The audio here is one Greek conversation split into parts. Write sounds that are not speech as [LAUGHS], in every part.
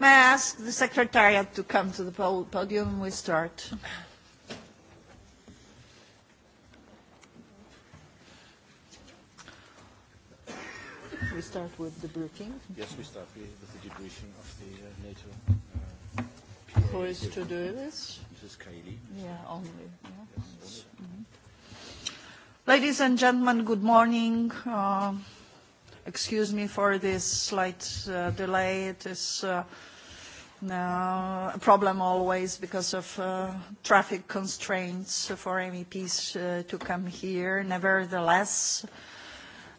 May I ask the Secretariat to come to the podium? We start. We start with the briefing. Yes, we start with the debriefing of the NATO. Who is to do this? Mrs. Kaili. Yeah, only. Ladies and gentlemen, good morning. Excuse me for this slight delay. It is a problem always because of traffic constraints for MEPs to come here. Nevertheless,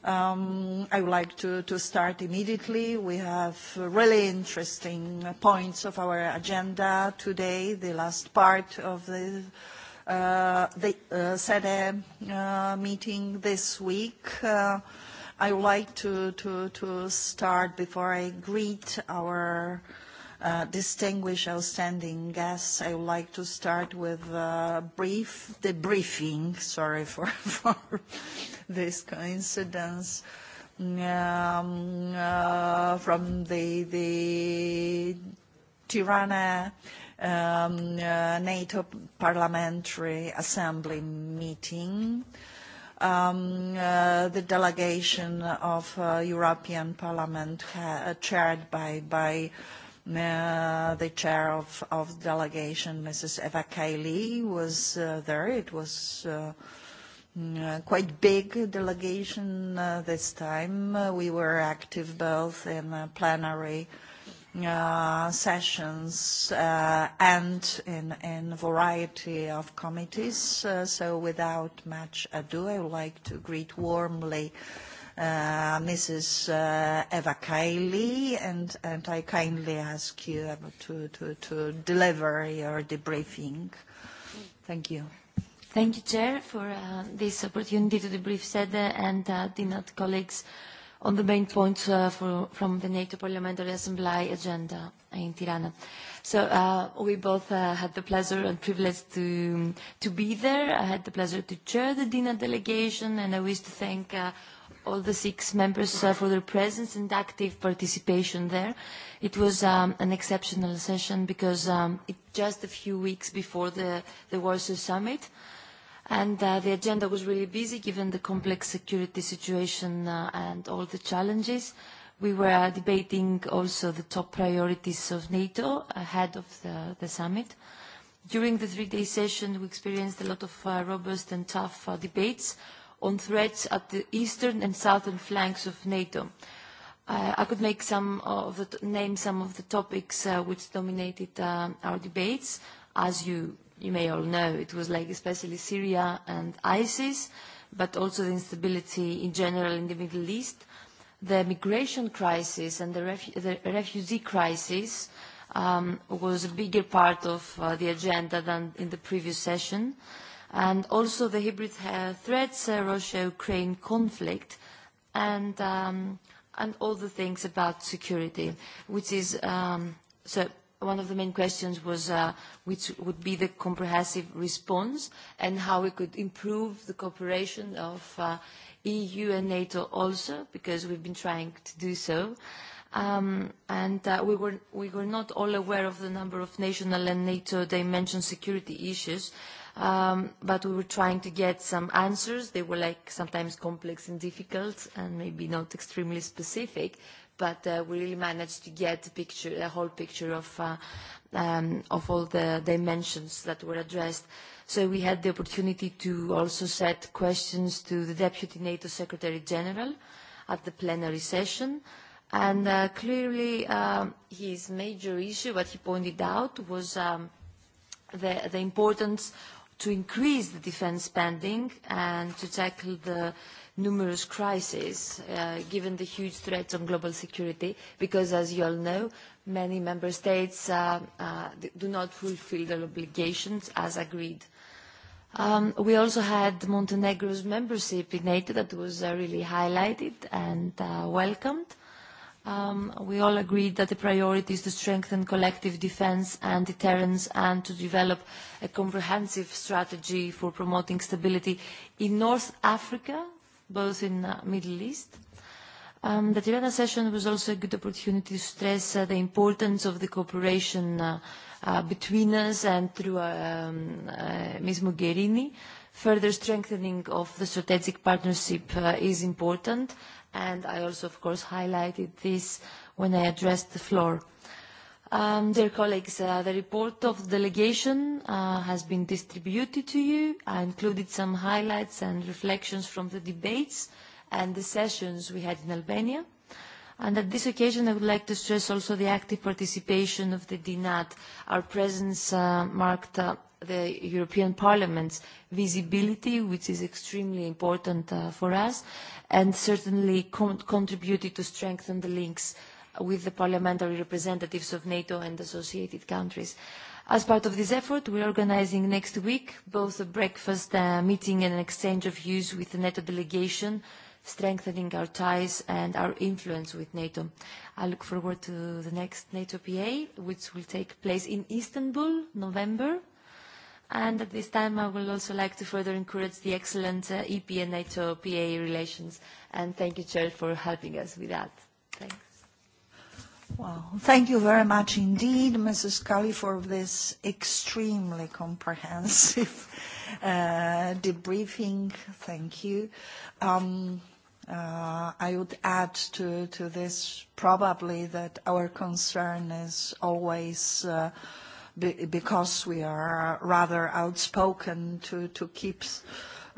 I would like to start immediately. We have really interesting points of our agenda today, the last part of the SEDE meeting this week. I would like to to to start before I greet our distinguished outstanding guests. I would like to start with a brief debriefing. Sorry for for this coincidence from the the Tirana NATO Parliamentary Assembly meeting the delegation of European Parliament chaired by by the chair of of delegation, Mrs. Eva Kaili, was there. It was quite big delegation this time. We were active both in plenary sessions and in a variety of committees. So without much ado, I would like to greet warmly Mrs. Eva Kaili, and I kindly ask you to deliver your debriefing. Thank you. Thank you, Chair, for this opportunity to debrief SEDE and the colleagues on the main points from the NATO Parliamentary Assembly agenda in Tirana. So we both had the pleasure and privilege to to be there. I had the pleasure to chair the DINA delegation, and I wish to thank all the six members for their presence and active participation there. It was an exceptional session because it just a few weeks before the Warsaw Summit, And the agenda was really busy given the complex security situation and all the challenges. We were debating also the top priorities of NATO ahead of the summit. During the three-day session, we experienced a lot of robust and tough debates on threats at the eastern and southern flanks of NATO. I could name some of the topics which dominated our debates, as you you may all know, it was like especially Syria and ISIS, but also the instability in general in the Middle East. The migration crisis and the refugee crisis was a bigger part of the agenda than in the previous session. And also the hybrid threats, Russia-Ukraine conflict, and all the things about security, which is so one of the main questions was which would be the comprehensive response and how we could improve the cooperation of EU and NATO also, because we've been trying to do so. And we were we were not all aware of the number of national and NATO dimension security issues, but we were trying to get some answers. They were like sometimes complex and difficult and maybe not extremely specific but we really managed to get a whole picture of all the dimensions that were addressed. So we had the opportunity to also set questions to the Deputy NATO Secretary General at the plenary session. And clearly his major issue, what he pointed out, was the importance to increase the defense spending and to tackle the numerous crises, given the huge threats on global security, because, as you all know, many member states do not fulfill their obligations as agreed. We also had Montenegro's membership in NATO that was really highlighted and welcomed. We all agreed that the priority is to strengthen collective defense and deterrence and to develop a comprehensive strategy for promoting stability in North Africa, both in the Middle East. The Tirana session was also a good opportunity to stress the importance of the cooperation between us and through Ms. Mogherini. Further strengthening of the strategic partnership is important, and I also, of course, highlighted this when I addressed the floor. Dear colleagues, the report of the delegation has been distributed to you. I included some highlights and reflections from the debates and the sessions we had in Albania. And at this occasion, I would like to stress also the active participation of the DINAT. Our presence marked the European Parliament's visibility, which is extremely important for us, and certainly contributed to strengthen the links with the parliamentary representatives of NATO and associated countries. As part of this effort, we are organizing next week both a breakfast meeting and an exchange of views with the NATO delegation, strengthening our ties and our influence with NATO. I look forward to the next NATO PA, which will take place in Istanbul, November. And at this time, I would also like to further encourage the excellent EP and NATO PA relations. And thank you, Chair, for helping us with that. Thanks. Well, thank you very much indeed, Mrs. Scully, for this extremely comprehensive debriefing. Thank you. I would add to this probably that our concern is always, because we are rather outspoken, to keep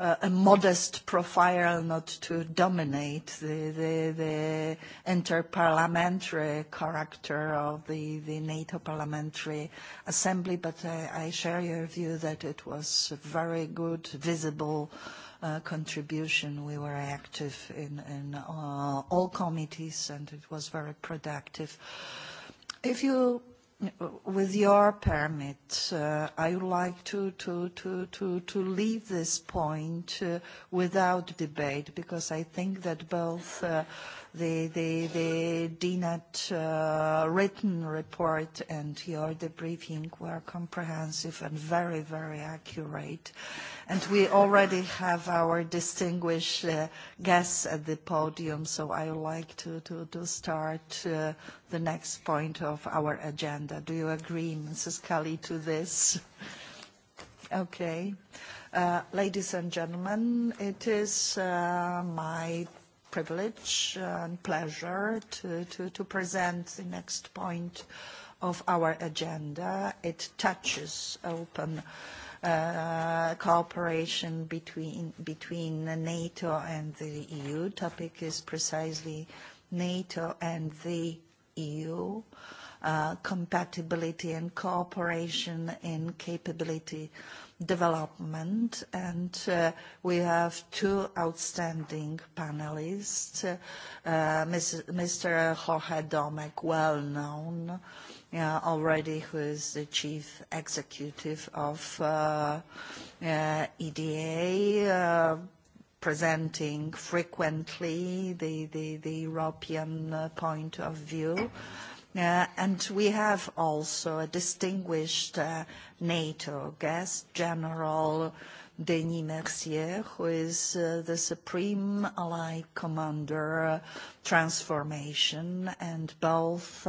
a modest profile not to dominate the interparliamentary character of the NATO Parliamentary Assembly, but I share your view that it was a very good, visible contribution. We were active in all committees, and it was very productive. If you With your permit, I would like to to to to to leave this point without debate because I think that both the the the DNAT written report and your debriefing were comprehensive and very very accurate. And we already have our distinguished guests at the podium, so I would like to start the next point of our agenda. Do you agree, Mrs. Kelly, to this? Okay. Ladies and gentlemen, it is my privilege and pleasure to present the next point of our agenda. It touches open cooperation between between NATO and the EU. Topic is precisely NATO and the EU compatibility and cooperation in capability development. And we have two outstanding panelists, Mr. Jorge Domek, well known already who is the chief executive of EDA, presenting frequently the European point of view. And we have also a distinguished NATO guest, General Denis Mercier, who is the Supreme Allied Commander Transformation, and both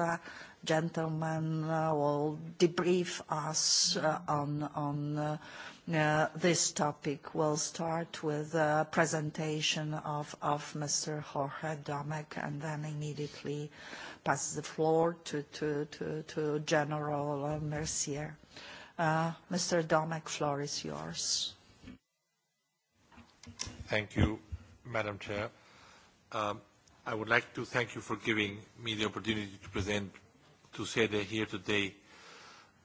gentlemen will debrief us on this topic. We'll start with a presentation of Mr. Jorge Domek and then immediately pass the floor to General Mercier. Mr. Domek, floor is yours. Thank you, Madam Chair. I would like to thank you for giving me the opportunity to present to say they're here today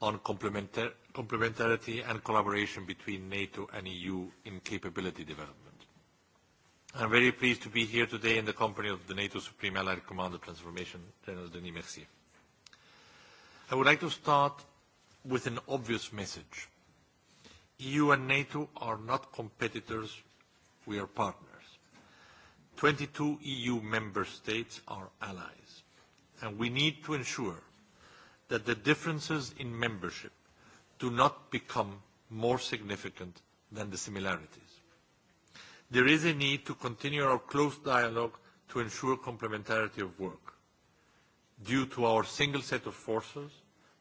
on complementarity and collaboration between NATO and EU in capability development. I'm very pleased to be here today in the company of the NATO Supreme Allied Commander Transformation, General Denis Mercier. I would like to start with an obvious message. EU and NATO are not competitors, we are partners. 22 EU member states are allies, and we need to ensure that the differences in membership do not become more significant than the similarities. There is a need to continue our close dialogue to ensure complementarity of work. Due to our single set of forces,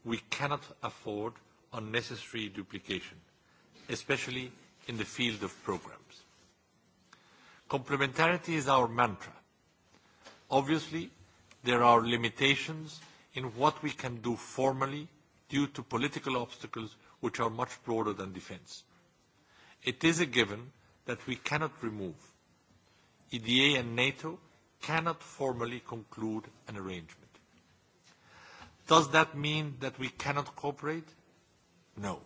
we cannot afford unnecessary duplication, especially in the field of programs. Complementarity is our mantra. Obviously, there are limitations in what we can do formally due to political obstacles which are much broader than defence. It is a given that we cannot remove. EDA and NATO cannot formally conclude an arrangement. Does that mean that we cannot cooperate? No.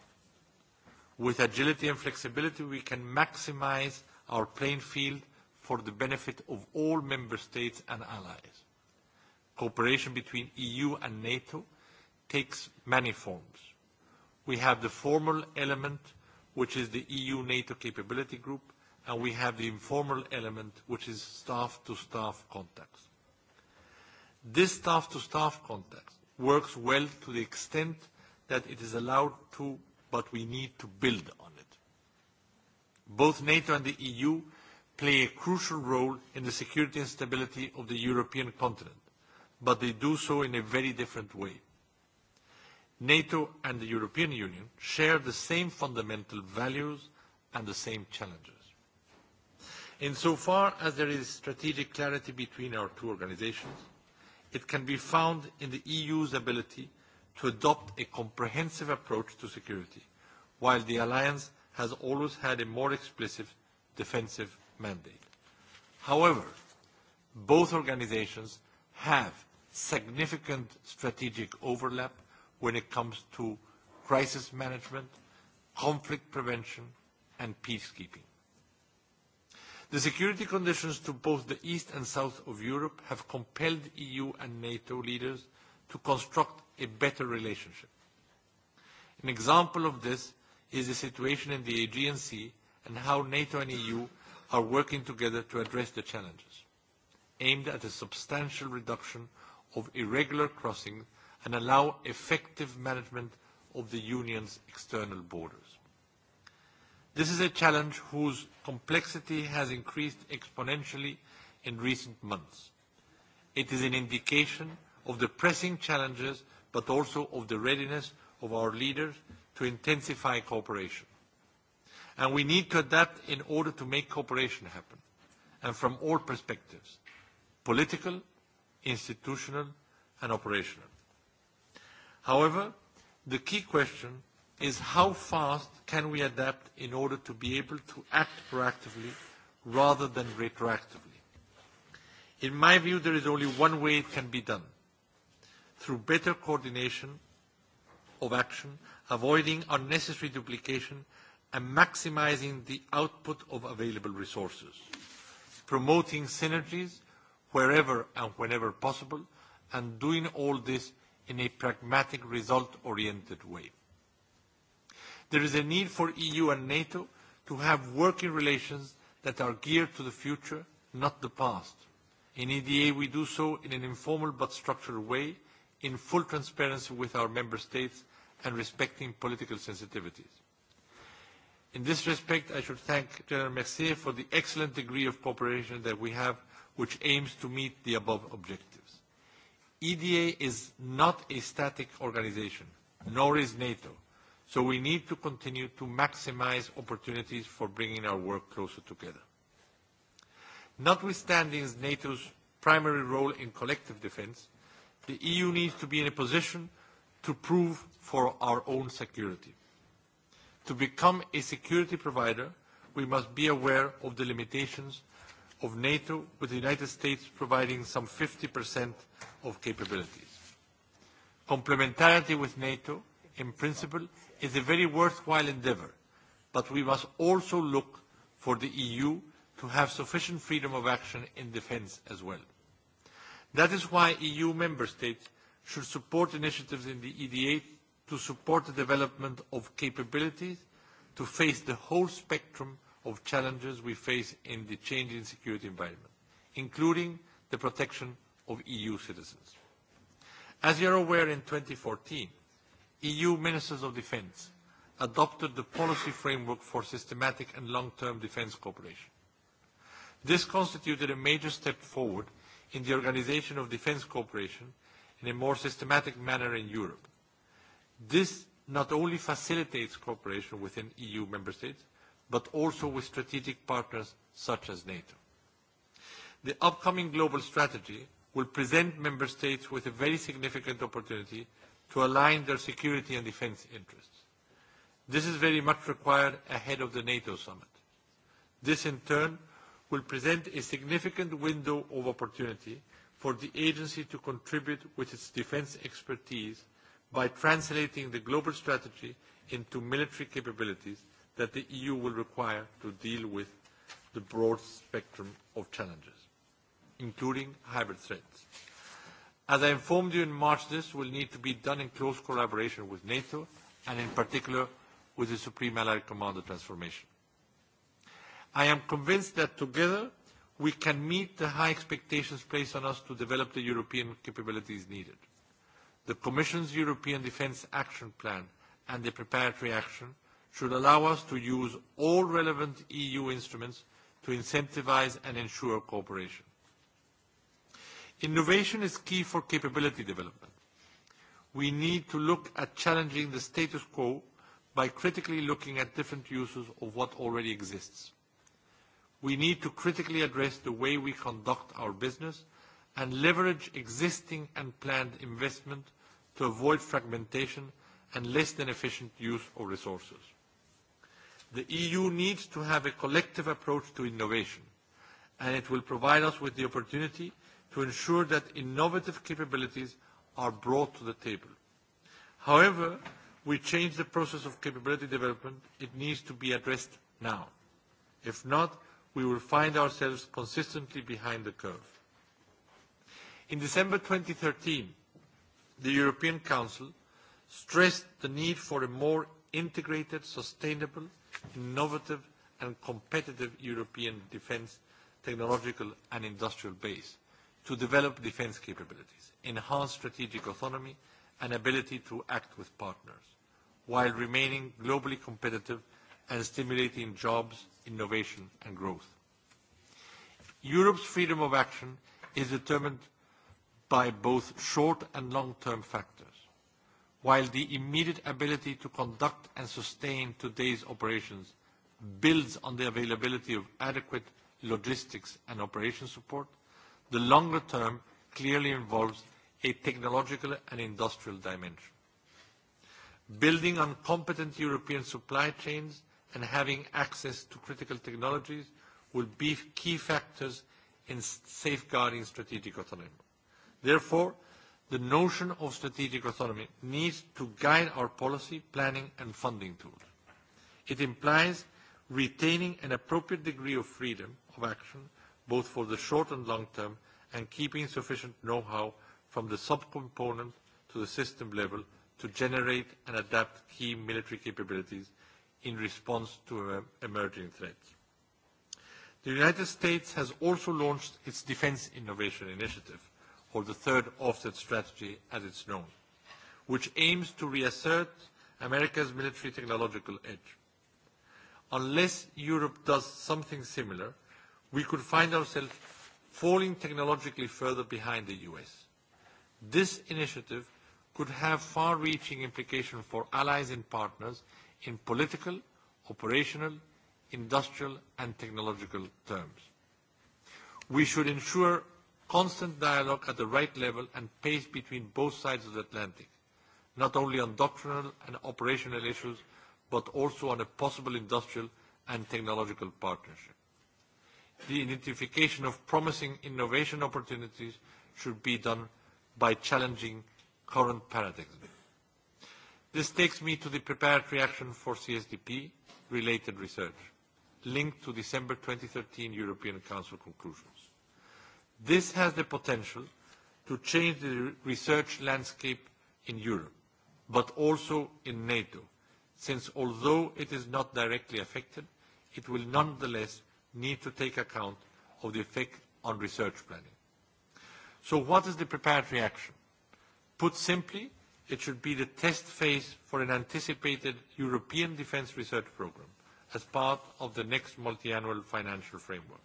With agility and flexibility, we can maximize our playing field for the benefit of all member states and allies. Cooperation between EU and NATO takes many forms. We have the formal element, which is the EU-NATO capability group, and we have the informal element, which is staff-to-staff contacts. This staff-to-staff contact works well to the extent that it is allowed to, but we need to build on it. Both NATO and the EU play a crucial role in the security and stability of the European continent but they do so in a very different way. NATO and the European Union share the same fundamental values and the same challenges. Insofar as there is strategic clarity between our two organizations, it can be found in the EU's ability to adopt a comprehensive approach to security, while the alliance has always had a more explicit defensive mandate. However, both organizations have significant strategic overlap when it comes to crisis management, conflict prevention, and peacekeeping. The security conditions to both the east and south of Europe have compelled EU and NATO leaders to construct a better relationship. An example of this is the situation in the Aegean Sea and how NATO and EU are working together to address the challenges, aimed at a substantial reduction of irregular crossings and allow effective management of the Union's external borders. This is a challenge whose complexity has increased exponentially in recent months. It is an indication of the pressing challenges, but also of the readiness of our leaders to intensify cooperation. And we need to adapt in order to make cooperation happen, and from all perspectives, political, institutional and operational. However, the key question is how fast can we adapt in order to be able to act proactively rather than retroactively. In my view, there is only one way it can be done, through better coordination of action, avoiding unnecessary duplication and maximizing the output of available resources, promoting synergies wherever and whenever possible, and doing all this in a pragmatic, result-oriented way. There is a need for EU and NATO to have working relations that are geared to the future, not the past. In EDA, we do so in an informal but structured way, in full transparency with our member states and respecting political sensitivities. In this respect, I should thank General Mercier for the excellent degree of cooperation that we have which aims to meet the above objectives. EDA is not a static organization, nor is NATO, so we need to continue to maximize opportunities for bringing our work closer together. Notwithstanding NATO's primary role in collective defense, the EU needs to be in a position to prove for our own security. To become a security provider, we must be aware of the limitations of NATO, with the United States providing some 50% of capabilities. Complementarity with NATO, in principle, is a very worthwhile endeavor, but we must also look for the EU to have sufficient freedom of action in defence as well. That is why EU member states should support initiatives in the EDA to support the development of capabilities to face the whole spectrum of challenges we face in the changing security environment, including the protection of EU citizens. As you are aware, in 2014, EU Ministers of Defence adopted the policy framework for systematic and long-term defence cooperation. This constituted a major step forward in the organisation of defence cooperation in a more systematic manner in Europe. This not only facilitates cooperation within EU member states, but also with strategic partners such as NATO. The upcoming global strategy will present Member States with a very significant opportunity to align their security and defence interests. This is very much required ahead of the NATO summit. This, in turn, will present a significant window of opportunity for the agency to contribute with its defence expertise by translating the global strategy into military capabilities that the EU will require to deal with the broad spectrum of challenges, including hybrid threats. As I informed you in March, this will need to be done in close collaboration with NATO and in particular with the Supreme Allied Commander Transformation. I am convinced that together we can meet the high expectations placed on us to develop the European capabilities needed. The Commission's European Defence Action Plan and the preparatory action should allow us to use all relevant EU instruments to incentivize and ensure cooperation. Innovation is key for capability development. We need to look at challenging the status quo by critically looking at different uses of what already exists. We need to critically address the way we conduct our business and leverage existing and planned investment to avoid fragmentation and less than efficient use of resources. The EU needs to have a collective approach to innovation, and it will provide us with the opportunity to ensure that innovative capabilities are brought to the table. However, we change the process of capability development. It needs to be addressed now. If not, we will find ourselves consistently behind the curve. In December 2013, the European Council stressed the need for a more integrated, sustainable, innovative and competitive European defence technological and industrial base to develop defence capabilities, enhance strategic autonomy and ability to act with partners, while remaining globally competitive and stimulating jobs, innovation and growth. Europe's freedom of action is determined by both short and long-term factors while the immediate ability to conduct and sustain today's operations builds on the availability of adequate logistics and operation support, the longer term clearly involves a technological and industrial dimension. Building on competent European supply chains and having access to critical technologies will be key factors in safeguarding strategic autonomy. Therefore, the notion of strategic autonomy needs to guide our policy, planning and funding tools. It implies retaining an appropriate degree of freedom of action, both for the short and long term, and keeping sufficient know-how from the subcomponent to the system level to generate and adapt key military capabilities in response to emerging threats. The United States has also launched its Defense Innovation Initiative, or the Third Offset Strategy as it's known, which aims to reassert America's military technological edge. Unless Europe does something similar, we could find ourselves falling technologically further behind the US. This initiative could have far-reaching implications for allies and partners in political, operational, industrial and technological terms. We should ensure constant dialogue at the right level and pace between both sides of the Atlantic, not only on doctrinal and operational issues, but also on a possible industrial and technological partnership. The identification of promising innovation opportunities should be done by challenging current paradigms. This takes me to the preparatory action for CSDP-related research, linked to December 2013 European Council conclusion. This has the potential to change the research landscape in Europe, but also in NATO, since although it is not directly affected, it will nonetheless need to take account of the effect on research planning. So what is the preparatory action? Put simply, it should be the test phase for an anticipated European defence research programme as part of the next multiannual financial framework.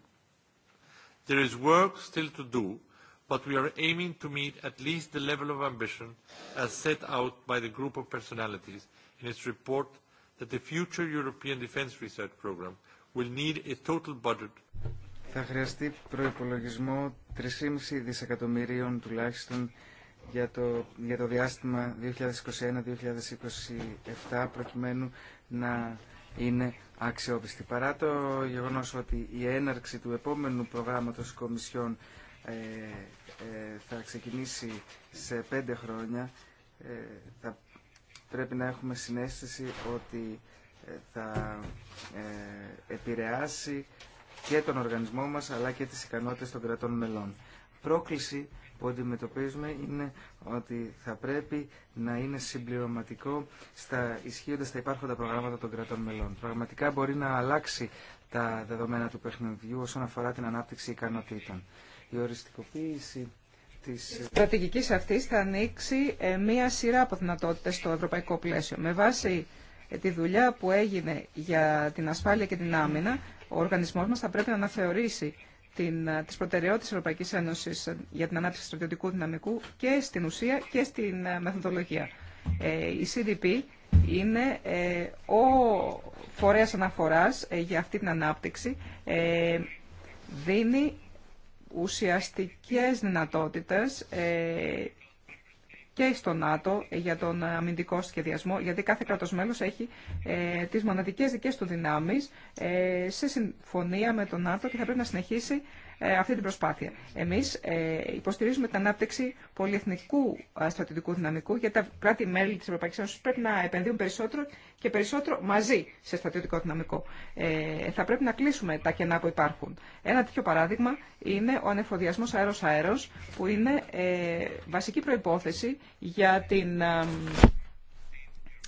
There is work still to do, but we are aiming to meet at least the level of ambition as set out by the group of personalities in its report that the future European Defence Research Programme will need a total budget. Θα χρειαστεί προϋπολογισμό 3,5 δισεκατομμυρίων τουλάχιστον για το, για το διάστημα 2021-2027 προκειμένου να είναι αξιόπιστη. Παρά το γεγονό ότι η έναρξη του επόμενου προγράμματος Κομισιόν ε, ε, θα ξεκινήσει σε πέντε χρόνια, ε, θα πρέπει να έχουμε συνέστηση ότι ε, θα ε, επηρεάσει και τον οργανισμό μας αλλά και τις ικανότητες των κρατών μελών. Πρόκληση που αντιμετωπίζουμε είναι ότι θα πρέπει να είναι συμπληρωματικό στα ισχύοντα τα υπάρχοντα προγράμματα των κρατών μελών. Πραγματικά μπορεί να αλλάξει τα δεδομένα του παιχνιδιού όσον αφορά την ανάπτυξη ικανοτήτων. Η οριστικοποίηση της... στρατηγική αυτή θα ανοίξει ε, μία σειρά από δυνατότητε στο ευρωπαϊκό πλαίσιο. Με βάση ε, τη δουλειά που έγινε για την ασφάλεια και την άμυνα, ο οργανισμός μας θα πρέπει να αναθεωρήσει την, ε, τις προτεραιότητες της Ευρωπαϊκής Ένωσης ε, για την ανάπτυξη στρατιωτικού δυναμικού και στην ουσία και στην ε, μεθοδολογία. η CDP είναι ο φορέας αναφοράς για αυτή την ανάπτυξη. δίνει ουσιαστικές δυνατότητες και στο ΝΑΤΟ για τον αμυντικό σχεδιασμό, γιατί κάθε κράτος μέλος έχει ε, τις μοναδικές δικές του δυνάμει ε, σε συμφωνία με τον ΝΑΤΟ και θα πρέπει να συνεχίσει ε, αυτή την προσπάθεια. Εμείς ε, υποστηρίζουμε την ανάπτυξη πολυεθνικού ε, στρατιωτικού δυναμικού γιατί τα κράτη-μέλη τη Ευρωπαϊκής Ένωσης πρέπει να επενδύουν περισσότερο και περισσότερο μαζί σε στρατιωτικό δυναμικό. Ε, θα πρέπει να κλείσουμε τα κενά που υπάρχουν. Ένα τέτοιο παράδειγμα είναι ο ανεφοδιασμο αερος αέρος-αέρος που είναι ε, βασική προπόθεση για την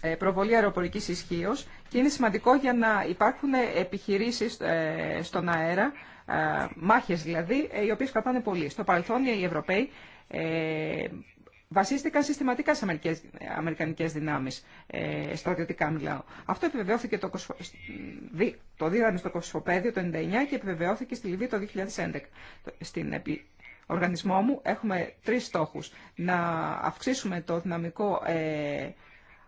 ε, προβολή αεροπορικής ισχύω και είναι σημαντικό για να υπάρχουν επιχειρήσεις στον αέρα ε, μάχες δηλαδή, ε, οι οποίες κρατάνε πολύ. Στο παρελθόν οι Ευρωπαίοι ε, βασίστηκαν συστηματικά σε αμερικανικέ αμερικανικές δυνάμεις, στρατιωτικά μιλάω. Αυτό επιβεβαιώθηκε το, το δίδαμε στο Κοσμοπέδιο το 1999 και επιβεβαιώθηκε στη Λιβύη το 2011. Στην επί... οργανισμό μου έχουμε τρεις στόχους. Να αυξήσουμε το δυναμικό ε,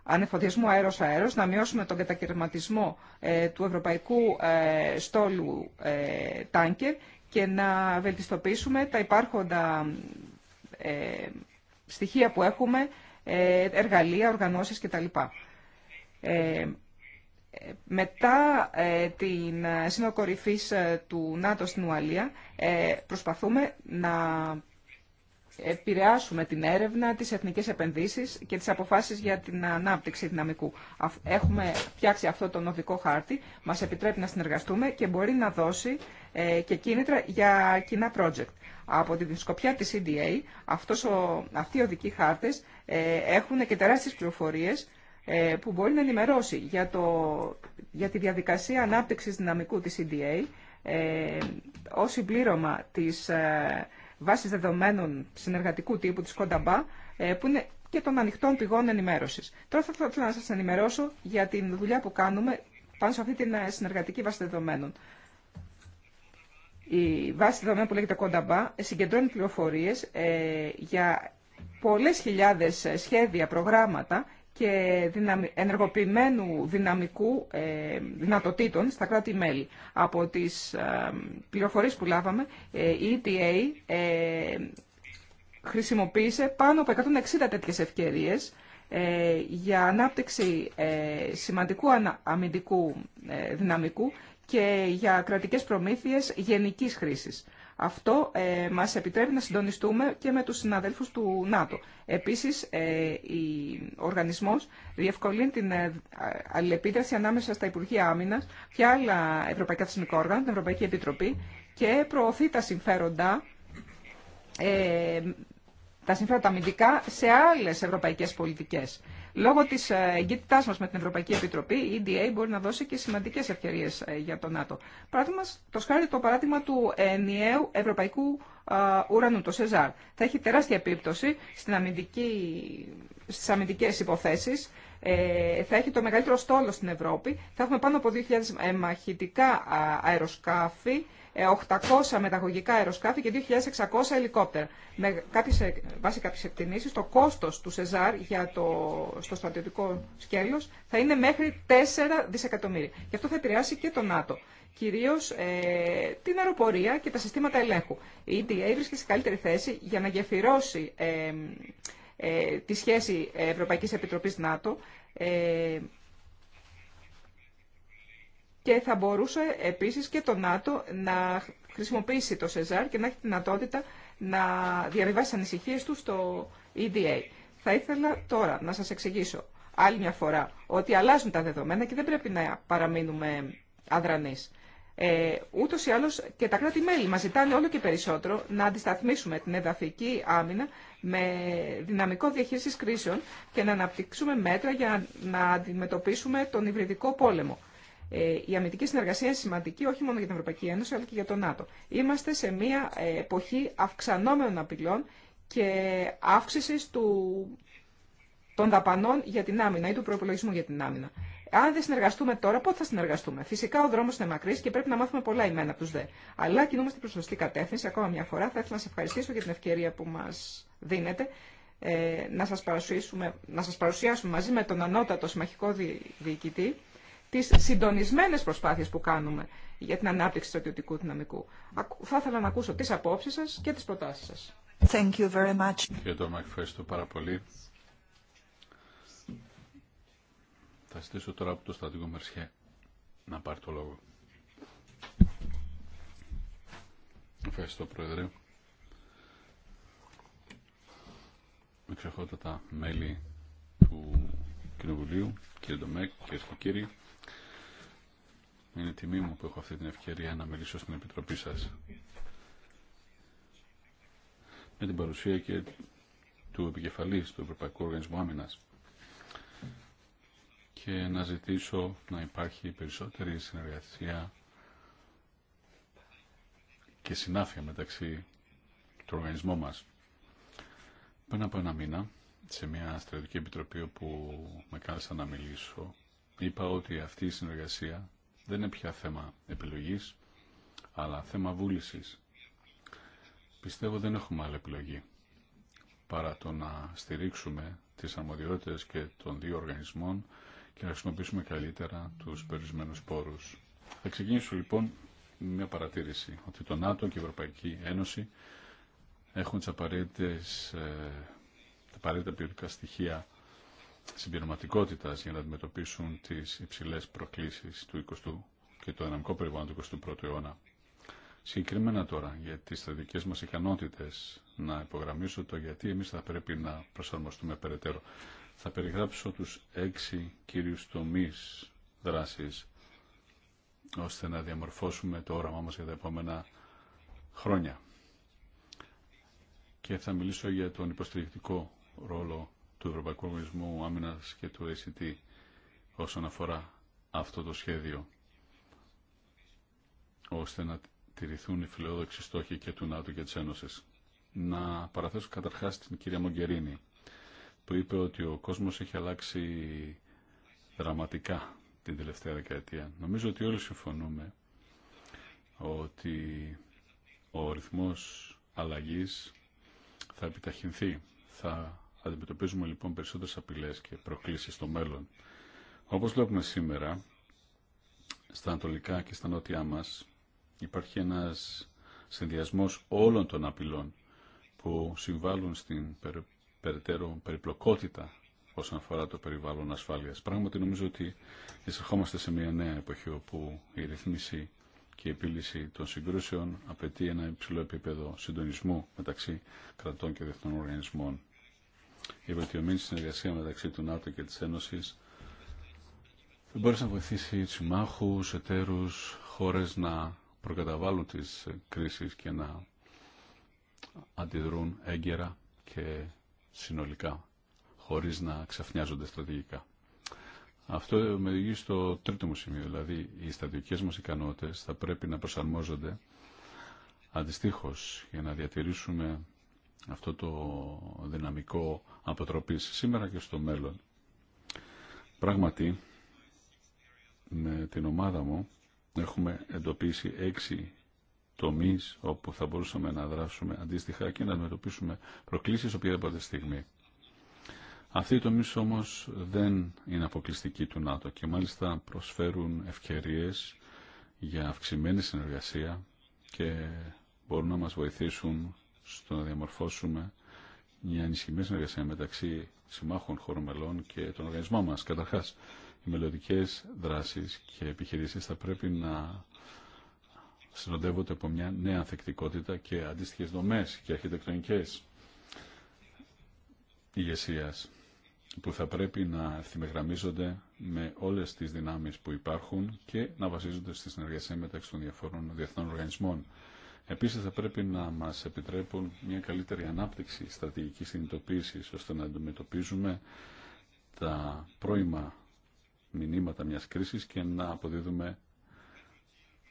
ανεφοδιασμού αέρος-αέρος, να μειώσουμε τον κατακαιρματισμό ε, του ευρωπαϊκού ε, στόλου ε, τάνκερ και να βελτιστοποιήσουμε τα υπάρχοντα ε, στοιχεία που έχουμε, εργαλεία, οργανώσεις κτλ. Μετά την συνοκορυφής του ΝΑΤΟ στην Ουαλία προσπαθούμε να επηρεάσουμε την έρευνα, τις εθνικές επενδύσεις και τις αποφάσεις για την ανάπτυξη δυναμικού. Έχουμε φτιάξει αυτό τον οδικό χάρτη, μας επιτρέπει να συνεργαστούμε και μπορεί να δώσει ε, και κίνητρα για κοινά project. Από την σκοπιά της CDA, αυτός ο, αυτοί οι οδικοί χάρτες ε, έχουν και τεράστιες πληροφορίες ε, που μπορεί να ενημερώσει για, το, για τη διαδικασία ανάπτυξης δυναμικού της CDA, ε, ως συμπλήρωμα της βάσει δεδομένων συνεργατικού τύπου τη Κονταμπά, ε, που είναι και των ανοιχτών πηγών ενημέρωση. Τώρα θα ήθελα να σα ενημερώσω για την δουλειά που κάνουμε πάνω σε αυτή την ε, συνεργατική βάση δεδομένων. Η βάση δεδομένων που λέγεται Κονταμπά ε, συγκεντρώνει πληροφορίες για πολλές χιλιάδες σχέδια, προγράμματα και ενεργοποιημένου δυναμικού ε, δυνατοτήτων στα κράτη-μέλη. Από τις ε, πληροφορίες που λάβαμε, ε, η ETA χρησιμοποίησε πάνω από 160 τέτοιες ευκαιρίες για ανάπτυξη σημαντικού αμυντικού δυναμικού και για κρατικές προμήθειες γενικής χρήσης. Αυτό ε, μας επιτρέπει να συντονιστούμε και με τους συναδέλφους του ΝΑΤΟ. Επίσης, ε, ο οργανισμός διευκολύνει την ε, αλληλεπίδραση ανάμεσα στα Υπουργεία Άμυνας και άλλα ευρωπαϊκά θεσμικά όργανα, την Ευρωπαϊκή Επιτροπή και προωθεί τα συμφέροντα ε, τα συμφέροντα αμυντικά σε άλλες ευρωπαϊκές πολιτικές. Λόγω τη ε, εγκύτητά μα με την Ευρωπαϊκή Επιτροπή, η EDA μπορεί να δώσει και σημαντικέ ευκαιρίε ε, για το ΝΑΤΟ. Παράδειγμα, το σχάρι το παράδειγμα του ενιαίου Ευρωπαϊκού Ουρανού, το ΣΕΖΑΡ. Θα έχει τεράστια επίπτωση στι αμυντικέ υποθέσει. Ε, θα έχει το μεγαλύτερο στόλο στην Ευρώπη. Θα έχουμε πάνω από 2.000 μαχητικά αεροσκάφη 800 ε, μεταγωγικά αεροσκάφη και 2.600 ελικόπτερα. Με κάποιες, ε, βάσει κάποιες το κόστος του ΣΕΖΑΡ για το, στο στρατιωτικό σκέλος θα είναι μέχρι 4 δισεκατομμύρια. Και αυτό θα επηρεάσει και το ΝΑΤΟ. Κυρίω ε, την αεροπορία και τα συστήματα ελέγχου. Η EDA βρίσκεται σε καλύτερη θέση για να γεφυρώσει ε, ε, τη σχέση Ευρωπαϊκής Επιτροπής ΝΑΤΟ και θα μπορούσε επίσης και το ΝΑΤΟ να χρησιμοποιήσει το ΣΕΖΑΡ και να έχει τη δυνατότητα να διαβιβάσει ανησυχίε του στο EDA. Θα ήθελα τώρα να σας εξηγήσω άλλη μια φορά ότι αλλάζουν τα δεδομένα και δεν πρέπει να παραμείνουμε αδρανείς. Ε, Ούτω ή άλλω και τα κράτη-μέλη μα ζητάνε όλο και περισσότερο να αντισταθμίσουμε την εδαφική άμυνα με δυναμικό διαχείριση κρίσεων και να αναπτύξουμε μέτρα για να αντιμετωπίσουμε τον υβριδικό πόλεμο. Ε, η αμυντική συνεργασία είναι σημαντική όχι μόνο για την Ευρωπαϊκή Ένωση αλλά και για το ΝΑΤΟ. Είμαστε σε μια ε, εποχή αυξανόμενων απειλών και αύξηση του... των δαπανών για την άμυνα ή του προπολογισμού για την άμυνα. Αν δεν συνεργαστούμε τώρα, πότε θα συνεργαστούμε. Φυσικά ο δρόμο είναι μακρύ και πρέπει να μάθουμε πολλά ημένα από του ΔΕ. Αλλά κινούμαστε προ σωστή κατεύθυνση. Ακόμα μια φορά θα ήθελα να σα ευχαριστήσω για την ευκαιρία που μα δίνετε ε, να σα παρουσιάσουμε μαζί με τον ανώτατο συμμαχικό διοικητή τις συντονισμένες προσπάθειες που κάνουμε για την ανάπτυξη του στρατιωτικού δυναμικού. Θα ήθελα να ακούσω τις απόψεις σας και τις προτάσεις σας. Thank you very much. Κύριε ευχαριστώ πάρα πολύ. Θα στήσω τώρα από το στρατηγό Μερσιέ να πάρει το λόγο. Ευχαριστώ, Πρόεδρε. τα μέλη του Κοινοβουλίου, κύριε Ντομέκ, κύριε και κύριοι. Είναι τιμή μου που έχω αυτή την ευκαιρία να μιλήσω στην Επιτροπή σας. Με την παρουσία και του επικεφαλής του Ευρωπαϊκού Οργανισμού Άμυνας και να ζητήσω να υπάρχει περισσότερη συνεργασία και συνάφεια μεταξύ του οργανισμού μας. Πριν από ένα μήνα, σε μια στρατιωτική επιτροπή όπου με κάλεσαν να μιλήσω, είπα ότι αυτή η συνεργασία δεν είναι πια θέμα επιλογής, αλλά θέμα βούλησης. Πιστεύω δεν έχουμε άλλη επιλογή παρά το να στηρίξουμε τις αρμοδιότητες και των δύο οργανισμών και να χρησιμοποιήσουμε καλύτερα τους περισμένους πόρους. Θα ξεκινήσω λοιπόν με μια παρατήρηση ότι το ΝΑΤΟ και η Ευρωπαϊκή Ένωση έχουν τις απαραίτητες, ε, τα ποιοτικά στοιχεία συμπληρωματικότητα για να αντιμετωπίσουν τις υψηλέ προκλήσεις του 20ου και το δυναμικό περιβάλλον του 21ου αιώνα. Συγκεκριμένα τώρα για τις θετικές μας ικανότητες να υπογραμμίσω το γιατί εμείς θα πρέπει να προσαρμοστούμε περαιτέρω. Θα περιγράψω τους έξι κύριους τομείς δράσης ώστε να διαμορφώσουμε το όραμά μας για τα επόμενα χρόνια. Και θα μιλήσω για τον υποστηρικτικό ρόλο του Ευρωπαϊκού Οργανισμού Άμυνας και του ACT όσον αφορά αυτό το σχέδιο ώστε να τηρηθούν οι φιλόδοξοι στόχοι και του ΝΑΤΟ και της Ένωσης. Να παραθέσω καταρχάς την κυρία Μογκερίνη που είπε ότι ο κόσμος έχει αλλάξει δραματικά την τελευταία δεκαετία. Νομίζω ότι όλοι συμφωνούμε ότι ο ρυθμός αλλαγής θα επιταχυνθεί, θα Αντιμετωπίζουμε λοιπόν περισσότερες απειλές και προκλήσεις στο μέλλον. Όπως βλέπουμε σήμερα, στα ανατολικά και στα νότια μας υπάρχει ένας συνδυασμός όλων των απειλών που συμβάλλουν στην περαιτέρω περιπλοκότητα όσον αφορά το περιβάλλον ασφάλειας. Πράγματι νομίζω ότι εισερχόμαστε σε μια νέα εποχή όπου η ρυθμίση και η επίλυση των συγκρούσεων απαιτεί ένα υψηλό επίπεδο συντονισμού μεταξύ κρατών και διεθνών οργανισμών η βελτιωμένη συνεργασία μεταξύ του ΝΑΤΟ και της Ένωσης μπορέσει να βοηθήσει συμμάχους, εταίρους, χώρες να προκαταβάλουν τις κρίσεις και να αντιδρούν έγκαιρα και συνολικά, χωρίς να ξαφνιάζονται στρατηγικά. Αυτό με οδηγεί στο τρίτο μου σημείο, δηλαδή οι στρατιωτικές μας ικανότητες θα πρέπει να προσαρμόζονται αντιστοίχως για να διατηρήσουμε αυτό το δυναμικό αποτροπής σήμερα και στο μέλλον. Πράγματι, με την ομάδα μου έχουμε εντοπίσει έξι τομείς όπου θα μπορούσαμε να δράσουμε αντίστοιχα και να αντιμετωπίσουμε προκλήσεις οποιαδήποτε στιγμή. Αυτοί οι τομείς όμως δεν είναι αποκλειστικοί του ΝΑΤΟ και μάλιστα προσφέρουν ευκαιρίες για αυξημένη συνεργασία και μπορούν να μας βοηθήσουν στο να διαμορφώσουμε μια ενισχυμένη συνεργασία μεταξύ συμμάχων χωρών και των οργανισμών μας. Καταρχάς, οι μελλοντικέ δράσεις και επιχειρήσεις θα πρέπει να συνοδεύονται από μια νέα ανθεκτικότητα και αντίστοιχες δομές και αρχιτεκτονικές ηγεσία που θα πρέπει να ευθυμεγραμμίζονται με όλες τις δυνάμεις που υπάρχουν και να βασίζονται στη συνεργασία μεταξύ των διαφόρων διεθνών οργανισμών. Επίσης θα πρέπει να μας επιτρέπουν μια καλύτερη ανάπτυξη στρατηγικής συνειδητοποίηση ώστε να αντιμετωπίζουμε τα πρώιμα μηνύματα μιας κρίσης και να αποδίδουμε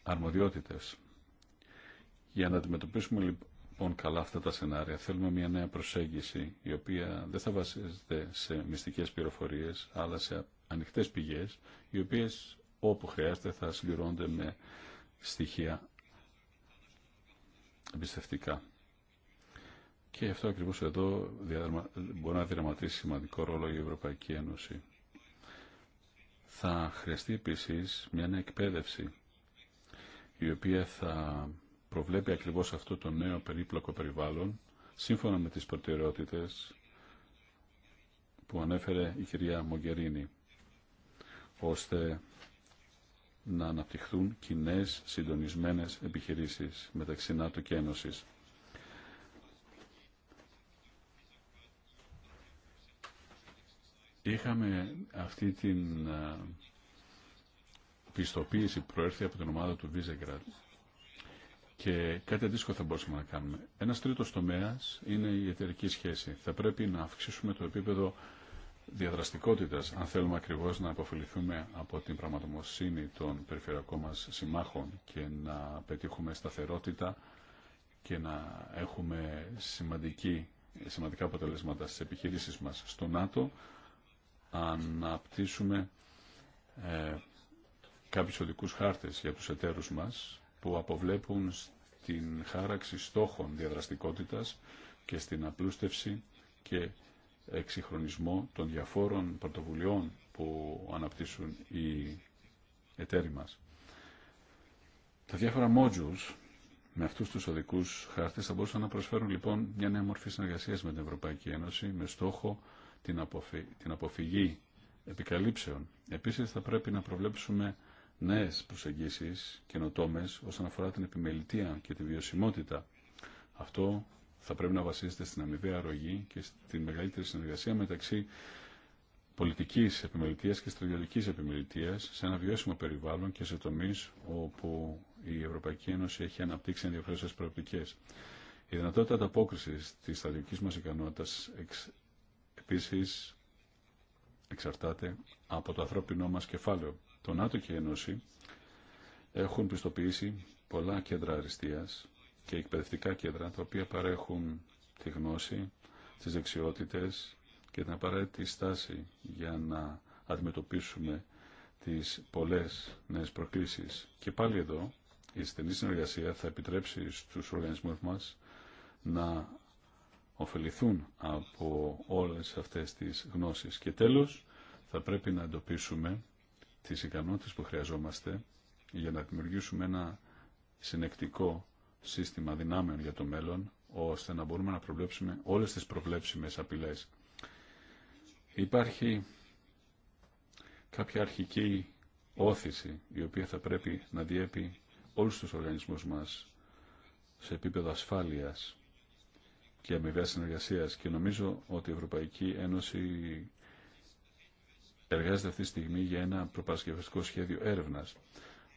αρμοδιότητες. Για να αντιμετωπίσουμε λοιπόν καλά αυτά τα σενάρια θέλουμε μια νέα προσέγγιση η οποία δεν θα βασίζεται σε μυστικές πληροφορίες αλλά σε ανοιχτές πηγές οι οποίες όπου χρειάζεται θα συμπληρώνονται με στοιχεία εμπιστευτικά. Και αυτό ακριβώς εδώ μπορεί να δραματίσει σημαντικό ρόλο η Ευρωπαϊκή Ένωση. Θα χρειαστεί επίσης μια νέα εκπαίδευση η οποία θα προβλέπει ακριβώς αυτό το νέο περίπλοκο περιβάλλον σύμφωνα με τις προτεραιότητες που ανέφερε η κυρία Μογκερίνη ώστε να αναπτυχθούν κοινέ συντονισμένες επιχειρήσεις μεταξύ ΝΑΤΟ και Ένωση. Είχαμε αυτή την πιστοποίηση που προέρχεται από την ομάδα του Βίζεγκρατ και κάτι αντίστοιχο θα μπορούσαμε να κάνουμε. Ένα τρίτο τομέα είναι η εταιρική σχέση. Θα πρέπει να αυξήσουμε το επίπεδο διαδραστικότητας αν θέλουμε ακριβώς να αποφεληθούμε από την πραγματομοσύνη των περιφερειακών μας συμμάχων και να πετύχουμε σταθερότητα και να έχουμε σημαντική, σημαντικά αποτελέσματα στις επιχείρησεις μας στο ΝΑΤΟ αναπτύσσουμε ε, κάποιους οδικούς χάρτες για τους εταίρους μας που αποβλέπουν στην χάραξη στόχων διαδραστικότητας και στην απλούστευση και εξυγχρονισμό των διαφόρων πρωτοβουλειών που αναπτύσσουν οι εταίροι μας. Τα διάφορα modules με αυτούς τους οδικούς χάρτες θα μπορούσαν να προσφέρουν λοιπόν μια νέα μορφή συνεργασίας με την Ευρωπαϊκή Ένωση με στόχο την, αποφυγή επικαλύψεων. Επίσης θα πρέπει να προβλέψουμε νέες προσεγγίσεις καινοτόμε όσον αφορά την επιμελητία και τη βιωσιμότητα. Αυτό θα πρέπει να βασίζεται στην αμοιβαία αρρωγή και στη μεγαλύτερη συνεργασία μεταξύ πολιτική επιμελητία και στρατιωτική επιμελητία σε ένα βιώσιμο περιβάλλον και σε τομεί όπου η Ευρωπαϊκή Ένωση έχει αναπτύξει ενδιαφέρουσε προοπτικέ. Η δυνατότητα ανταπόκριση τη στρατιωτική μα ικανότητα εξ, επίση εξαρτάται από το ανθρώπινό μα κεφάλαιο. Το ΝΑΤΟ και η Ένωση έχουν πιστοποιήσει πολλά κέντρα αριστείας και εκπαιδευτικά κέντρα τα οποία παρέχουν τη γνώση, τις δεξιότητες και την απαραίτητη στάση για να αντιμετωπίσουμε τις πολλές νέες προκλήσεις. Και πάλι εδώ η στενή συνεργασία θα επιτρέψει στους οργανισμούς μας να ωφεληθούν από όλες αυτές τις γνώσεις. Και τέλος, θα πρέπει να εντοπίσουμε τις ικανότητες που χρειαζόμαστε για να δημιουργήσουμε ένα συνεκτικό σύστημα δυνάμεων για το μέλλον, ώστε να μπορούμε να προβλέψουμε όλες τις προβλέψιμες απειλές. Υπάρχει κάποια αρχική όθηση, η οποία θα πρέπει να διέπει όλους τους οργανισμούς μας σε επίπεδο ασφάλειας και αμοιβαία συνεργασία και νομίζω ότι η Ευρωπαϊκή Ένωση εργάζεται αυτή τη στιγμή για ένα προπαρασκευαστικό σχέδιο έρευνας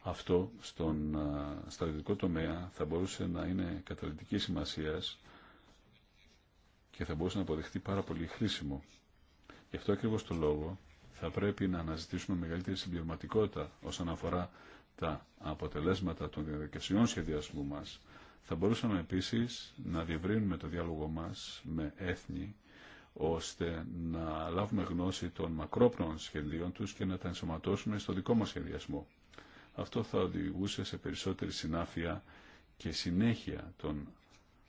αυτό στον ε, στρατιωτικό τομέα θα μπορούσε να είναι καταλητική σημασίας και θα μπορούσε να αποδεχτεί πάρα πολύ χρήσιμο. Γι' αυτό ακριβώς το λόγο θα πρέπει να αναζητήσουμε μεγαλύτερη συμπληρωματικότητα όσον αφορά τα αποτελέσματα των διαδικασιών σχεδιασμού μας. Θα μπορούσαμε επίσης να διευρύνουμε το διάλογο μας με έθνη ώστε να λάβουμε γνώση των μακρόπνων σχεδίων τους και να τα ενσωματώσουμε στο δικό μας σχεδιασμό. Αυτό θα οδηγούσε σε περισσότερη συνάφεια και συνέχεια των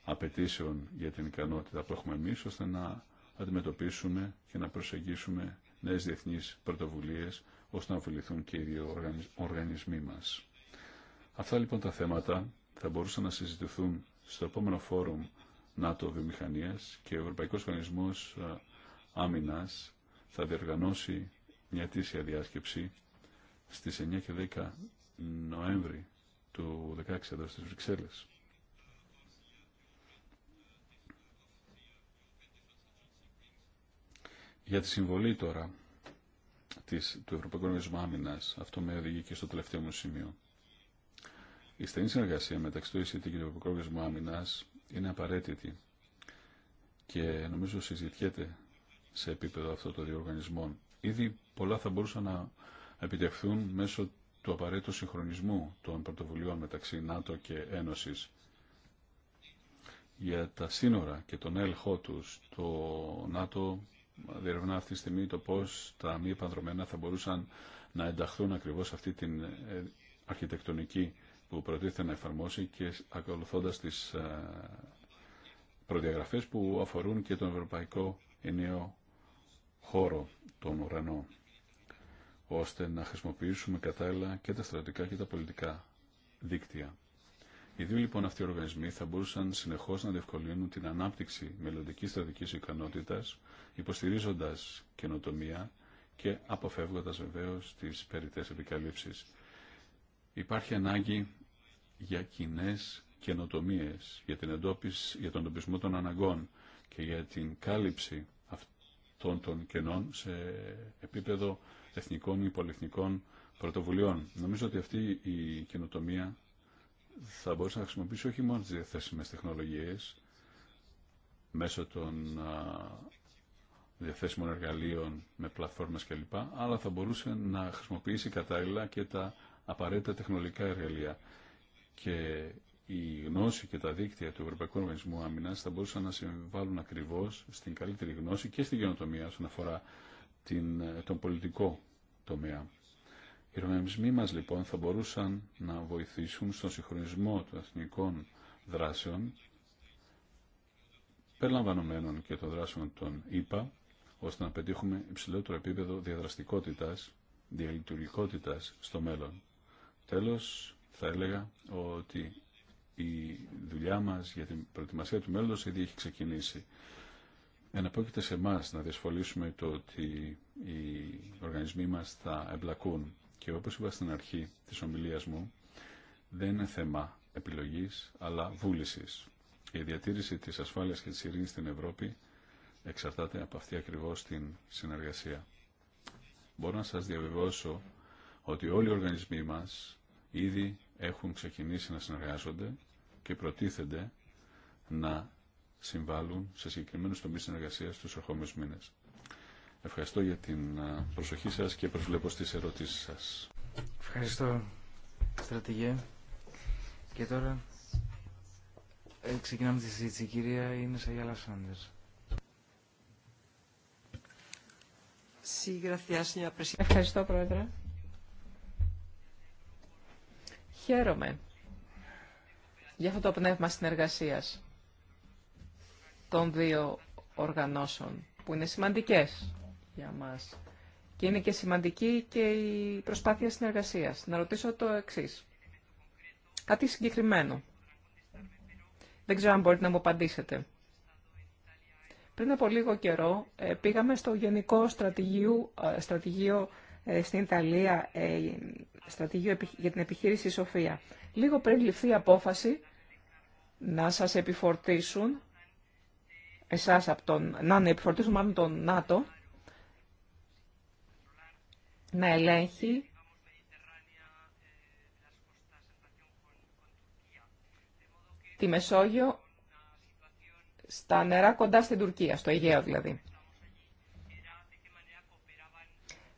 απαιτήσεων για την ικανότητα που έχουμε εμείς, ώστε να αντιμετωπίσουμε και να προσεγγίσουμε νέες διεθνείς πρωτοβουλίες, ώστε να ωφεληθούν και οι δύο οργανισμοί μας. Αυτά λοιπόν τα θέματα θα μπορούσαν να συζητηθούν στο επόμενο φόρουμ ΝΑΤΟ Βιομηχανίας και ο Ευρωπαϊκός Οργανισμός ε, Άμυνας θα διοργανώσει μια τήσια διάσκεψη στις 9 και 10 Νοέμβρη του 2016 εδώ στις Βρυξέλλες. Για τη συμβολή τώρα της, του Ευρωπαϊκού Οργανισμού Άμυνας, αυτό με οδηγεί και στο τελευταίο μου σημείο. Η στενή συνεργασία μεταξύ του ΕΣΥΤ και του Ευρωπαϊκού Οργανισμού Άμυνας είναι απαραίτητη και νομίζω συζητιέται σε επίπεδο αυτών των δύο οργανισμών. Ήδη πολλά θα μπορούσαν να επιτευχθούν μέσω του απαραίτητου συγχρονισμού των πρωτοβουλειών μεταξύ ΝΑΤΟ και Ένωσης για τα σύνορα και τον έλεγχό τους. Το ΝΑΤΟ διερευνά αυτή τη στιγμή το πώς τα μη επανδρομένα θα μπορούσαν να ενταχθούν ακριβώς αυτή την ε, αρχιτεκτονική που προτίθεται να εφαρμόσει και ακολουθώντας τις ε, προδιαγραφές που αφορούν και τον Ευρωπαϊκό Ενίο Χώρο, τον ουρανό ώστε να χρησιμοποιήσουμε κατάλληλα και τα στρατικά και τα πολιτικά δίκτυα. Οι δύο λοιπόν αυτοί οι οργανισμοί θα μπορούσαν συνεχώ να διευκολύνουν την ανάπτυξη μελλοντική στρατική ικανότητα, υποστηρίζοντα καινοτομία και αποφεύγοντα βεβαίω τι περιττέ επικαλύψει. Υπάρχει ανάγκη για κοινέ καινοτομίε, για, την για τον εντοπισμό των αναγκών και για την κάλυψη αυτών των κενών σε επίπεδο εθνικών ή πολυεθνικών πρωτοβουλειών. Νομίζω ότι αυτή η καινοτομία θα μπορούσε να χρησιμοποιήσει όχι μόνο τις διαθέσιμες τεχνολογίες μέσω των διαθέσιμων εργαλείων με πλατφόρμες κλπ. Αλλά θα μπορούσε να χρησιμοποιήσει κατάλληλα και τα απαραίτητα τεχνολογικά εργαλεία. Και η γνώση και τα δίκτυα του Ευρωπαϊκού Οργανισμού Άμυνα θα μπορούσαν να συμβάλλουν ακριβώ στην καλύτερη γνώση και στην καινοτομία όσον αφορά την, τον πολιτικό τομέα. Οι οργανισμοί μας λοιπόν θα μπορούσαν να βοηθήσουν στον συγχρονισμό των εθνικών δράσεων περιλαμβανομένων και των δράσεων των ΙΠΑ ώστε να πετύχουμε υψηλότερο επίπεδο διαδραστικότητας, διαλειτουργικότητας στο μέλλον. Τέλος, θα έλεγα ότι η δουλειά μας για την προετοιμασία του μέλλοντος ήδη έχει ξεκινήσει. Εναπόκειται σε εμά να διασφαλίσουμε το ότι οι οργανισμοί μας θα εμπλακούν. Και όπως είπα στην αρχή της ομιλίας μου, δεν είναι θέμα επιλογής, αλλά βούλησης. Η διατήρηση της ασφάλειας και της ειρήνης στην Ευρώπη εξαρτάται από αυτή ακριβώς την συνεργασία. Μπορώ να σας διαβεβαιώσω ότι όλοι οι οργανισμοί μας ήδη έχουν ξεκινήσει να συνεργάζονται και προτίθενται να συμβάλλουν σε συγκεκριμένους τομείς συνεργασίας στους ερχόμενους μήνες. Ευχαριστώ για την προσοχή σας και προσβλέπω στις ερωτήσεις σας. Ευχαριστώ, στρατηγέ. Και τώρα ε, ξεκινάμε τη συζήτηση. κυρία Ίνες Αγιάλα Σάντερς. Ευχαριστώ, Πρόεδρε. Χαίρομαι για αυτό το πνεύμα συνεργασίας των δύο οργανώσεων που είναι σημαντικές για μας. Και είναι και σημαντική και η προσπάθεια συνεργασίας. Να ρωτήσω το εξής. Κάτι συγκεκριμένο. Δεν ξέρω αν μπορείτε να μου απαντήσετε. Πριν από λίγο καιρό ε, πήγαμε στο Γενικό Στρατηγείο, ε, ε, στην Ιταλία, Στρατηγείο για την Επιχείρηση Σοφία. Λίγο πριν ληφθεί η απόφαση να σας επιφορτήσουν, εσάς από τον, να, να επιφορτήσουν μάλλον τον ΝΑΤΟ, να ελέγχει τη Μεσόγειο στα νερά κοντά στην Τουρκία, στο Αιγαίο δηλαδή.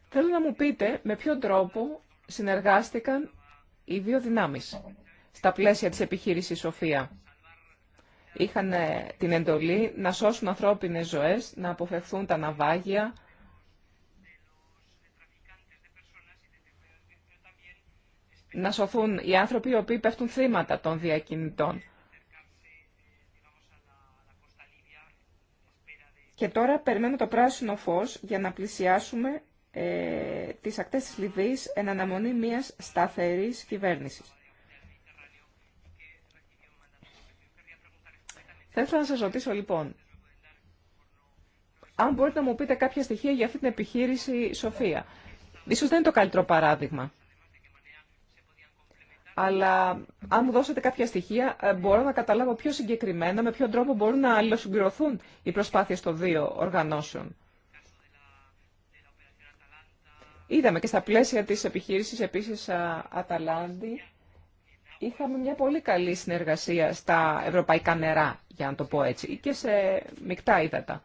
Θέλω να μου πείτε με ποιο τρόπο συνεργάστηκαν οι δύο δυνάμεις στα πλαίσια της επιχείρησης Σοφία. Είχαν την εντολή να σώσουν ανθρώπινες ζωές, να αποφευθούν τα ναυάγια, να σωθούν οι άνθρωποι οι οποίοι πέφτουν θύματα των διακινητών. Και τώρα περιμένουμε το πράσινο φως για να πλησιάσουμε ε, τις ακτές της Λιβύης εν αναμονή μιας σταθερής κυβέρνησης. Θα ήθελα να σας ρωτήσω λοιπόν, αν μπορείτε να μου πείτε κάποια στοιχεία για αυτή την επιχείρηση Σοφία. Ίσως δεν είναι το καλύτερο παράδειγμα αλλά αν μου δώσετε κάποια στοιχεία, ε, μπορώ να καταλάβω πιο συγκεκριμένα με ποιον τρόπο μπορούν να αλληλοσυμπληρωθούν οι προσπάθειες των δύο οργανώσεων. Είδαμε και στα πλαίσια της επιχείρησης επίσης Αταλάντη, είχαμε μια πολύ καλή συνεργασία στα ευρωπαϊκά νερά, για να το πω έτσι, ή και σε μεικτά ύδατα.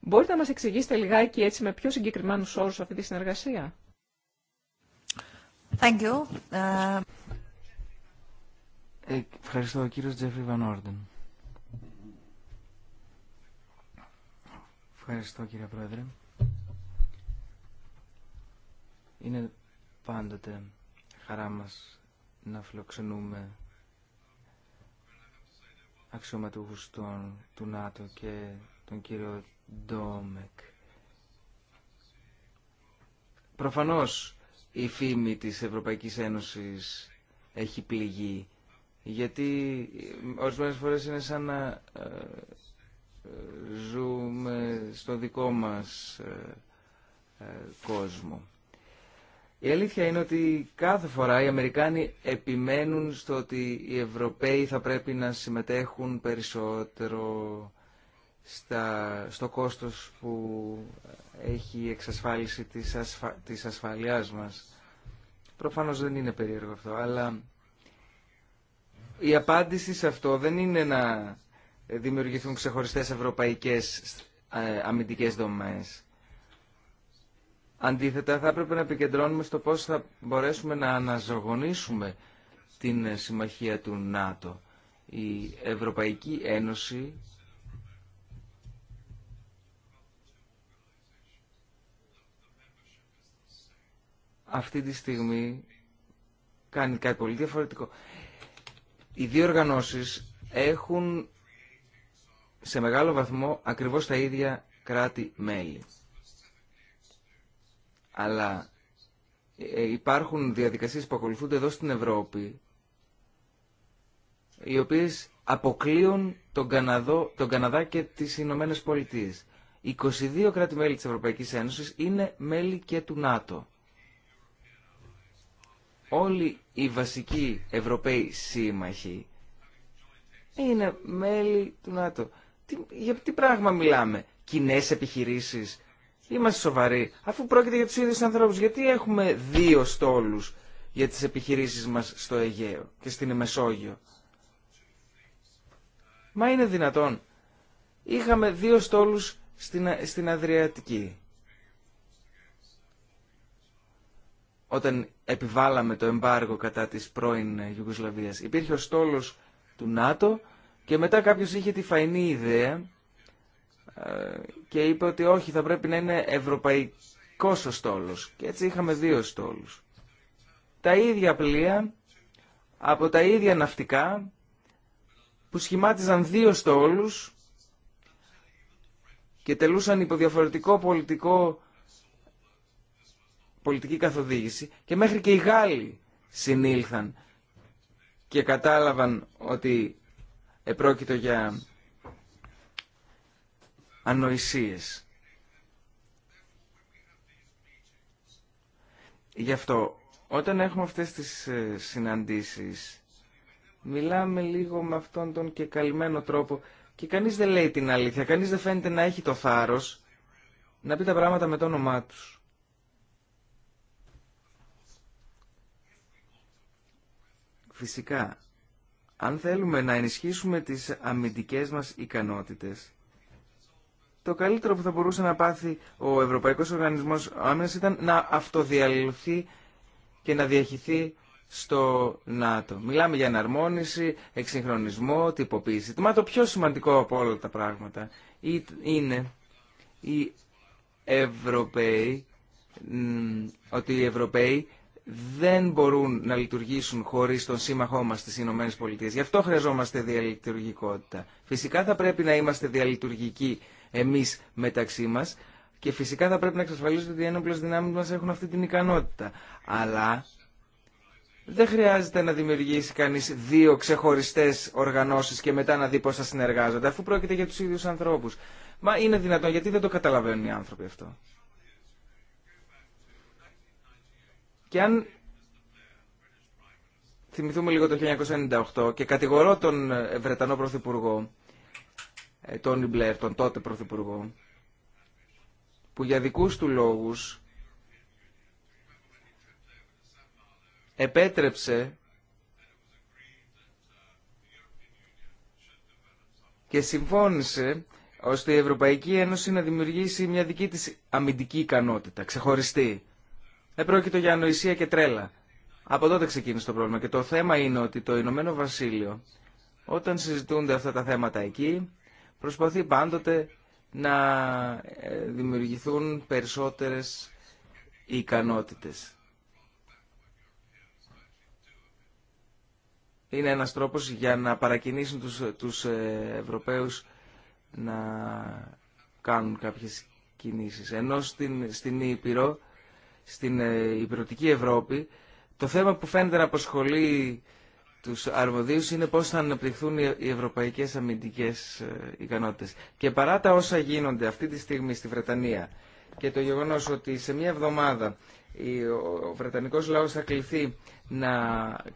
Μπορείτε να μας εξηγήσετε λιγάκι έτσι με πιο συγκεκριμένους όρους αυτή τη συνεργασία. Thank you. Uh, ε, ευχαριστώ, ο κύριος Τζέφρι Βαν Όρντεν. Ευχαριστώ, κύριε Πρόεδρε. Είναι πάντοτε χαρά μας να φιλοξενούμε αξιωματούχους των, του ΝΑΤΟ και τον κύριο Ντόμεκ. Προφανώς η φήμη της Ευρωπαϊκής Ένωσης έχει πληγεί. Γιατί ορισμένες φορές είναι σαν να ε, ε, ζούμε στο δικό μας ε, κόσμο. Η αλήθεια είναι ότι κάθε φορά οι Αμερικάνοι επιμένουν στο ότι οι Ευρωπαίοι θα πρέπει να συμμετέχουν περισσότερο στα, στο κόστος που έχει η εξασφάλιση της, ασφα, της ασφαλειάς μας. Προφανώς δεν είναι περίεργο αυτό, αλλά η απάντηση σε αυτό δεν είναι να δημιουργηθούν ξεχωριστές ευρωπαϊκές ε, αμυντικές δομές. Αντίθετα, θα έπρεπε να επικεντρώνουμε στο πώς θα μπορέσουμε να αναζωογονήσουμε την συμμαχία του ΝΑΤΟ. Η Ευρωπαϊκή Ένωση αυτή τη στιγμή κάνει κάτι πολύ διαφορετικό. Οι δύο οργανώσεις έχουν σε μεγάλο βαθμό ακριβώς τα ίδια κράτη-μέλη. Αλλά ε, υπάρχουν διαδικασίες που ακολουθούνται εδώ στην Ευρώπη οι οποίες αποκλείουν τον, Καναδό, τον Καναδά και τις Ηνωμένε Πολιτείες. 22 κράτη-μέλη της Ευρωπαϊκής Ένωσης είναι μέλη και του ΝΑΤΟ όλοι οι βασικοί Ευρωπαίοι σύμμαχοι είναι μέλη του ΝΑΤΟ. Τι, για τι πράγμα μιλάμε, κοινέ επιχειρήσεις, είμαστε σοβαροί. Αφού πρόκειται για τους ίδιους ανθρώπους, γιατί έχουμε δύο στόλους για τις επιχειρήσεις μας στο Αιγαίο και στην Μεσόγειο. Μα είναι δυνατόν. Είχαμε δύο στόλους στην, στην Αδριατική. όταν επιβάλαμε το εμπάργο κατά της πρώην Ιουγκοσλαβίας. Υπήρχε ο στόλος του ΝΑΤΟ και μετά κάποιος είχε τη φαϊνή ιδέα ε, και είπε ότι όχι θα πρέπει να είναι ευρωπαϊκός ο στόλος. Και έτσι είχαμε δύο στόλους. Τα ίδια πλοία από τα ίδια ναυτικά που σχημάτιζαν δύο στόλους και τελούσαν υπό διαφορετικό πολιτικό πολιτική καθοδήγηση και μέχρι και οι Γάλλοι συνήλθαν και κατάλαβαν ότι επρόκειτο για ανοησίες. Γι' αυτό, όταν έχουμε αυτές τις ε, συναντήσεις, μιλάμε λίγο με αυτόν τον και καλυμμένο τρόπο και κανείς δεν λέει την αλήθεια, κανείς δεν φαίνεται να έχει το θάρρος να πει τα πράγματα με το όνομά τους. Φυσικά, αν θέλουμε να ενισχύσουμε τις αμυντικές μας ικανότητες, το καλύτερο που θα μπορούσε να πάθει ο Ευρωπαϊκός Οργανισμός Άμυνας ήταν να αυτοδιαλυθεί και να διαχυθεί στο ΝΑΤΟ. Μιλάμε για εναρμόνιση, εξυγχρονισμό, τυποποίηση. Μα το πιο σημαντικό από όλα τα πράγματα είναι οι Ευρωπαίοι, ότι οι Ευρωπαίοι δεν μπορούν να λειτουργήσουν χωρίς τον σύμμαχό μας στις Ηνωμένες Πολιτείες. Γι' αυτό χρειαζόμαστε διαλειτουργικότητα. Φυσικά θα πρέπει να είμαστε διαλειτουργικοί εμείς μεταξύ μας και φυσικά θα πρέπει να εξασφαλίσουμε ότι οι ένοπλες δυνάμεις μας έχουν αυτή την ικανότητα. Αλλά δεν χρειάζεται να δημιουργήσει κανείς δύο ξεχωριστές οργανώσεις και μετά να δει πώς θα συνεργάζονται, αφού πρόκειται για τους ίδιους ανθρώπους. Μα είναι δυνατόν, γιατί δεν το καταλαβαίνουν οι άνθρωποι αυτό. Και αν θυμηθούμε λίγο το 1998 και κατηγορώ τον ε, Βρετανό Πρωθυπουργό, ε, τον Μπλερ, τον τότε Πρωθυπουργό, που για δικούς του λόγους επέτρεψε και συμφώνησε ώστε η Ευρωπαϊκή Ένωση να δημιουργήσει μια δική της αμυντική ικανότητα, ξεχωριστή. Επρόκειτο για ανοησία και τρέλα. Από τότε ξεκίνησε το πρόβλημα. Και το θέμα είναι ότι το Ηνωμένο Βασίλειο, όταν συζητούνται αυτά τα θέματα εκεί, προσπαθεί πάντοτε να ε, δημιουργηθούν περισσότερες ικανότητες. Είναι ένας τρόπος για να παρακινήσουν τους, τους ε, Ευρωπαίους να κάνουν κάποιες κινήσεις. Ενώ στην, στην Ήπειρο στην ε, υπηρετική Ευρώπη, το θέμα που φαίνεται να απασχολεί τους αρμοδίους είναι πώς θα αναπτυχθούν οι ευρωπαϊκές αμυντικές ε, ικανότητες. Και παρά τα όσα γίνονται αυτή τη στιγμή στη Βρετανία και το γεγονός ότι σε μια εβδομάδα ο Βρετανικός λαός θα κληθεί να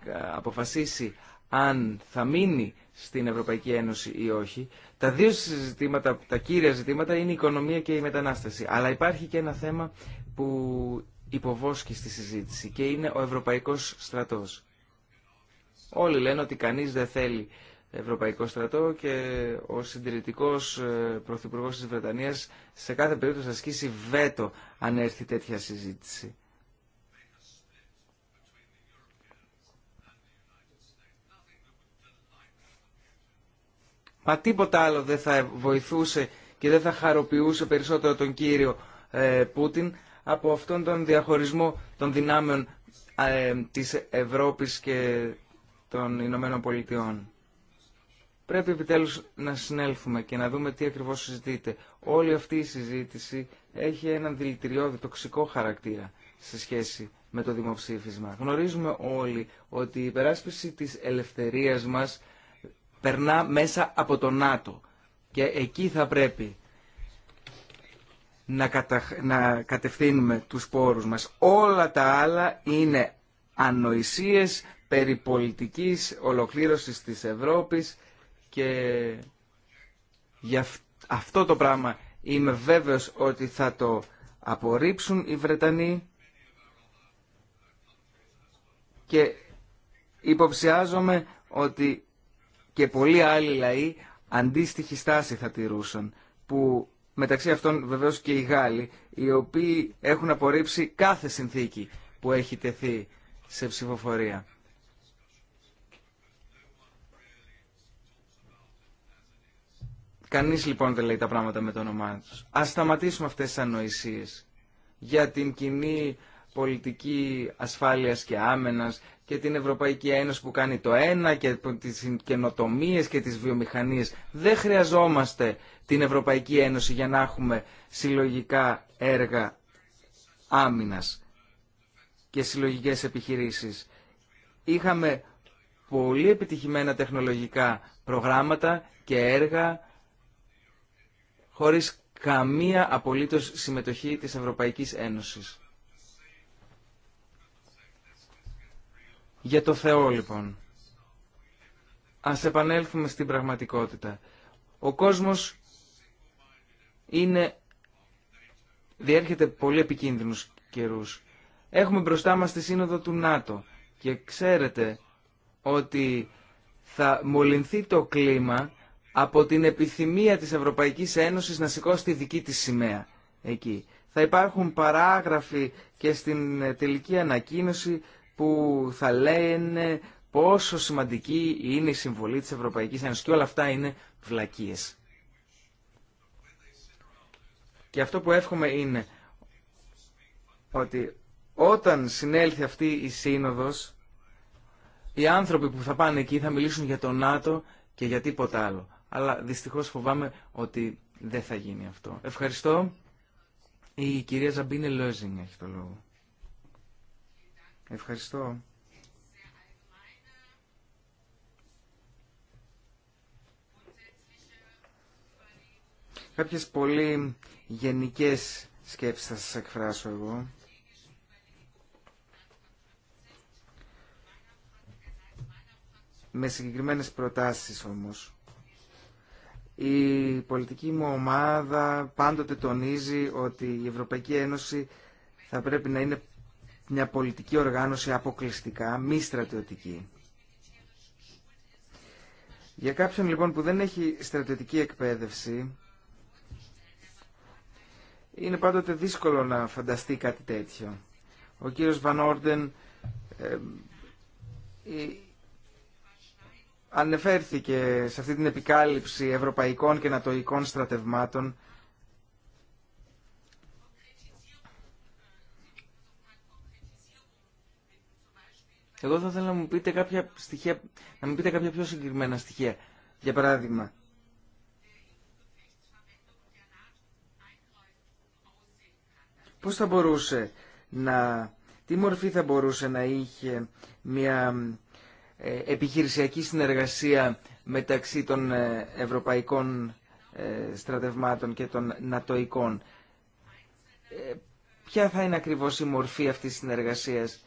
ε, αποφασίσει αν θα μείνει στην Ευρωπαϊκή Ένωση ή όχι. Τα δύο ζητήματα, τα κύρια ζητήματα είναι η οικονομία και η μετανάστευση. Αλλά υπάρχει και ένα θέμα που υποβόσκει στη συζήτηση και είναι ο Ευρωπαϊκός στρατός. Όλοι λένε ότι κανείς δεν θέλει Ευρωπαϊκό στρατό και ο συντηρητικός ε, πρωθυπουργός της Βρετανίας σε κάθε περίπτωση ασκήσει βέτο αν έρθει τέτοια συζήτηση. Μα τίποτα άλλο δεν θα βοηθούσε και δεν θα χαροποιούσε περισσότερο τον κύριο ε, Πούτιν από αυτόν τον διαχωρισμό των δυνάμεων ε, της Ευρώπης και των Ηνωμένων Πολιτειών. Πρέπει επιτέλους να συνέλθουμε και να δούμε τι ακριβώς συζητείτε. Όλη αυτή η συζήτηση έχει έναν δηλητηριώδη τοξικό χαρακτήρα σε σχέση με το δημοψήφισμα. Γνωρίζουμε όλοι ότι η υπεράσπιση της ελευθερίας μας περνά μέσα από το ΝΑΤΟ και εκεί θα πρέπει να, κατευθύνουμε τους πόρους μας. Όλα τα άλλα είναι ανοησίες περί ολοκλήρωσης της Ευρώπης και για αυτό το πράγμα είμαι βέβαιος ότι θα το απορρίψουν οι Βρετανοί και υποψιάζομαι ότι και πολλοί άλλοι λαοί αντίστοιχη στάση θα τηρούσαν που μεταξύ αυτών βεβαίως και οι Γάλλοι, οι οποίοι έχουν απορρίψει κάθε συνθήκη που έχει τεθεί σε ψηφοφορία. Κανείς λοιπόν δεν λέει τα πράγματα με το όνομά τους. Ας σταματήσουμε αυτές τις ανοησίες για την κοινή πολιτική ασφάλειας και άμενας και την Ευρωπαϊκή Ένωση που κάνει το ένα και τις καινοτομίε και τις βιομηχανίες. Δεν χρειαζόμαστε την Ευρωπαϊκή Ένωση για να έχουμε συλλογικά έργα άμυνας και συλλογικές επιχειρήσεις. Είχαμε πολύ επιτυχημένα τεχνολογικά προγράμματα και έργα χωρίς καμία απολύτως συμμετοχή της Ευρωπαϊκής Ένωσης. Για το Θεό λοιπόν. Ας επανέλθουμε στην πραγματικότητα. Ο κόσμος είναι, διέρχεται πολύ επικίνδυνους καιρούς. Έχουμε μπροστά μας τη σύνοδο του ΝΑΤΟ και ξέρετε ότι θα μολυνθεί το κλίμα από την επιθυμία της Ευρωπαϊκής Ένωσης να σηκώσει τη δική της σημαία εκεί. Θα υπάρχουν παράγραφοι και στην τελική ανακοίνωση που θα λένε πόσο σημαντική είναι η συμβολή της Ευρωπαϊκής Ένωσης και όλα αυτά είναι βλακίες. Και αυτό που εύχομαι είναι ότι όταν συνέλθει αυτή η σύνοδος, οι άνθρωποι που θα πάνε εκεί θα μιλήσουν για το ΝΑΤΟ και για τίποτα άλλο. Αλλά δυστυχώς φοβάμαι ότι δεν θα γίνει αυτό. Ευχαριστώ. Η κυρία Ζαμπίνε Λόζινγκ έχει το λόγο. Ευχαριστώ. Κάποιες πολύ γενικές σκέψεις θα σας εκφράσω εγώ. Με συγκεκριμένες προτάσεις όμως. Η πολιτική μου ομάδα πάντοτε τονίζει ότι η Ευρωπαϊκή Ένωση θα πρέπει να είναι μια πολιτική οργάνωση αποκλειστικά μη στρατιωτική. Για κάποιον λοιπόν που δεν έχει στρατιωτική εκπαίδευση, είναι πάντοτε δύσκολο να φανταστεί κάτι τέτοιο. Ο κύριος Βαν Όρντεν ανεφέρθηκε σε αυτή την επικάλυψη ευρωπαϊκών και νατοικών στρατευμάτων Εγώ θα ήθελα να μου πείτε κάποια στοιχεία, να μου πείτε κάποια πιο συγκεκριμένα στοιχεία. Για παράδειγμα, πώς θα μπορούσε να, τι μορφή θα μπορούσε να είχε μια ε, επιχειρησιακή συνεργασία μεταξύ των ε, ευρωπαϊκών ε, στρατευμάτων και των νατοικών. Ποια θα είναι ακριβώς η μορφή αυτής της συνεργασίας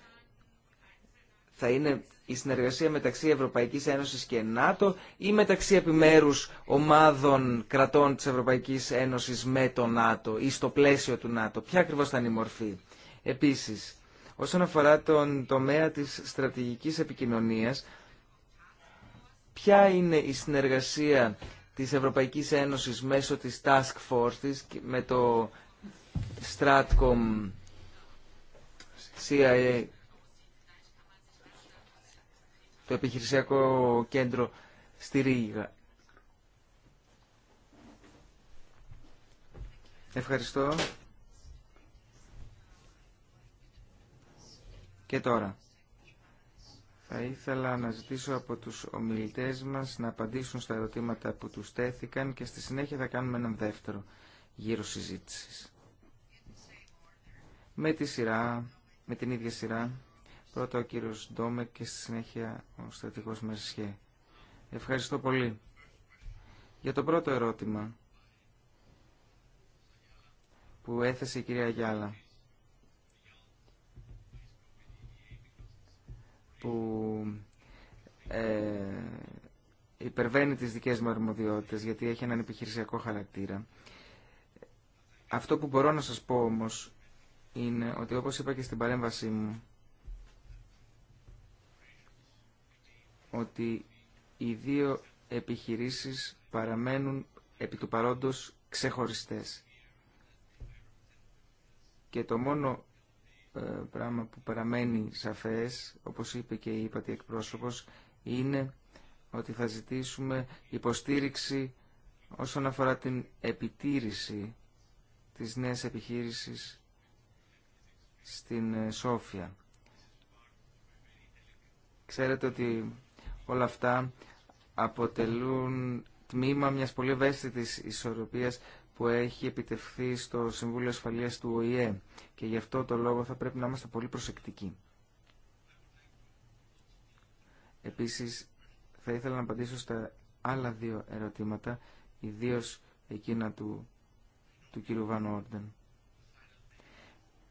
θα είναι η συνεργασία μεταξύ Ευρωπαϊκής Ένωσης και ΝΑΤΟ ή μεταξύ επιμέρους ομάδων κρατών της Ευρωπαϊκής Ένωσης με το ΝΑΤΟ ή στο πλαίσιο του ΝΑΤΟ. Ποια ακριβώς θα είναι η μορφή. Επίσης, όσον αφορά τον τομέα της στρατηγικής επικοινωνίας, ποια είναι η συνεργασία της Ευρωπαϊκής Ένωσης μέσω της Task Force της με το Stratcom CIA το επιχειρησιακό κέντρο στη Ρήγα. Ευχαριστώ. Και τώρα. Θα ήθελα να ζητήσω από τους ομιλητές μας να απαντήσουν στα ερωτήματα που τους τέθηκαν και στη συνέχεια θα κάνουμε έναν δεύτερο γύρο συζήτησης. Με τη σειρά, με την ίδια σειρά Πρώτα ο κύριος Ντόμε και στη συνέχεια ο στρατηγό Μερισχέ. Ευχαριστώ πολύ. Για το πρώτο ερώτημα που έθεσε η κυρία Γιάλα που ε, υπερβαίνει τις δικές μου αρμοδιότητες γιατί έχει έναν επιχειρησιακό χαρακτήρα. Αυτό που μπορώ να σας πω όμως είναι ότι όπως είπα και στην παρέμβασή μου ότι οι δύο επιχειρήσεις παραμένουν επί του παρόντος ξεχωριστές. Και το μόνο ε, πράγμα που παραμένει σαφές, όπως είπε και η υπατή εκπρόσωπος, είναι ότι θα ζητήσουμε υποστήριξη όσον αφορά την επιτήρηση της νέας επιχείρησης στην ε, Σόφια. Ξέρετε ότι όλα αυτά αποτελούν τμήμα μιας πολύ ευαίσθητης ισορροπίας που έχει επιτευχθεί στο Συμβούλιο Ασφαλείας του ΟΗΕ και γι' αυτό το λόγο θα πρέπει να είμαστε πολύ προσεκτικοί. Επίσης, θα ήθελα να απαντήσω στα άλλα δύο ερωτήματα, ιδίως εκείνα του, του κύριου Βαν Όρντεν.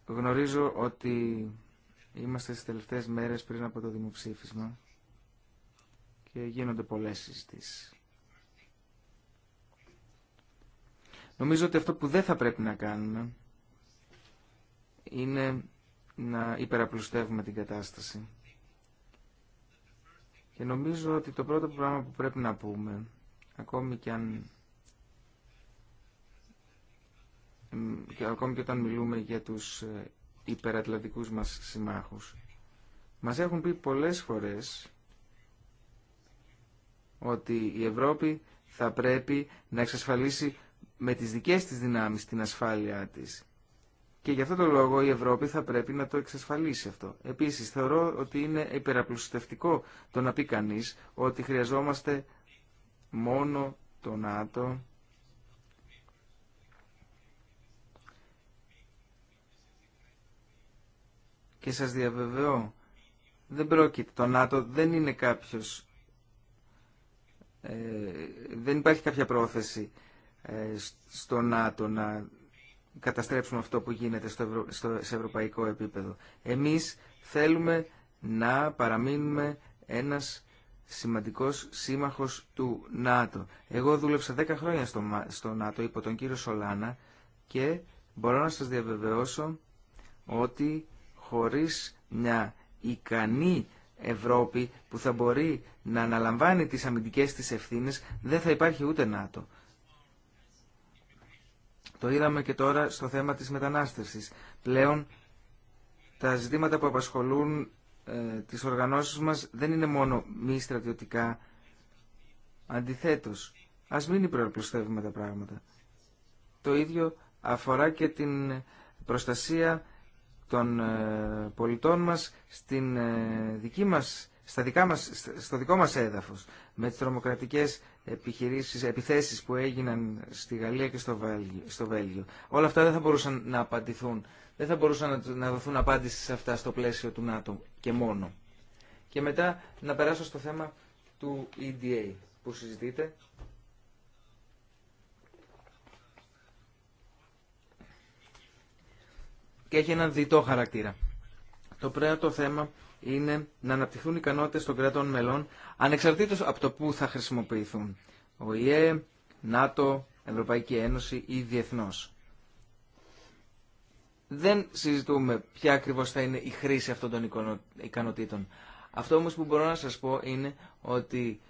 Γνωρίζω ότι είμαστε στις τελευταίες μέρες πριν από το δημοψήφισμα και γίνονται πολλές συζητήσεις. Νομίζω ότι αυτό που δεν θα πρέπει να κάνουμε είναι να υπεραπλουστεύουμε την κατάσταση. Και νομίζω ότι το πρώτο πράγμα που πρέπει να πούμε, ακόμη και αν και ακόμη και όταν μιλούμε για τους ε, υπερατλαντικούς μας συμμάχους, μας έχουν πει πολλές φορές ότι η Ευρώπη θα πρέπει να εξασφαλίσει με τις δικές της δυνάμεις την ασφάλειά της. Και γι' αυτό το λόγο η Ευρώπη θα πρέπει να το εξασφαλίσει αυτό. Επίσης θεωρώ ότι είναι υπεραπλουστευτικό το να πει κανείς ότι χρειαζόμαστε μόνο το ΝΑΤΟ και σας διαβεβαιώ δεν πρόκειται. Το ΝΑΤΟ δεν είναι κάποιος ε, δεν υπάρχει κάποια πρόθεση στον ε, στο ΝΑΤΟ να καταστρέψουμε αυτό που γίνεται στο, στο, σε ευρωπαϊκό επίπεδο. Εμείς θέλουμε να παραμείνουμε ένας σημαντικός σύμμαχος του ΝΑΤΟ. Εγώ δούλεψα 10 χρόνια στο, στο ΝΑΤΟ υπό τον κύριο Σολάνα και μπορώ να σας διαβεβαιώσω ότι χωρίς μια ικανή Ευρώπη που θα μπορεί να αναλαμβάνει τις αμυντικές της ευθύνες, δεν θα υπάρχει ούτε ΝΑΤΟ. Το είδαμε και τώρα στο θέμα της μετανάστευσης. Πλέον τα ζητήματα που απασχολούν ε, τις οργανώσεις μας δεν είναι μόνο μη στρατιωτικά. Αντιθέτως, ας μην υπεροπλουστεύουμε τα πράγματα. Το ίδιο αφορά και την προστασία των ε, πολιτών μας στην ε, δική μας, στα δικά μας, στο δικό μας έδαφος με τις τρομοκρατικές επιχειρήσεις, επιθέσεις που έγιναν στη Γαλλία και στο Βέλγιο, στο Βέλγιο. Όλα αυτά δεν θα μπορούσαν να απαντηθούν, δεν θα μπορούσαν να δοθούν απάντηση σε αυτά στο πλαίσιο του ΝΑΤΟ και μόνο. Και μετά να περάσω στο θέμα του EDA που συζητείτε και έχει έναν διτό χαρακτήρα. Το πρώτο θέμα είναι να αναπτυχθούν ικανότητες των κρατών μελών ανεξαρτήτως από το πού θα χρησιμοποιηθούν. Ο ΙΕ, ΝΑΤΟ, Ευρωπαϊκή Ένωση ή διεθνώς. Δεν συζητούμε ποια ακριβώς θα είναι η χρήση αυτών των ικανοτήτων. Αυτό όμως που μπορώ να σας πω είναι ότι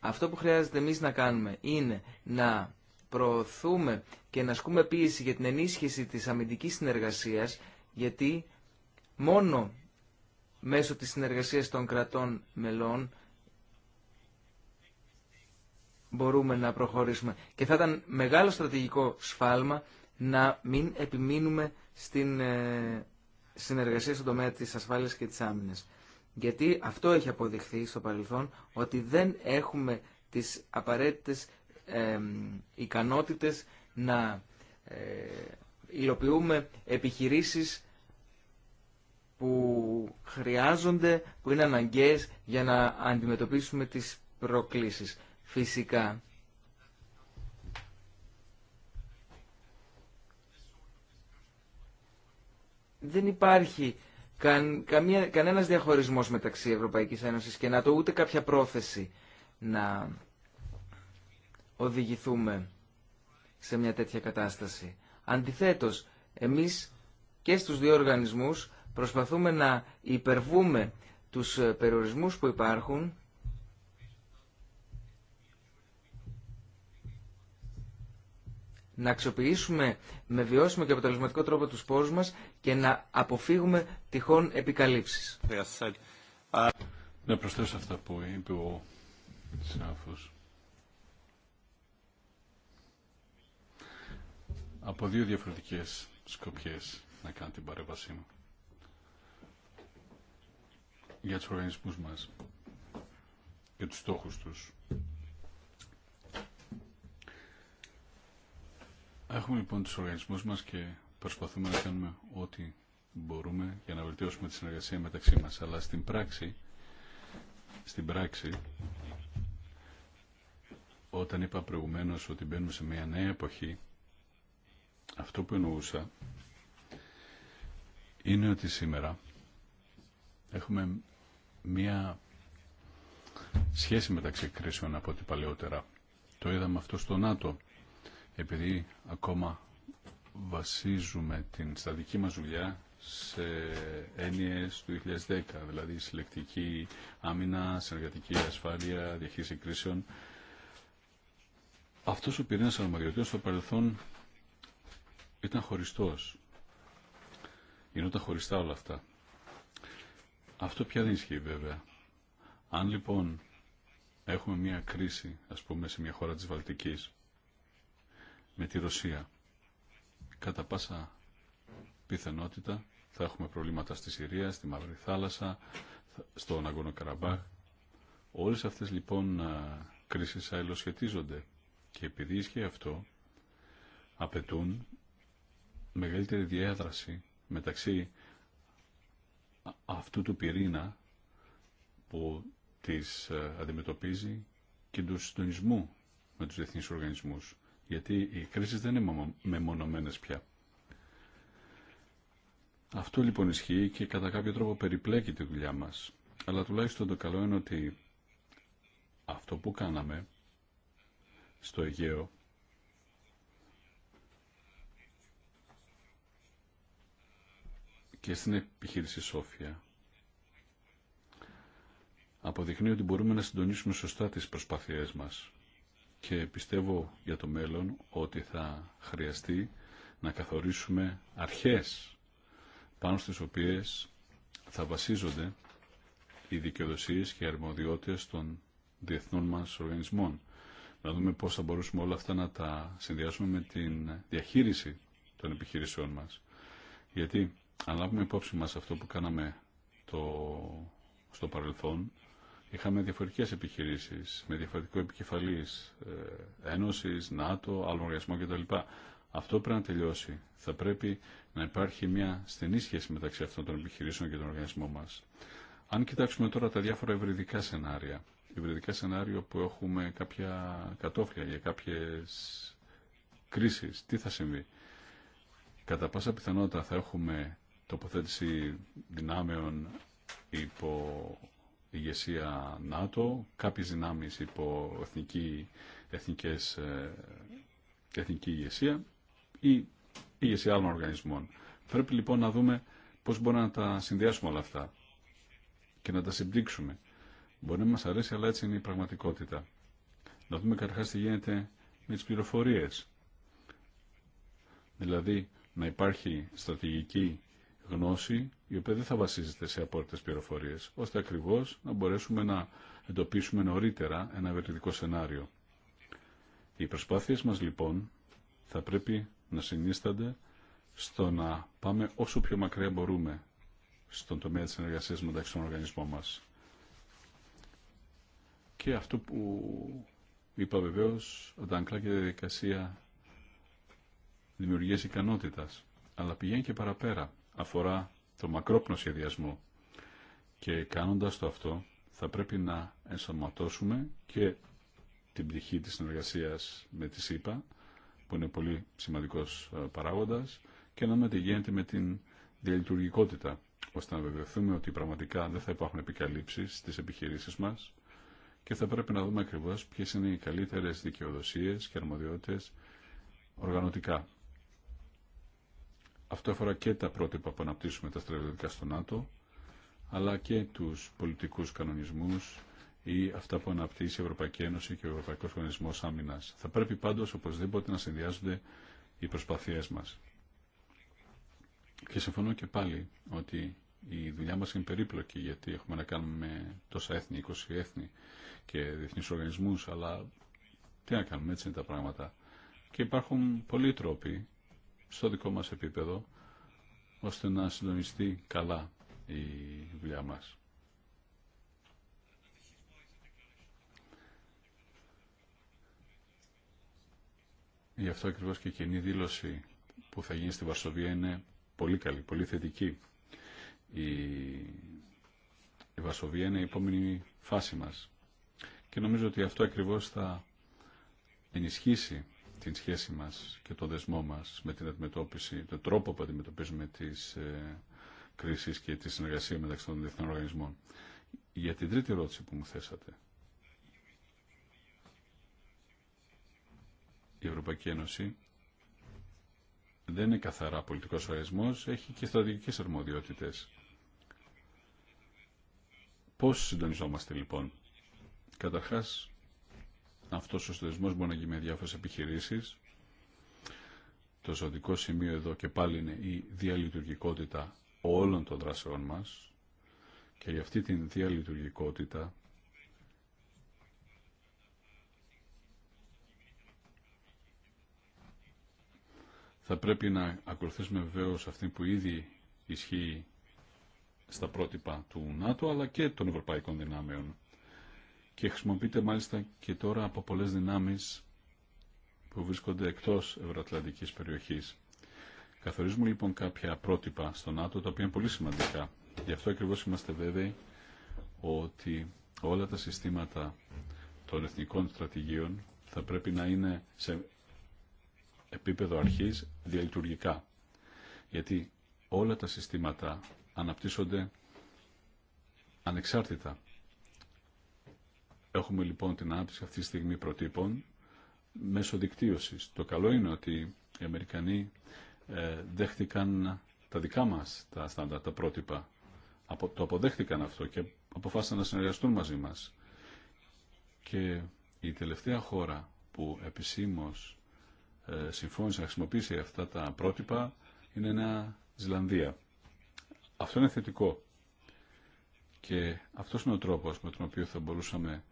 αυτό που χρειάζεται εμείς να κάνουμε είναι να προωθούμε και να ασκούμε πίεση για την ενίσχυση της αμυντικής συνεργασίας, γιατί μόνο μέσω της συνεργασίας των κρατών μελών μπορούμε να προχωρήσουμε. Και θα ήταν μεγάλο στρατηγικό σφάλμα να μην επιμείνουμε στην ε, συνεργασία στον τομέα της ασφάλειας και της άμυνας. Γιατί αυτό έχει αποδειχθεί στο παρελθόν, ότι δεν έχουμε τις απαραίτητες ικανότητες να ε, υλοποιούμε επιχειρήσεις που χρειάζονται, που είναι αναγκαίες για να αντιμετωπίσουμε τις προκλήσεις. Φυσικά. Δεν υπάρχει καν, καμία, κανένας διαχωρισμός μεταξύ Ευρωπαϊκής Ένωσης και ΝΑΤΟ, ούτε κάποια πρόθεση να οδηγηθούμε σε μια τέτοια κατάσταση. Αντιθέτως, εμείς και στους δύο οργανισμούς προσπαθούμε να υπερβούμε τους ε, περιορισμούς που υπάρχουν να αξιοποιήσουμε με βιώσιμο και αποτελεσματικό τρόπο τους πόρους μας και να αποφύγουμε τυχόν επικαλύψεις. Uh, να προσθέσω αυτά που είπε ο Σάφος. από δύο διαφορετικές σκοπιές να κάνω την παρέμβασή μου για τους οργανισμούς μας και τους στόχους τους. Έχουμε λοιπόν τους οργανισμούς μας και προσπαθούμε να κάνουμε ό,τι μπορούμε για να βελτιώσουμε τη συνεργασία μεταξύ μας. Αλλά στην πράξη, στην πράξη, όταν είπα προηγουμένως ότι μπαίνουμε σε μια νέα εποχή, αυτό που εννοούσα είναι ότι σήμερα έχουμε μία σχέση μεταξύ κρίσεων από ό,τι παλαιότερα. Το είδαμε αυτό στο ΝΑΤΟ, επειδή ακόμα βασίζουμε την σταδική μας δουλειά σε έννοιες του 2010, δηλαδή συλλεκτική άμυνα, συνεργατική ασφάλεια, διαχείριση κρίσεων. Αυτός ο πυρήνας αρμοδιοτήτων στο παρελθόν ήταν χωριστός. Γινόταν χωριστά όλα αυτά. Αυτό πια δεν ισχύει βέβαια. Αν λοιπόν έχουμε μια κρίση, ας πούμε, σε μια χώρα της Βαλτικής, με τη Ρωσία, κατά πάσα πιθανότητα θα έχουμε προβλήματα στη Συρία, στη Μαύρη Θάλασσα, στο Ναγκόνο Καραμπάχ. Όλες αυτές λοιπόν ε, κρίσεις αελοσχετίζονται και επειδή ισχύει αυτό, απαιτούν μεγαλύτερη διάδραση μεταξύ αυτού του πυρήνα που τις ε, αντιμετωπίζει και του συντονισμού με τους διεθνείς οργανισμούς. Γιατί οι κρίσεις δεν είναι μεμονωμένες πια. Αυτό λοιπόν ισχύει και κατά κάποιο τρόπο περιπλέκει τη δουλειά μας. Αλλά τουλάχιστον το καλό είναι ότι αυτό που κάναμε στο Αιγαίο και στην επιχείρηση Σόφια αποδεικνύει ότι μπορούμε να συντονίσουμε σωστά τις προσπάθειές μας και πιστεύω για το μέλλον ότι θα χρειαστεί να καθορίσουμε αρχές πάνω στις οποίες θα βασίζονται οι δικαιοδοσίε και οι αρμοδιότητες των διεθνών μας οργανισμών. Να δούμε πώς θα μπορούσαμε όλα αυτά να τα συνδυάσουμε με την διαχείριση των επιχειρήσεών μας. Γιατί αν λάβουμε υπόψη μας αυτό που κάναμε το, στο παρελθόν, είχαμε διαφορετικές επιχειρήσεις, με διαφορετικό επικεφαλής ε, Ένωσης, ΝΑΤΟ, άλλο οργανισμό κτλ. Αυτό πρέπει να τελειώσει. Θα πρέπει να υπάρχει μια στενή σχέση μεταξύ αυτών των επιχειρήσεων και των οργανισμών μας. Αν κοιτάξουμε τώρα τα διάφορα ευρυδικά σενάρια, ευρυδικά σενάρια που έχουμε κάποια κατόφλια για κάποιες κρίσεις, τι θα συμβεί. Κατά πάσα πιθανότητα θα έχουμε τοποθέτηση δυνάμεων υπό ηγεσία ΝΑΤΟ, κάποιες δυνάμεις υπό εθνική, εθνικές, ε, εθνική ηγεσία ή ηγεσία άλλων οργανισμών. Πρέπει λοιπόν να δούμε πώς μπορούμε να τα συνδυάσουμε όλα αυτά και να τα συμπτύξουμε. Μπορεί να μας αρέσει, αλλά έτσι είναι η πραγματικότητα. Να δούμε καταρχάς τι γίνεται με τις πληροφορίες. Δηλαδή, να υπάρχει στρατηγική γνώση η οποία δεν θα βασίζεται σε απόρριτες πληροφορίε, ώστε ακριβώς να μπορέσουμε να εντοπίσουμε νωρίτερα ένα ευεργετικό σενάριο. Οι προσπάθειες μας λοιπόν θα πρέπει να συνίστανται στο να πάμε όσο πιο μακριά μπορούμε στον τομέα της συνεργασία μεταξύ των οργανισμών μας. Και αυτό που είπα όταν κλάκεται και διαδικασία δημιουργία ικανότητας, αλλά πηγαίνει και παραπέρα αφορά το μακρόπνο σχεδιασμό. Και κάνοντας το αυτό, θα πρέπει να ενσωματώσουμε και την πτυχή της συνεργασίας με τη ΣΥΠΑ, που είναι πολύ σημαντικός ε, παράγοντας, και να γίνεται με την διαλειτουργικότητα, ώστε να βεβαιωθούμε ότι πραγματικά δεν θα υπάρχουν επικαλύψεις στις επιχειρήσεις μας και θα πρέπει να δούμε ακριβώς ποιες είναι οι καλύτερες δικαιοδοσίες και αρμοδιότητες οργανωτικά. Αυτό αφορά και τα πρότυπα που αναπτύσσουμε τα στρατιωτικά στο ΝΑΤΟ, αλλά και τους πολιτικούς κανονισμούς ή αυτά που αναπτύσσει η Ευρωπαϊκή Ένωση και ο Ευρωπαϊκός Οργανισμός Άμυνας. Θα πρέπει πάντως οπωσδήποτε να συνδυάζονται οι προσπαθίες μας. Και συμφωνώ και πάλι ότι η δουλειά μας είναι περίπλοκη γιατί έχουμε να κάνουμε με τόσα έθνη, 20 έθνη και διεθνείς οργανισμούς, αλλά τι να κάνουμε, έτσι είναι τα πράγματα. Και υπάρχουν πολλοί τρόποι στο δικό μας επίπεδο ώστε να συντονιστεί καλά η δουλειά μας. Γι' αυτό ακριβώς και η κοινή δήλωση που θα γίνει στη Βαρσοβία είναι πολύ καλή, πολύ θετική. Η, η Βαρσοβία είναι η επόμενη φάση μας. Και νομίζω ότι αυτό ακριβώς θα ενισχύσει την σχέση μας και το δεσμό μας με την αντιμετώπιση, τον τρόπο που αντιμετωπίζουμε τις ε, κρίσεις και τη συνεργασία μεταξύ των διεθνών οργανισμών. Για την τρίτη ερώτηση που μου θέσατε, η Ευρωπαϊκή Ένωση δεν είναι καθαρά πολιτικός οργανισμός, έχει και στρατηγικές αρμοδιότητες. Πώς συντονιζόμαστε λοιπόν. Καταρχάς, αυτός ο συνδεσμός μπορεί να γίνει με διάφορες επιχειρήσεις. Το ζωτικό σημείο εδώ και πάλι είναι η διαλειτουργικότητα όλων των δράσεών μας και για αυτή την διαλειτουργικότητα θα πρέπει να ακολουθήσουμε βεβαίω αυτή που ήδη ισχύει στα πρότυπα του ΝΑΤΟ αλλά και των Ευρωπαϊκών Δυνάμεων και χρησιμοποιείται μάλιστα και τώρα από πολλές δυνάμεις που βρίσκονται εκτός ευρωατλαντικής περιοχής. Καθορίζουμε λοιπόν κάποια πρότυπα στο ΝΑΤΟ τα οποία είναι πολύ σημαντικά. Γι' αυτό ακριβώ είμαστε βέβαιοι ότι όλα τα συστήματα των εθνικών στρατηγίων θα πρέπει να είναι σε επίπεδο αρχής διαλειτουργικά. Γιατί όλα τα συστήματα αναπτύσσονται ανεξάρτητα Έχουμε λοιπόν την άποψη αυτή τη στιγμή προτύπων μέσω δικτύωση. Το καλό είναι ότι οι Αμερικανοί ε, δέχτηκαν τα δικά μας τα στάντα, τα πρότυπα. το αποδέχτηκαν αυτό και αποφάσισαν να συνεργαστούν μαζί μας. Και η τελευταία χώρα που επισήμως ε, συμφώνησε να χρησιμοποιήσει αυτά τα πρότυπα είναι η Ζηλανδία. Αυτό είναι θετικό. Και αυτό είναι ο τρόπο με τον οποίο θα μπορούσαμε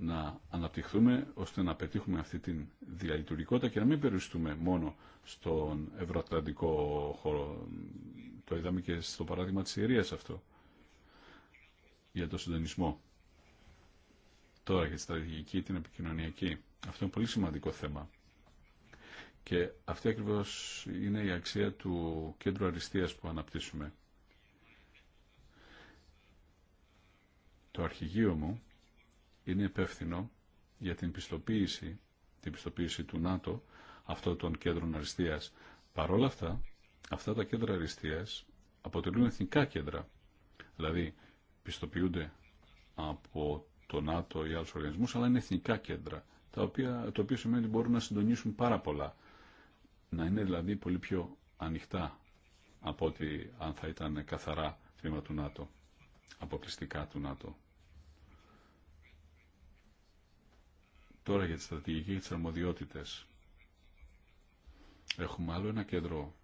να αναπτυχθούμε ώστε να πετύχουμε αυτή τη διαλειτουργικότητα και να μην περιοριστούμε μόνο στον ευρωατλαντικό χώρο. Το είδαμε και στο παράδειγμα της Συρίας αυτό για το συντονισμό. Τώρα για τη στρατηγική, την επικοινωνιακή. Αυτό είναι πολύ σημαντικό θέμα. Και αυτή ακριβώς είναι η αξία του κέντρου αριστείας που αναπτύσσουμε. Το αρχηγείο μου είναι υπεύθυνο για την πιστοποίηση, την πιστοποίηση του ΝΑΤΟ αυτών των κέντρων αριστείας. Παρ' αυτά, αυτά τα κέντρα αριστείας αποτελούν εθνικά κέντρα. Δηλαδή, πιστοποιούνται από το ΝΑΤΟ ή άλλους οργανισμούς, αλλά είναι εθνικά κέντρα, τα οποία, το οποίο σημαίνει ότι μπορούν να συντονίσουν πάρα πολλά. Να είναι δηλαδή πολύ πιο ανοιχτά από ότι αν θα ήταν καθαρά τμήμα του ΝΑΤΟ, αποκλειστικά του ΝΑΤΟ. Τώρα για τη στρατηγική και τις αρμοδιότητες. Έχουμε άλλο ένα κέντρο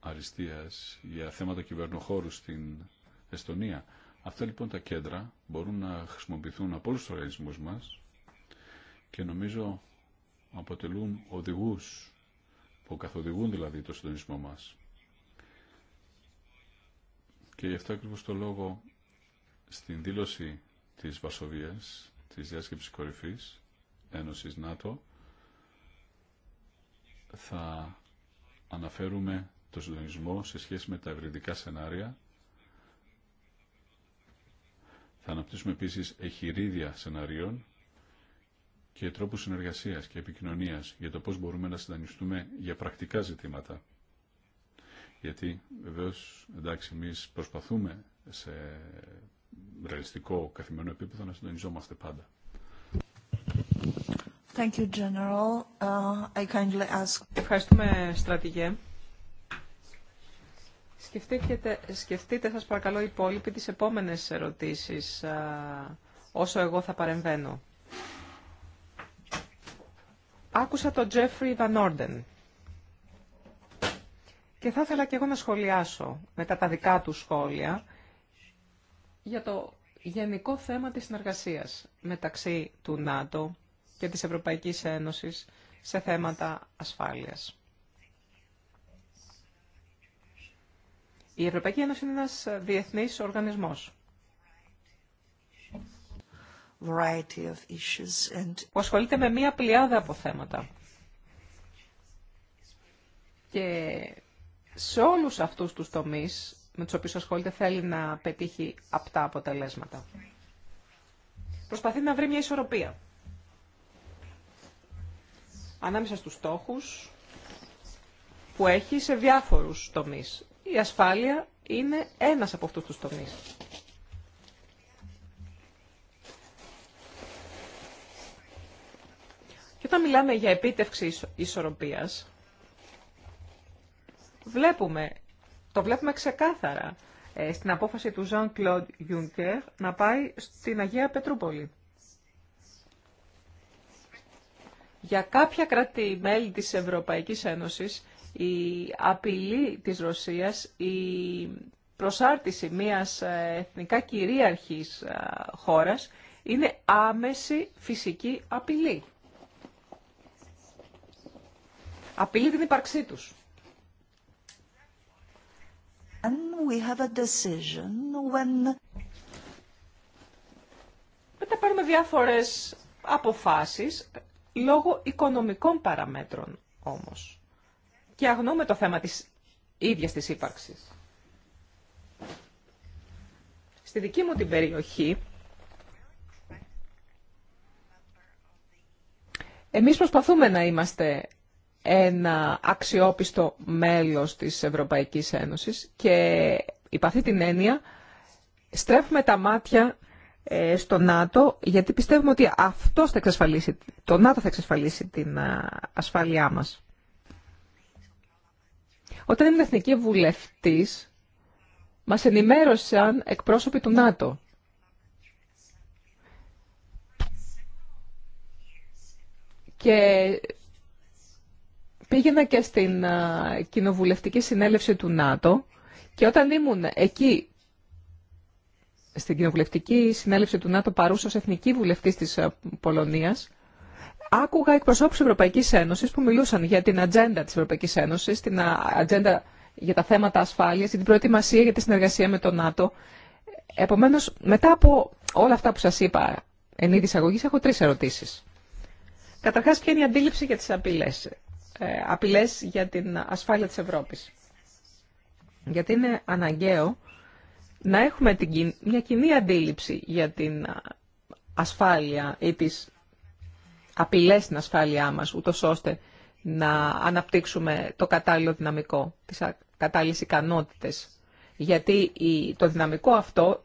αριστείας για θέματα κυβερνοχώρου στην Εστονία. Αυτά λοιπόν τα κέντρα μπορούν να χρησιμοποιηθούν από όλους τους οργανισμούς μας και νομίζω αποτελούν οδηγούς που καθοδηγούν δηλαδή το συντονισμό μας. Και γι' αυτό ακριβώς το λόγο στην δήλωση της Βασοβίας, της διάσκεψης κορυφής, Ένωσης ΝΑΤΟ θα αναφέρουμε το συντονισμό σε σχέση με τα ευρυντικά σενάρια. Θα αναπτύσσουμε επίσης εχειρίδια σενάριων και τρόπους συνεργασίας και επικοινωνίας για το πώς μπορούμε να συντονιστούμε για πρακτικά ζητήματα. Γιατί βεβαίω εντάξει, εμεί προσπαθούμε σε ρεαλιστικό καθημερινό επίπεδο να συντονιζόμαστε πάντα. Thank you, General. Uh, I kindly ask... Ευχαριστούμε, στρατηγέ. Σκεφτείτε, σας παρακαλώ, οι υπόλοιποι τις επόμενες ερωτήσεις, όσο εγώ θα παρεμβαίνω. Άκουσα τον Τζέφρι Βαν και θα ήθελα και εγώ να σχολιάσω μετά τα δικά του σχόλια για το γενικό θέμα της συνεργασίας μεταξύ του ΝΑΤΟ και της Ευρωπαϊκής Ένωσης σε θέματα ασφάλειας. Η Ευρωπαϊκή Ένωση είναι ένας διεθνής οργανισμός που ασχολείται με μία πλειάδα από θέματα. Και σε όλους αυτούς τους τομείς με τους οποίους ασχολείται θέλει να πετύχει απτά αποτελέσματα. Προσπαθεί να βρει μια ισορροπία ανάμεσα στους στόχους που έχει σε διάφορους τομείς. Η ασφάλεια είναι ένας από αυτούς τους τομείς. Και όταν μιλάμε για επίτευξη ισορροπίας, βλέπουμε, το βλέπουμε ξεκάθαρα ε, στην απόφαση του Jean-Claude Juncker να πάει στην Αγία Πετρούπολη. Για κάποια κράτη-μέλη της Ευρωπαϊκής Ένωσης, η απειλή της Ρωσίας, η προσάρτηση μιας ε, εθνικά κυρίαρχης ε, χώρας, είναι άμεση φυσική απειλή. Απειλή την ύπαρξή τους. Μετά παίρνουμε διάφορες αποφάσεις λόγω οικονομικών παραμέτρων όμως. Και αγνοούμε το θέμα της ίδιας της ύπαρξης. Στη δική μου την περιοχή, εμείς προσπαθούμε να είμαστε ένα αξιόπιστο μέλος της Ευρωπαϊκής Ένωσης και υπ' την έννοια στρέφουμε τα μάτια ε, στο ΝΑΤΟ, γιατί πιστεύουμε ότι αυτό θα εξασφαλίσει, το ΝΑΤΟ θα εξασφαλίσει την ασφάλειά μας. Όταν ήμουν εθνική βουλευτής, μας ενημέρωσαν εκπρόσωποι του ΝΑΤΟ. Και πήγαινα και στην κοινοβουλευτική συνέλευση του ΝΑΤΟ και όταν ήμουν εκεί στην κοινοβουλευτική συνέλευση του ΝΑΤΟ παρούσα ως εθνική βουλευτή τη ε, Πολωνίας, άκουγα εκπροσώπου της Ευρωπαϊκής Ένωσης που μιλούσαν για την ατζέντα τη Ευρωπαϊκή Ένωση, την ε, ατζέντα για τα θέματα ασφάλειας, την προετοιμασία για τη συνεργασία με το ΝΑΤΟ. Επομένω, μετά από όλα αυτά που σα είπα εν είδη εισαγωγής, έχω τρει ερωτήσει. Καταρχά ποια είναι η αντίληψη για τι απειλέ ε, για την ασφάλεια της Ευρώπης. Γιατί είναι αναγκαίο να έχουμε την, μια κοινή αντίληψη για την ασφάλεια ή τις απειλές στην ασφάλειά μας, ούτω ώστε να αναπτύξουμε το κατάλληλο δυναμικό, τις κατάλληλες ικανότητες. Γιατί το δυναμικό αυτό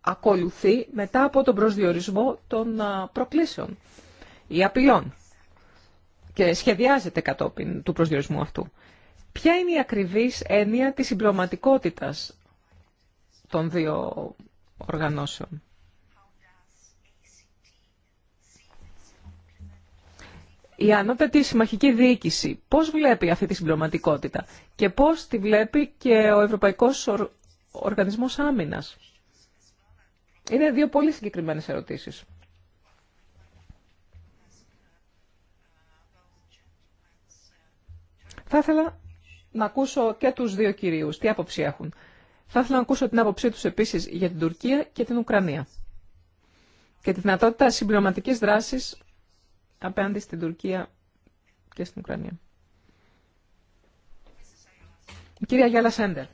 ακολουθεί μετά από τον προσδιορισμό των προκλήσεων ή απειλών και σχεδιάζεται κατόπιν του προσδιορισμού αυτού. Ποια είναι η ακριβής έννοια της συμπληρωματικότητας των δύο οργανώσεων. Η ανώτατη συμμαχική διοίκηση πώς βλέπει αυτή τη συμπληρωματικότητα και πώς τη βλέπει και ο Ευρωπαϊκός Οργανισμός Άμυνας. Είναι δύο πολύ συγκεκριμένες ερωτήσεις. Θα ήθελα να ακούσω και τους δύο κυρίους, τι άποψη έχουν. Θα ήθελα να ακούσω την άποψή τους επίσης για την Τουρκία και την Ουκρανία και τη δυνατότητα συμπληρωματικής δράση απέναντι στην Τουρκία και στην Ουκρανία. κυρία Γιάλα Σέντερ.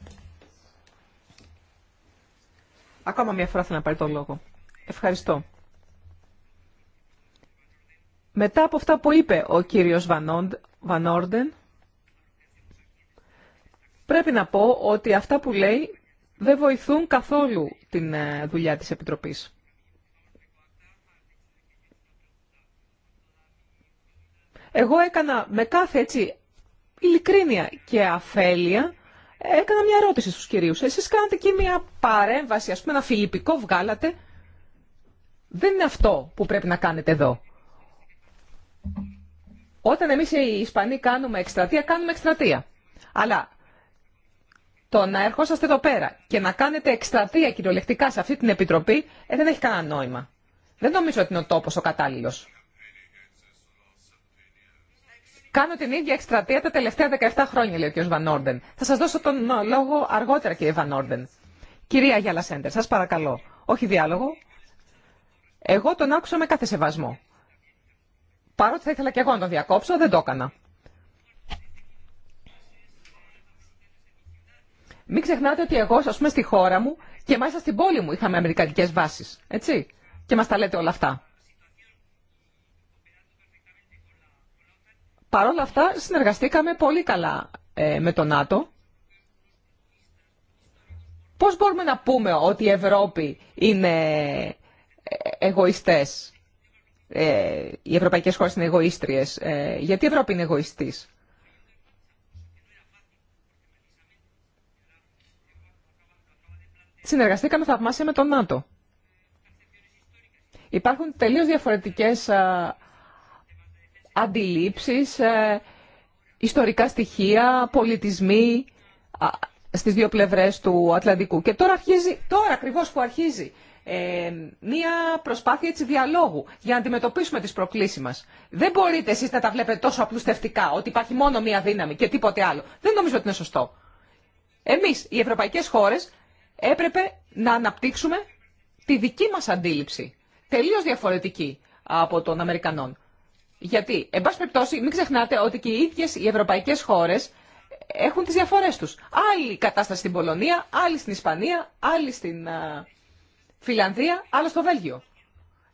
Ακόμα μια φορά θέλω να πάρει τον λόγο. Ευχαριστώ. Μετά από αυτά που είπε ο κύριος Βανόρντεν, πρέπει να πω ότι αυτά που λέει δεν βοηθούν καθόλου την ε, δουλειά της Επιτροπής. Εγώ έκανα με κάθε έτσι ειλικρίνεια και αφέλεια, έκανα μια ερώτηση στους κυρίους. Εσείς κάνατε και μια παρέμβαση, ας πούμε ένα φιλιππικό βγάλατε. Δεν είναι αυτό που πρέπει να κάνετε εδώ. Όταν εμείς οι Ισπανοί κάνουμε εκστρατεία, κάνουμε εκστρατεία. Αλλά το να ερχόσαστε εδώ πέρα και να κάνετε εκστρατεία κυριολεκτικά σε αυτή την επιτροπή ε, δεν έχει κανένα νόημα. Δεν νομίζω ότι είναι ο τόπο ο κατάλληλο. Κάνω την ίδια εκστρατεία τα τελευταία 17 χρόνια, λέει ο κ. Βανόρντεν. Θα σα δώσω τον λόγο αργότερα, κ. Βανόρντεν. Κυρία Γιάλα Σέντερ, σα παρακαλώ. Όχι διάλογο. Εγώ τον άκουσα με κάθε σεβασμό. Παρότι θα ήθελα και εγώ να τον διακόψω, δεν το έκανα. Μην ξεχνάτε ότι εγώ, α πούμε, στη χώρα μου και μάλιστα στην πόλη μου είχαμε αμερικανικέ βάσει. Έτσι. Και μα τα λέτε όλα αυτά. Παρ' όλα αυτά, συνεργαστήκαμε πολύ καλά ε, με τον ΝΑΤΟ. Πώς μπορούμε να πούμε ότι η Ευρώπη είναι ε, εγωιστές, ε, οι ευρωπαϊκές χώρες είναι εγωίστριες, ε, γιατί η Ευρώπη είναι εγωιστής. συνεργαστήκαμε θαυμάσια με τον ΝΑΤΟ. Υπάρχουν τελείως διαφορετικές αντιλήψεις, ε, ιστορικά στοιχεία, πολιτισμοί στις δύο πλευρές του Ατλαντικού. Και τώρα αρχίζει, τώρα ακριβώς που αρχίζει, ε, μία προσπάθεια έτσι διαλόγου για να αντιμετωπίσουμε τις προκλήσεις μας. Δεν μπορείτε εσείς να τα βλέπετε τόσο απλουστευτικά, ότι υπάρχει μόνο μία δύναμη και τίποτε άλλο. Δεν νομίζω ότι είναι σωστό. Εμείς, οι ευρωπαϊκές χώρες, έπρεπε να αναπτύξουμε τη δική μας αντίληψη, τελείως διαφορετική από των Αμερικανών. Γιατί, εν πάση περιπτώσει, μην ξεχνάτε ότι και οι ίδιες οι ευρωπαϊκές χώρες έχουν τις διαφορές τους. Άλλη κατάσταση στην Πολωνία, άλλη στην Ισπανία, άλλη στην Φιλανδία, άλλο στο Βέλγιο.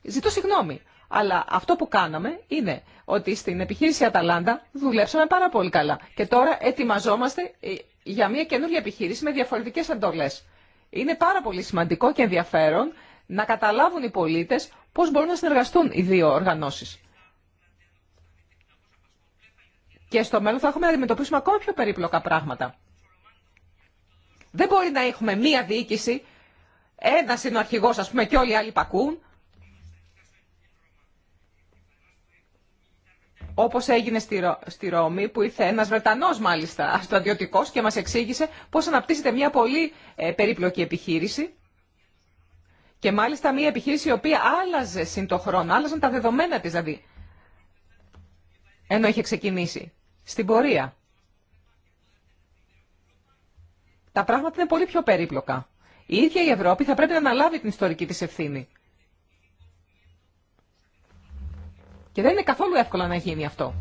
Ζητώ συγγνώμη, αλλά αυτό που κάναμε είναι ότι στην επιχείρηση Αταλάντα δουλέψαμε πάρα πολύ καλά. Και τώρα ετοιμαζόμαστε ε, για μια καινούργια επιχείρηση με διαφορετικές εντολές. Είναι πάρα πολύ σημαντικό και ενδιαφέρον να καταλάβουν οι πολίτες πώς μπορούν να συνεργαστούν οι δύο οργανώσεις. Και στο μέλλον θα έχουμε να αντιμετωπίσουμε ακόμα πιο περίπλοκα πράγματα. Δεν μπορεί να έχουμε μία διοίκηση, ένα είναι ο αρχηγό, α πούμε, και όλοι οι άλλοι πακούν. όπως έγινε στη, Ρώμη, που ήρθε ένας βρετανό μάλιστα στρατιωτικό και μας εξήγησε πώς αναπτύσσεται μια πολύ ε, περίπλοκη επιχείρηση και μάλιστα μια επιχείρηση η οποία άλλαζε συν το χρόνο, άλλαζαν τα δεδομένα τη δηλαδή, ενώ είχε ξεκινήσει στην πορεία. Τα πράγματα είναι πολύ πιο περίπλοκα. Η ίδια η Ευρώπη θα πρέπει να αναλάβει την ιστορική της ευθύνη. Και δεν είναι καθόλου εύκολο να γίνει αυτό.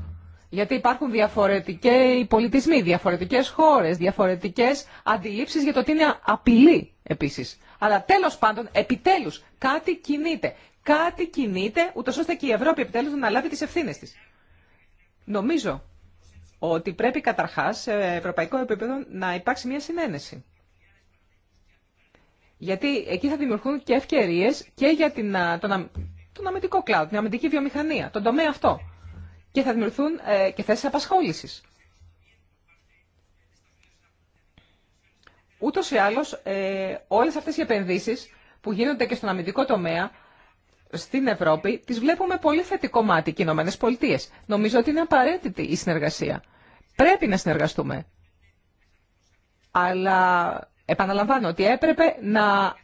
Γιατί υπάρχουν διαφορετικοί πολιτισμοί, διαφορετικές χώρε, διαφορετικές αντιλήψει για το ότι είναι απειλή επίσης. Αλλά τέλος πάντων, επιτέλους, κάτι κινείται. Κάτι κινείται, ούτω ώστε και η Ευρώπη επιτέλους να λάβει τι ευθύνε τη. Νομίζω ότι πρέπει καταρχάς σε ευρωπαϊκό επίπεδο να υπάρξει μια συνένεση. Γιατί εκεί θα δημιουργούν και ευκαιρίε και για την, να τον αμυντικό κλάδο, την αμυντική βιομηχανία, τον τομέα αυτό. Και θα δημιουργηθούν ε, και θέσει απασχόληση. Ούτω ή άλλω, ε, όλες αυτές οι επενδύσεις που γίνονται και στον αμυντικό τομέα στην Ευρώπη, τις βλέπουμε πολύ θετικό μάτι και οι Ηνωμένε Πολιτείες. Νομίζω ότι είναι απαραίτητη η συνεργασία. Πρέπει να συνεργαστούμε. Αλλά επαναλαμβάνω ότι έπρεπε να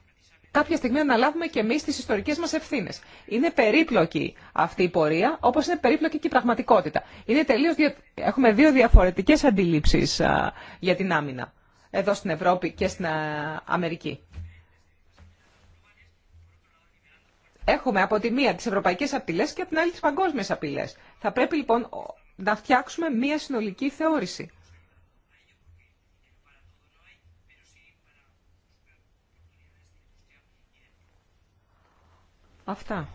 κάποια στιγμή αναλάβουμε και εμεί τι ιστορικέ μα ευθύνε. Είναι περίπλοκη αυτή η πορεία, όπω είναι περίπλοκη και η πραγματικότητα. Είναι τελείως δια... Έχουμε δύο διαφορετικέ αντιλήψει για την άμυνα εδώ στην Ευρώπη και στην Αμερική. Έχουμε από τη μία τις ευρωπαϊκές απειλέ και από την άλλη τι παγκόσμιε απειλέ. Θα πρέπει λοιπόν να φτιάξουμε μία συνολική θεώρηση. Αυτά.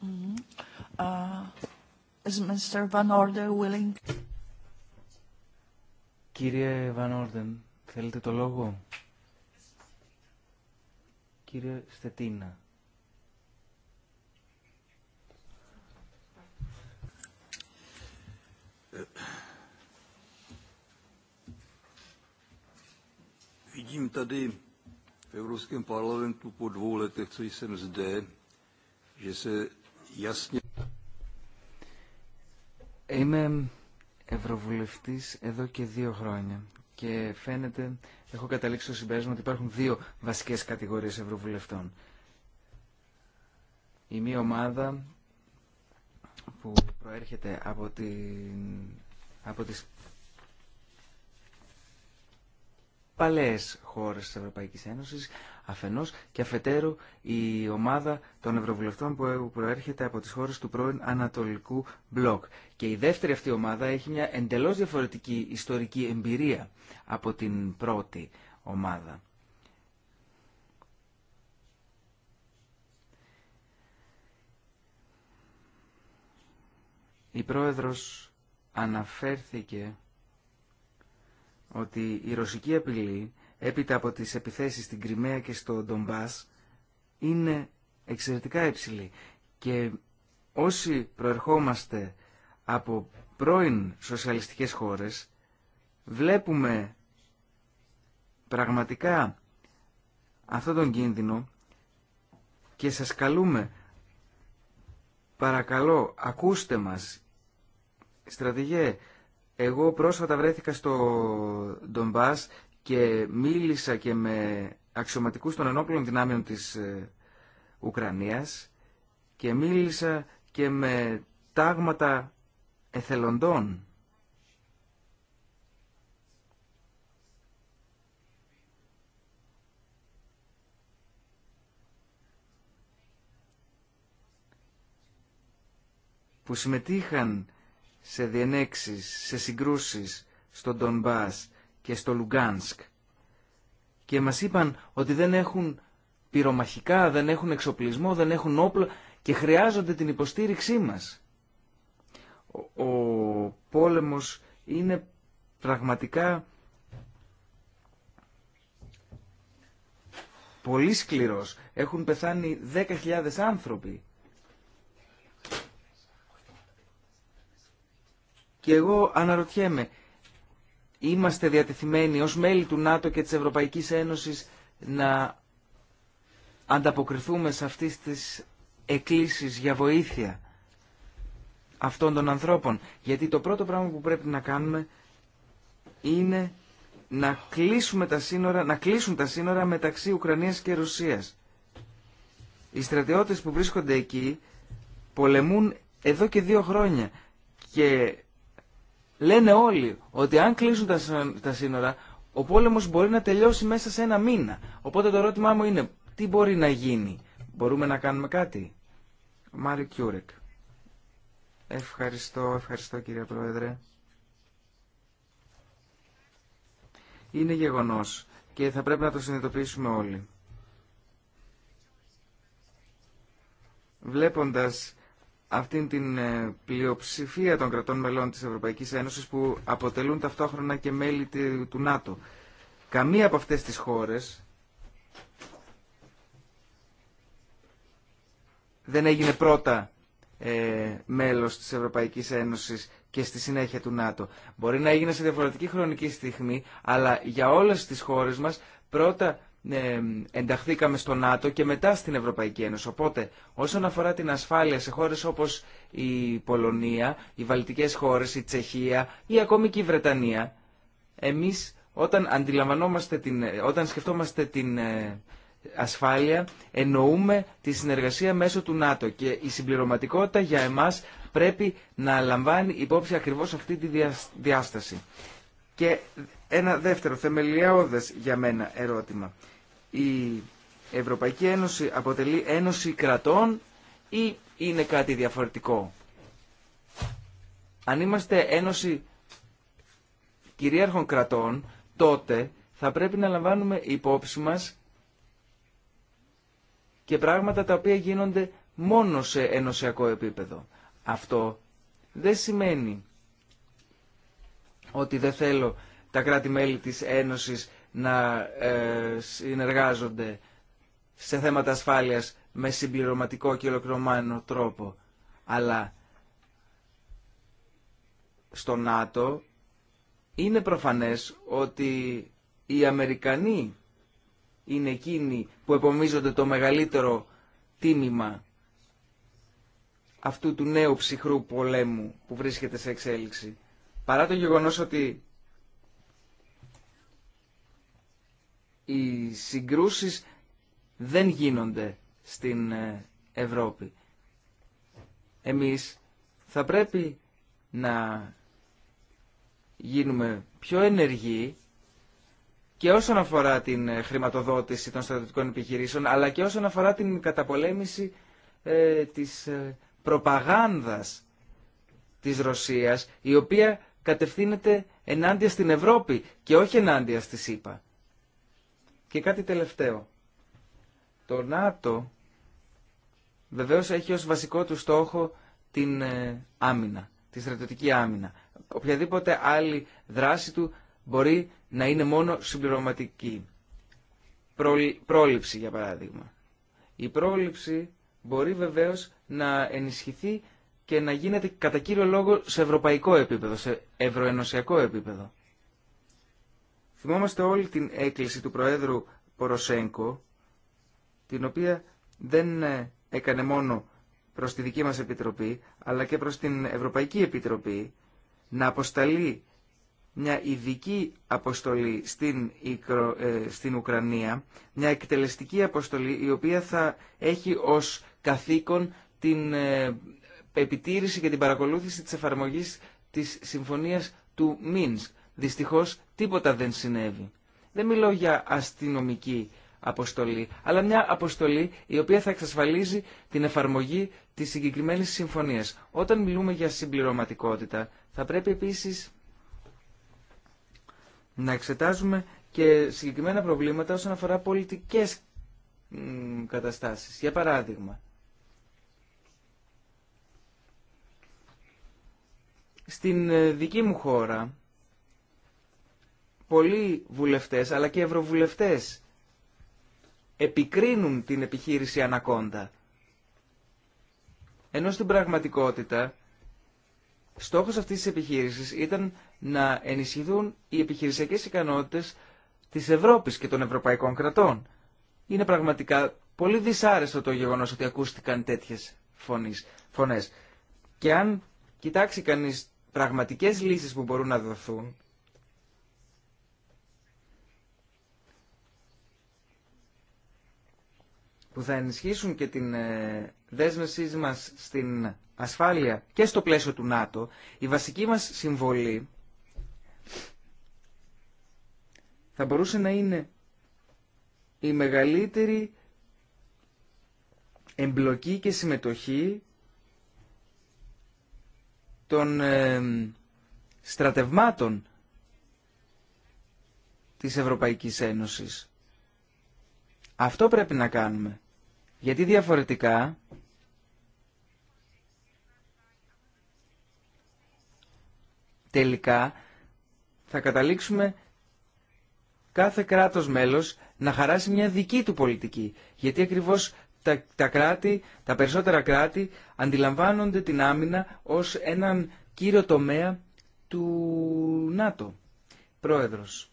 Mm-hmm. Uh, Κύριε Βαν Όρντεν, θέλετε το λόγο. Κύριε Στετίνα. τα τότε... Είμαι ευρωβουλευτής εδώ και δύο χρόνια και φαίνεται, έχω καταλήξει στο συμπέρασμα ότι υπάρχουν δύο βασικές κατηγορίες ευρωβουλευτών. Η μία ομάδα που προέρχεται από, την, από τις παλαιές χώρες της Ευρωπαϊκής Ένωσης, αφενός και αφετέρου η ομάδα των Ευρωβουλευτών που ε, προέρχεται από τις χώρες του πρώην Ανατολικού Μπλοκ. Και η δεύτερη αυτή ομάδα έχει μια εντελώς διαφορετική ιστορική εμπειρία από την πρώτη ομάδα. Η πρόεδρος αναφέρθηκε ότι η ρωσική απειλή έπειτα από τις επιθέσεις στην Κρυμαία και στο Ντομπάς είναι εξαιρετικά υψηλή και όσοι προερχόμαστε από πρώην σοσιαλιστικές χώρες βλέπουμε πραγματικά αυτόν τον κίνδυνο και σας καλούμε παρακαλώ ακούστε μας στρατηγέ εγώ πρόσφατα βρέθηκα στο Ντομπάς και μίλησα και με αξιωματικούς των ενόπλων δυνάμεων της ε, Ουκρανίας και μίλησα και με τάγματα εθελοντών. που συμμετείχαν σε διενέξεις, σε συγκρούσεις στον Ντονμπάς και στο Λουγκάνσκ και μας είπαν ότι δεν έχουν πυρομαχικά, δεν έχουν εξοπλισμό, δεν έχουν όπλα και χρειάζονται την υποστήριξή μας. Ο, ο πόλεμος είναι πραγματικά πολύ σκληρός. Έχουν πεθάνει 10.000 άνθρωποι Και εγώ αναρωτιέμαι, είμαστε διατεθειμένοι ως μέλη του ΝΑΤΟ και της Ευρωπαϊκής Ένωσης να ανταποκριθούμε σε αυτές τις εκκλήσεις για βοήθεια αυτών των ανθρώπων. Γιατί το πρώτο πράγμα που πρέπει να κάνουμε είναι να, κλείσουμε τα σύνορα, να κλείσουν τα σύνορα μεταξύ Ουκρανίας και Ρωσίας. Οι στρατιώτες που βρίσκονται εκεί πολεμούν εδώ και δύο χρόνια και Λένε όλοι ότι αν κλείσουν τα σύνορα, ο πόλεμος μπορεί να τελειώσει μέσα σε ένα μήνα. Οπότε το ερώτημά μου είναι, τι μπορεί να γίνει. Μπορούμε να κάνουμε κάτι. Μάριο Κιούρεκ. Ευχαριστώ, ευχαριστώ κύριε Πρόεδρε. Είναι γεγονός και θα πρέπει να το συνειδητοποιήσουμε όλοι. Βλέποντας αυτήν την ε, πλειοψηφία των κρατών μελών της Ευρωπαϊκής Ένωσης που αποτελούν ταυτόχρονα και μέλη του ΝΑΤΟ. Καμία από αυτές τις χώρες δεν έγινε πρώτα ε, μέλος της Ευρωπαϊκής Ένωσης και στη συνέχεια του ΝΑΤΟ. Μπορεί να έγινε σε διαφορετική χρονική στιγμή, αλλά για όλες τις χώρες μας πρώτα ναι, ενταχθήκαμε στο ΝΑΤΟ και μετά στην Ευρωπαϊκή Ένωση. Οπότε, όσον αφορά την ασφάλεια σε χώρες όπως η Πολωνία, οι Βαλτικέ χώρες, η Τσεχία ή ακόμη και η Βρετανία, εμείς όταν, αντιλαμβανόμαστε την, όταν σκεφτόμαστε την ε, ασφάλεια, εννοούμε τη συνεργασία μέσω του ΝΑΤΟ και η συμπληρωματικότητα για εμάς πρέπει να λαμβάνει υπόψη ακριβώς αυτή τη διάσταση. Και ένα δεύτερο θεμελιώδες για μένα ερώτημα. Η Ευρωπαϊκή Ένωση αποτελεί ένωση κρατών ή είναι κάτι διαφορετικό. Αν είμαστε ένωση κυρίαρχων κρατών, τότε θα πρέπει να λαμβάνουμε υπόψη μας και πράγματα τα οποία γίνονται μόνο σε ενωσιακό επίπεδο. Αυτό δεν σημαίνει ότι δεν θέλω τα κράτη-μέλη της Ένωσης να ε, συνεργάζονται σε θέματα ασφάλειας με συμπληρωματικό και ολοκληρωμένο τρόπο. Αλλά στο ΝΑΤΟ είναι προφανές ότι οι Αμερικανοί είναι εκείνοι που επομίζονται το μεγαλύτερο τίμημα αυτού του νέου ψυχρού πολέμου που βρίσκεται σε εξέλιξη παρά το γεγονός ότι οι συγκρούσεις δεν γίνονται στην ε, Ευρώπη. Εμείς θα πρέπει να γίνουμε πιο ενεργοί και όσον αφορά την ε, χρηματοδότηση των στρατιωτικών επιχειρήσεων, αλλά και όσον αφορά την καταπολέμηση ε, της προπαγάνδας της Ρωσίας, η οποία κατευθύνεται ενάντια στην Ευρώπη και όχι ενάντια στη ΣΥΠΑ. Και κάτι τελευταίο. Το ΝΑΤΟ βεβαίως έχει ως βασικό του στόχο την ε, άμυνα, τη στρατιωτική άμυνα. Οποιαδήποτε άλλη δράση του μπορεί να είναι μόνο συμπληρωματική. Πρόληψη, για παράδειγμα. Η πρόληψη μπορεί βεβαίως να ενισχυθεί και να γίνεται κατά κύριο λόγο σε ευρωπαϊκό επίπεδο, σε ευρωενωσιακό επίπεδο. Θυμόμαστε όλη την έκκληση του Προέδρου Ποροσέγκο, την οποία δεν ε, έκανε μόνο προς τη δική μας Επιτροπή, αλλά και προς την Ευρωπαϊκή Επιτροπή, να αποσταλεί μια ειδική αποστολή στην, ε, στην Ουκρανία, μια εκτελεστική αποστολή η οποία θα έχει ως καθήκον την ε, επιτήρηση και την παρακολούθηση της εφαρμογής της συμφωνίας του Μίνσκ. Δυστυχώς τίποτα δεν συνέβη. Δεν μιλώ για αστυνομική αποστολή, αλλά μια αποστολή η οποία θα εξασφαλίζει την εφαρμογή της συγκεκριμένης συμφωνίας. Όταν μιλούμε για συμπληρωματικότητα, θα πρέπει επίσης να εξετάζουμε και συγκεκριμένα προβλήματα όσον αφορά πολιτικές καταστάσεις. Για παράδειγμα, Στην ε, δική μου χώρα, πολλοί βουλευτές αλλά και ευρωβουλευτές επικρίνουν την επιχείρηση Ανακόντα. Ενώ στην πραγματικότητα, στόχος αυτής της επιχείρησης ήταν να ενισχυθούν οι επιχειρησιακές ικανότητες της Ευρώπης και των ευρωπαϊκών κρατών. Είναι πραγματικά πολύ δυσάρεστο το γεγονός ότι ακούστηκαν τέτοιες φωνές. Και αν κοιτάξει κανείς πραγματικές λύσεις που μπορούν να δοθούν που θα ενισχύσουν και την ε, δέσμευσή μας στην ασφάλεια και στο πλαίσιο του ΝΑΤΟ, η βασική μας συμβολή θα μπορούσε να είναι η μεγαλύτερη εμπλοκή και συμμετοχή των στρατευμάτων της Ευρωπαϊκής Ένωσης. Αυτό πρέπει να κάνουμε. Γιατί διαφορετικά τελικά θα καταλήξουμε κάθε κράτος μέλος να χαράσει μια δική του πολιτική. Γιατί ακριβώς τα, κράτη, τα περισσότερα κράτη αντιλαμβάνονται την άμυνα ως έναν κύριο τομέα του ΝΑΤΟ. Πρόεδρος,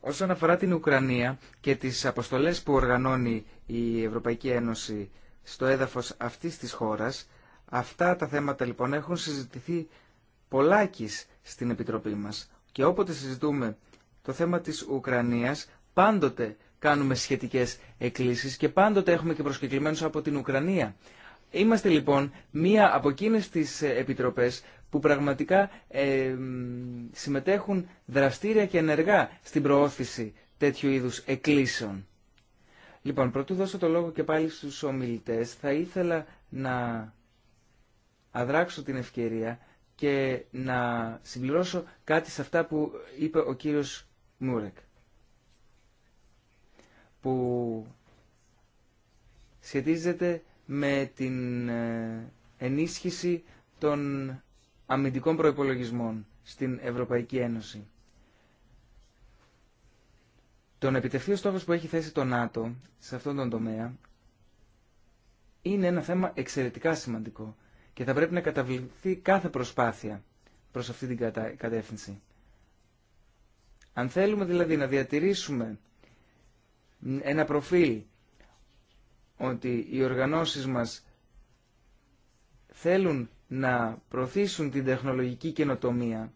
όσον αφορά την Ουκρανία και τις αποστολές που οργανώνει η Ευρωπαϊκή Ένωση στο έδαφος αυτής της χώρας, αυτά τα θέματα λοιπόν έχουν συζητηθεί πολλάκις στην Επιτροπή μας. Και όποτε συζητούμε το θέμα της Ουκρανίας, πάντοτε κάνουμε σχετικές εκκλήσεις και πάντοτε έχουμε και προσκεκλημένους από την Ουκρανία. Είμαστε λοιπόν μία από εκείνες τις επιτροπές που πραγματικά ε, συμμετέχουν δραστήρια και ενεργά στην προώθηση τέτοιου είδους εκκλήσεων. Λοιπόν, πρωτού δώσω το λόγο και πάλι στους ομιλητές, θα ήθελα να αδράξω την ευκαιρία και να συμπληρώσω κάτι σε αυτά που είπε ο κύριος Μούρεκ που σχετίζεται με την ε, ενίσχυση των αμυντικών προϋπολογισμών στην Ευρωπαϊκή Ένωση. Τον επιτευχθεί ο στόχος που έχει θέσει το ΝΑΤΟ σε αυτόν τον τομέα είναι ένα θέμα εξαιρετικά σημαντικό και θα πρέπει να καταβληθεί κάθε προσπάθεια προς αυτή την κατεύθυνση. Αν θέλουμε δηλαδή να διατηρήσουμε ένα προφίλ ότι οι οργανώσεις μας θέλουν να προωθήσουν την τεχνολογική καινοτομία.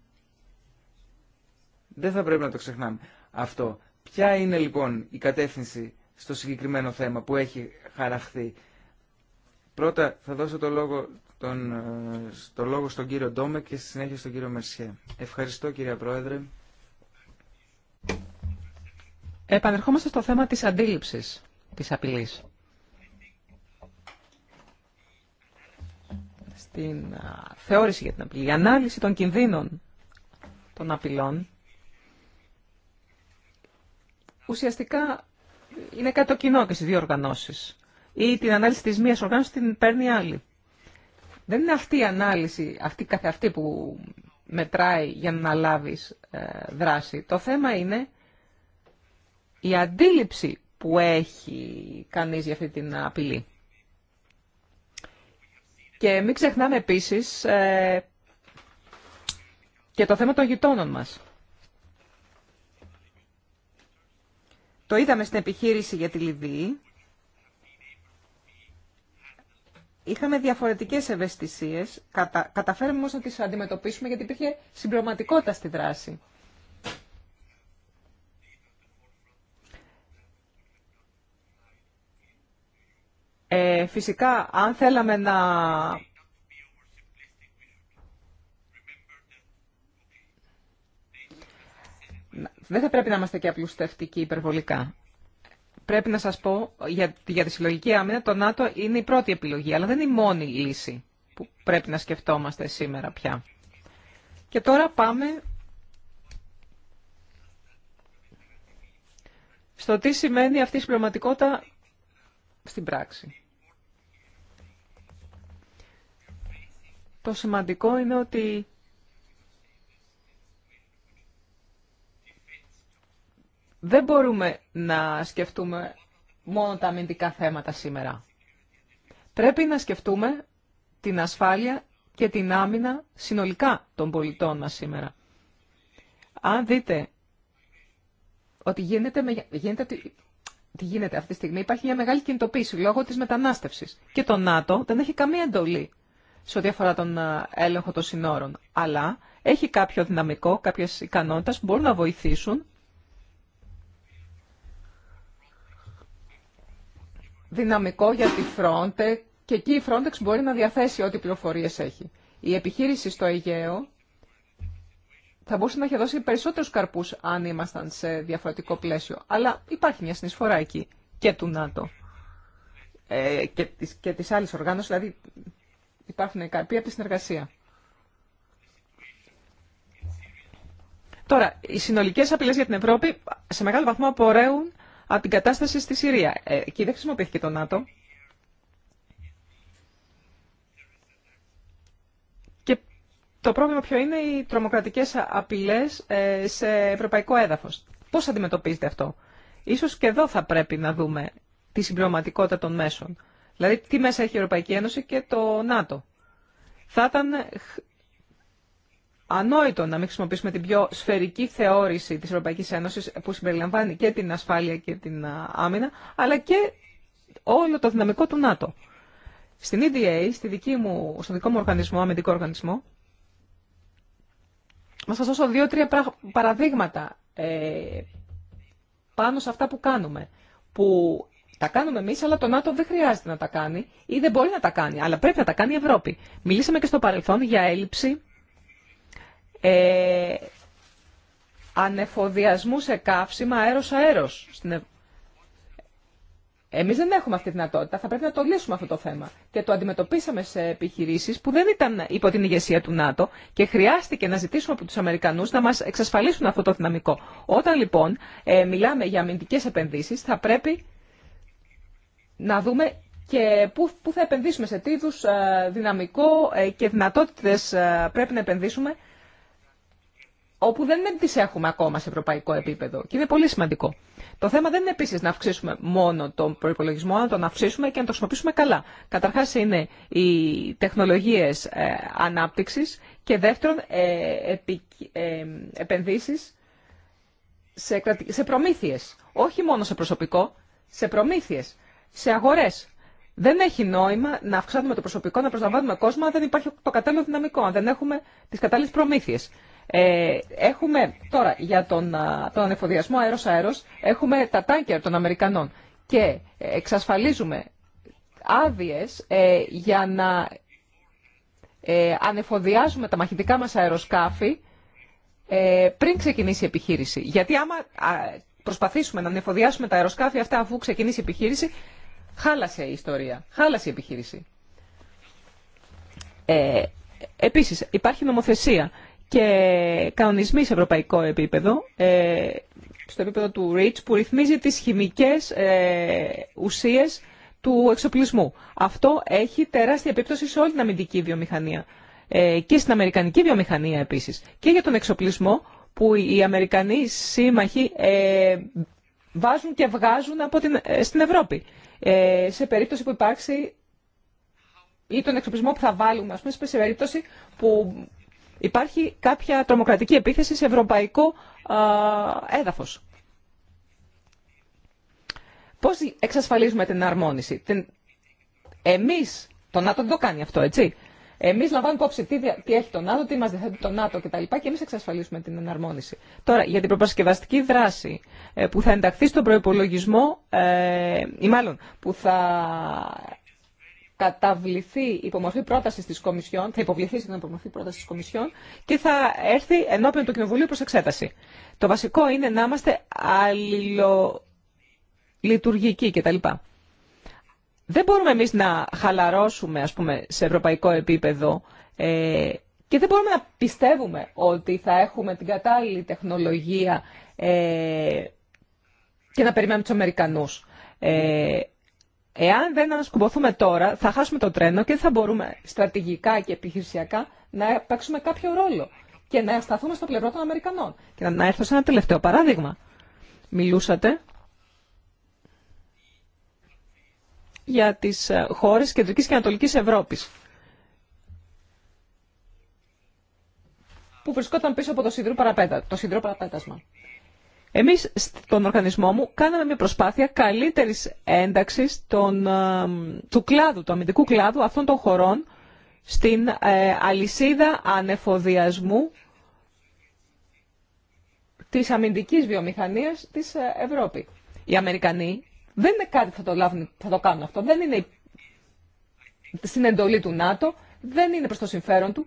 Δεν θα πρέπει να το ξεχνάμε αυτό. Ποια είναι λοιπόν η κατεύθυνση στο συγκεκριμένο θέμα που έχει χαραχθεί. Πρώτα θα δώσω το λόγο, τον, ε, το λόγο στον κύριο Ντόμε και στη συνέχεια στον κύριο Μερσιέ. Ευχαριστώ κύριε Πρόεδρε. Επανερχόμαστε στο θέμα της αντίληψης της απειλής. Στην θεώρηση για την απειλή, η ανάλυση των κινδύνων των απειλών, ουσιαστικά είναι κάτι το κοινό και στις δύο οργανώσεις. Ή την ανάλυση της μίας οργάνωσης την παίρνει η άλλη. Δεν είναι αυτή ανάλυση, αυτή καθεαυτή που μετράει για να λάβεις ε, δράση. Το θέμα είναι η αντίληψη που έχει κανείς για αυτή την απειλή. Και μην ξεχνάμε επίσης ε, και το θέμα των γειτόνων μας. Το είδαμε στην επιχείρηση για τη Λιβύη. Είχαμε διαφορετικές ευαισθησίες, κατα... καταφέραμε όμως να τις αντιμετωπίσουμε γιατί υπήρχε συμπληρωματικότητα στη δράση. Ε, φυσικά, αν θέλαμε να δεν θα πρέπει να είμαστε και απλουστευτικοί υπερβολικά. Πρέπει να σας πω, για, για τη συλλογική άμυνα, το ΝΑΤΟ είναι η πρώτη επιλογή, αλλά δεν είναι η μόνη λύση που πρέπει να σκεφτόμαστε σήμερα πια. Και τώρα πάμε στο τι σημαίνει αυτή η συμπληρωματικότητα στην πράξη. Το σημαντικό είναι ότι δεν μπορούμε να σκεφτούμε μόνο τα αμυντικά θέματα σήμερα. Πρέπει να σκεφτούμε την ασφάλεια και την άμυνα συνολικά των πολιτών σήμερα. Αν δείτε ότι γίνεται, γίνεται τι γίνεται αυτή τη στιγμή, υπάρχει μια μεγάλη κινητοποίηση λόγω της μετανάστευση. Και το ΝΑΤΟ δεν έχει καμία εντολή σε ό,τι αφορά τον έλεγχο των συνόρων. Αλλά έχει κάποιο δυναμικό, κάποιες ικανότητες που μπορούν να βοηθήσουν δυναμικό για τη Frontex και εκεί η Frontex μπορεί να διαθέσει ό,τι πληροφορίες έχει. Η επιχείρηση στο Αιγαίο θα μπορούσε να έχει δώσει περισσότερους καρπούς αν ήμασταν σε διαφορετικό πλαίσιο. Αλλά υπάρχει μια συνεισφορά εκεί και του ΝΑΤΟ ε, και, της, και της άλλης οργάνωσης, δηλαδή υπάρχουν καρποί από τη συνεργασία. Τώρα, οι συνολικές απειλές για την Ευρώπη σε μεγάλο βαθμό απορρέουν από την κατάσταση στη Συρία. Ε, εκεί δεν χρησιμοποιήθηκε το ΝΑΤΟ. Το πρόβλημα ποιο είναι οι τρομοκρατικές απειλές ε, σε ευρωπαϊκό έδαφος. Πώς αντιμετωπίζετε αυτό. Ίσως και εδώ θα πρέπει να δούμε τη συμπληρωματικότητα των μέσων. Δηλαδή τι μέσα έχει η Ευρωπαϊκή Ένωση και το ΝΑΤΟ. Θα ήταν ανόητο να μην χρησιμοποιήσουμε την πιο σφαιρική θεώρηση της Ευρωπαϊκής Ένωσης που συμπεριλαμβάνει και την ασφάλεια και την άμυνα, αλλά και όλο το δυναμικό του ΝΑΤΟ. Στην EDA, στη δική μου, στο δικό μου οργανισμό, αμυντικό οργανισμό, να σας δώσω δύο-τρία παραδείγματα ε, πάνω σε αυτά που κάνουμε. Που τα κάνουμε εμεί, αλλά το ΝΑΤΟ δεν χρειάζεται να τα κάνει ή δεν μπορεί να τα κάνει, αλλά πρέπει να τα κάνει η Ευρώπη. Μιλήσαμε και στο παρελθόν για έλλειψη ε, ανεφοδιασμού σε καύσιμα αέρος-αέρος στην, Εμεί δεν έχουμε αυτή τη δυνατότητα. Θα πρέπει να το λύσουμε αυτό το θέμα. Και το αντιμετωπίσαμε σε επιχειρήσει που δεν ήταν υπό την ηγεσία του ΝΑΤΟ και χρειάστηκε να ζητήσουμε από του Αμερικανού να μα εξασφαλίσουν αυτό το δυναμικό. Όταν λοιπόν ε, μιλάμε για αμυντικέ επενδύσει, θα πρέπει να δούμε και πού, θα επενδύσουμε, σε τι είδου ε, δυναμικό ε, και δυνατότητε πρέπει να επενδύσουμε όπου δεν τι έχουμε ακόμα σε ευρωπαϊκό επίπεδο. Και είναι πολύ σημαντικό. Το θέμα δεν είναι επίση να αυξήσουμε μόνο τον προπολογισμό, να τον αυξήσουμε και να το χρησιμοποιήσουμε καλά. Καταρχά είναι οι τεχνολογίε ε, ανάπτυξη και δεύτερον ε, ε, επενδύσει σε προμήθειε. Όχι μόνο σε προσωπικό, σε προμήθειε, σε αγορέ. Δεν έχει νόημα να αυξάνουμε το προσωπικό, να προσλαμβάνουμε κόσμο αν δεν υπάρχει το κατάλληλο δυναμικό, αν δεν έχουμε τι κατάλληλε προμήθειε. Ε, έχουμε τώρα για τον, τον ανεφοδιασμό αέρος-αέρος έχουμε τα τάγκερ των Αμερικανών και εξασφαλίζουμε άδειε ε, για να ε, ανεφοδιάζουμε τα μαχητικά μας αεροσκάφη ε, πριν ξεκινήσει η επιχείρηση. Γιατί άμα προσπαθήσουμε να ανεφοδιάσουμε τα αεροσκάφη αυτά αφού ξεκινήσει η επιχείρηση, χάλασε η ιστορία, χάλασε η επιχείρηση. Ε, επίσης, υπάρχει νομοθεσία και κανονισμοί σε ευρωπαϊκό επίπεδο, ε, στο επίπεδο του REACH, που ρυθμίζει τις χημικές ε, ουσίες του εξοπλισμού. Αυτό έχει τεράστια επίπτωση σε όλη την αμυντική βιομηχανία ε, και στην αμερικανική βιομηχανία επίσης και για τον εξοπλισμό που οι Αμερικανοί σύμμαχοι βάζουν και βγάζουν από την, στην Ευρώπη. σε περίπτωση που υπάρξει ή τον εξοπλισμό που θα βάλουμε ας πούμε, σε περίπτωση που υπάρχει κάποια τρομοκρατική επίθεση σε ευρωπαϊκό α, έδαφος. Πώς εξασφαλίζουμε την αρμόνιση. Την... Εμείς, το ΝΑΤΟ δεν το κάνει αυτό, έτσι. Εμεί λαμβάνουμε υπόψη τι, έχει το ΝΑΤΟ, τι μα διαθέτει το ΝΑΤΟ κτλ. Και εμεί εξασφαλίζουμε την εναρμόνιση. Τώρα, για την προπασκευαστική δράση ε, που θα ενταχθεί στον προπολογισμό, ε, ή μάλλον που θα καταβληθεί υπομορφή πρόταση τη Κομισιόν, θα υποβληθεί στην υπομορφή πρόταση τη Κομισιόν και θα έρθει ενώπιον του Κοινοβουλίου προ εξέταση. Το βασικό είναι να είμαστε αλληλολειτουργικοί κτλ. Δεν μπορούμε εμεί να χαλαρώσουμε, ας πούμε, σε ευρωπαϊκό επίπεδο ε, και δεν μπορούμε να πιστεύουμε ότι θα έχουμε την κατάλληλη τεχνολογία ε, και να περιμένουμε του Αμερικανού. Ε, Εάν δεν ανασκουμποθούμε τώρα, θα χάσουμε το τρένο και δεν θα μπορούμε στρατηγικά και επιχειρησιακά να παίξουμε κάποιο ρόλο και να σταθούμε στο πλευρό των Αμερικανών. Και να έρθω σε ένα τελευταίο παράδειγμα. Μιλούσατε για τις ε, χώρες Κεντρικής και Ανατολικής Ευρώπης. που βρισκόταν πίσω από το σιδηρό παραπέτα, το σιδηρό παραπέτασμα. Εμείς στον οργανισμό μου κάναμε μια προσπάθεια καλύτερης ένταξης ε, του κλάδου, του αμυντικού κλάδου αυτών των χωρών στην ε, αλυσίδα ανεφοδιασμού της αμυντικής βιομηχανίας της ε, Ευρώπη. Οι Αμερικανοί δεν είναι κάτι που θα το, θα το κάνουν αυτό. Δεν είναι στην εντολή του ΝΑΤΟ, δεν είναι προς το συμφέρον του.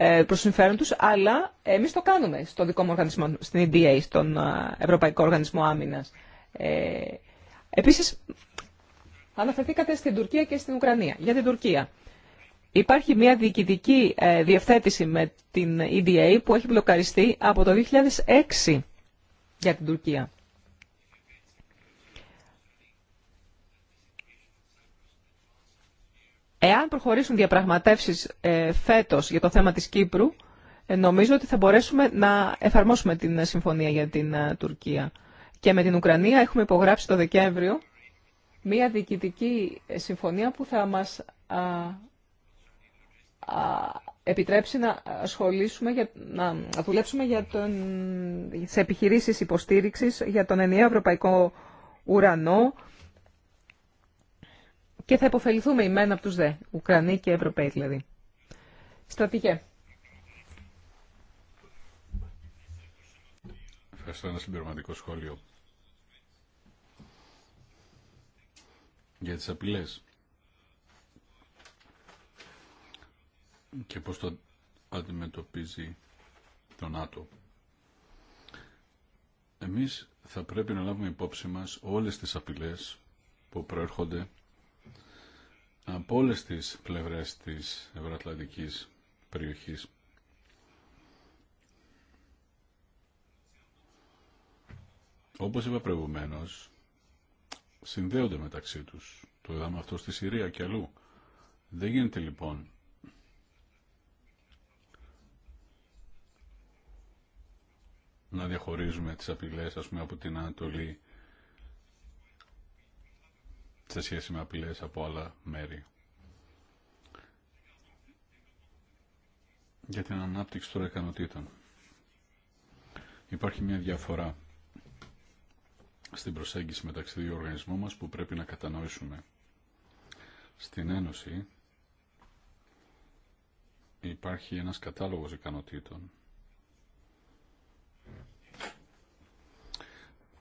Ε, προ συμφέρον του, αλλά εμεί το κάνουμε στο δικό μου οργανισμό, στην EDA, στον ε, Ευρωπαϊκό Οργανισμό Άμυνα. Ε, Επίση, αναφερθήκατε στην Τουρκία και στην Ουκρανία. Για την Τουρκία. Υπάρχει μια διοικητική ε, διευθέτηση με την EDA που έχει μπλοκαριστεί από το 2006 για την Τουρκία. Εάν προχωρήσουν διαπραγματεύσεις ε, φέτος για το θέμα της Κύπρου, ε, νομίζω ότι θα μπορέσουμε να εφαρμόσουμε την συμφωνία για την ε, Τουρκία. Και με την Ουκρανία έχουμε υπογράψει το Δεκέμβριο μία διοικητική ε, συμφωνία που θα μας επιτρέψει να ασχολήσουμε, για, να δουλέψουμε για τον, σε επιχειρήσεις υποστήριξης για τον ενιαίο ευρωπαϊκό ουρανό, και θα υποφεληθούμε ημένα από τους δε, Ουκρανοί και Ευρωπαίοι δηλαδή. Στρατηγέ. Ευχαριστώ ένα συμπληρωματικό σχόλιο. Για τις απειλές. Και πώς το αντιμετωπίζει το ΝΑΤΟ. Εμείς θα πρέπει να λάβουμε υπόψη μας όλες τις απειλές που προέρχονται από όλε τι πλευρές της ευρωατλαντική περιοχής. Όπως είπα προηγουμένως, συνδέονται μεταξύ τους. Το είδαμε αυτό στη Συρία και αλλού. Δεν γίνεται λοιπόν να διαχωρίζουμε τις απειλές ας πούμε, από την Ανατολή σε σχέση με απειλές από άλλα μέρη. Για την ανάπτυξη των ικανοτήτων. Υπάρχει μια διαφορά στην προσέγγιση μεταξύ δύο οργανισμών μας που πρέπει να κατανοήσουμε. Στην Ένωση υπάρχει ένας κατάλογος ικανοτήτων.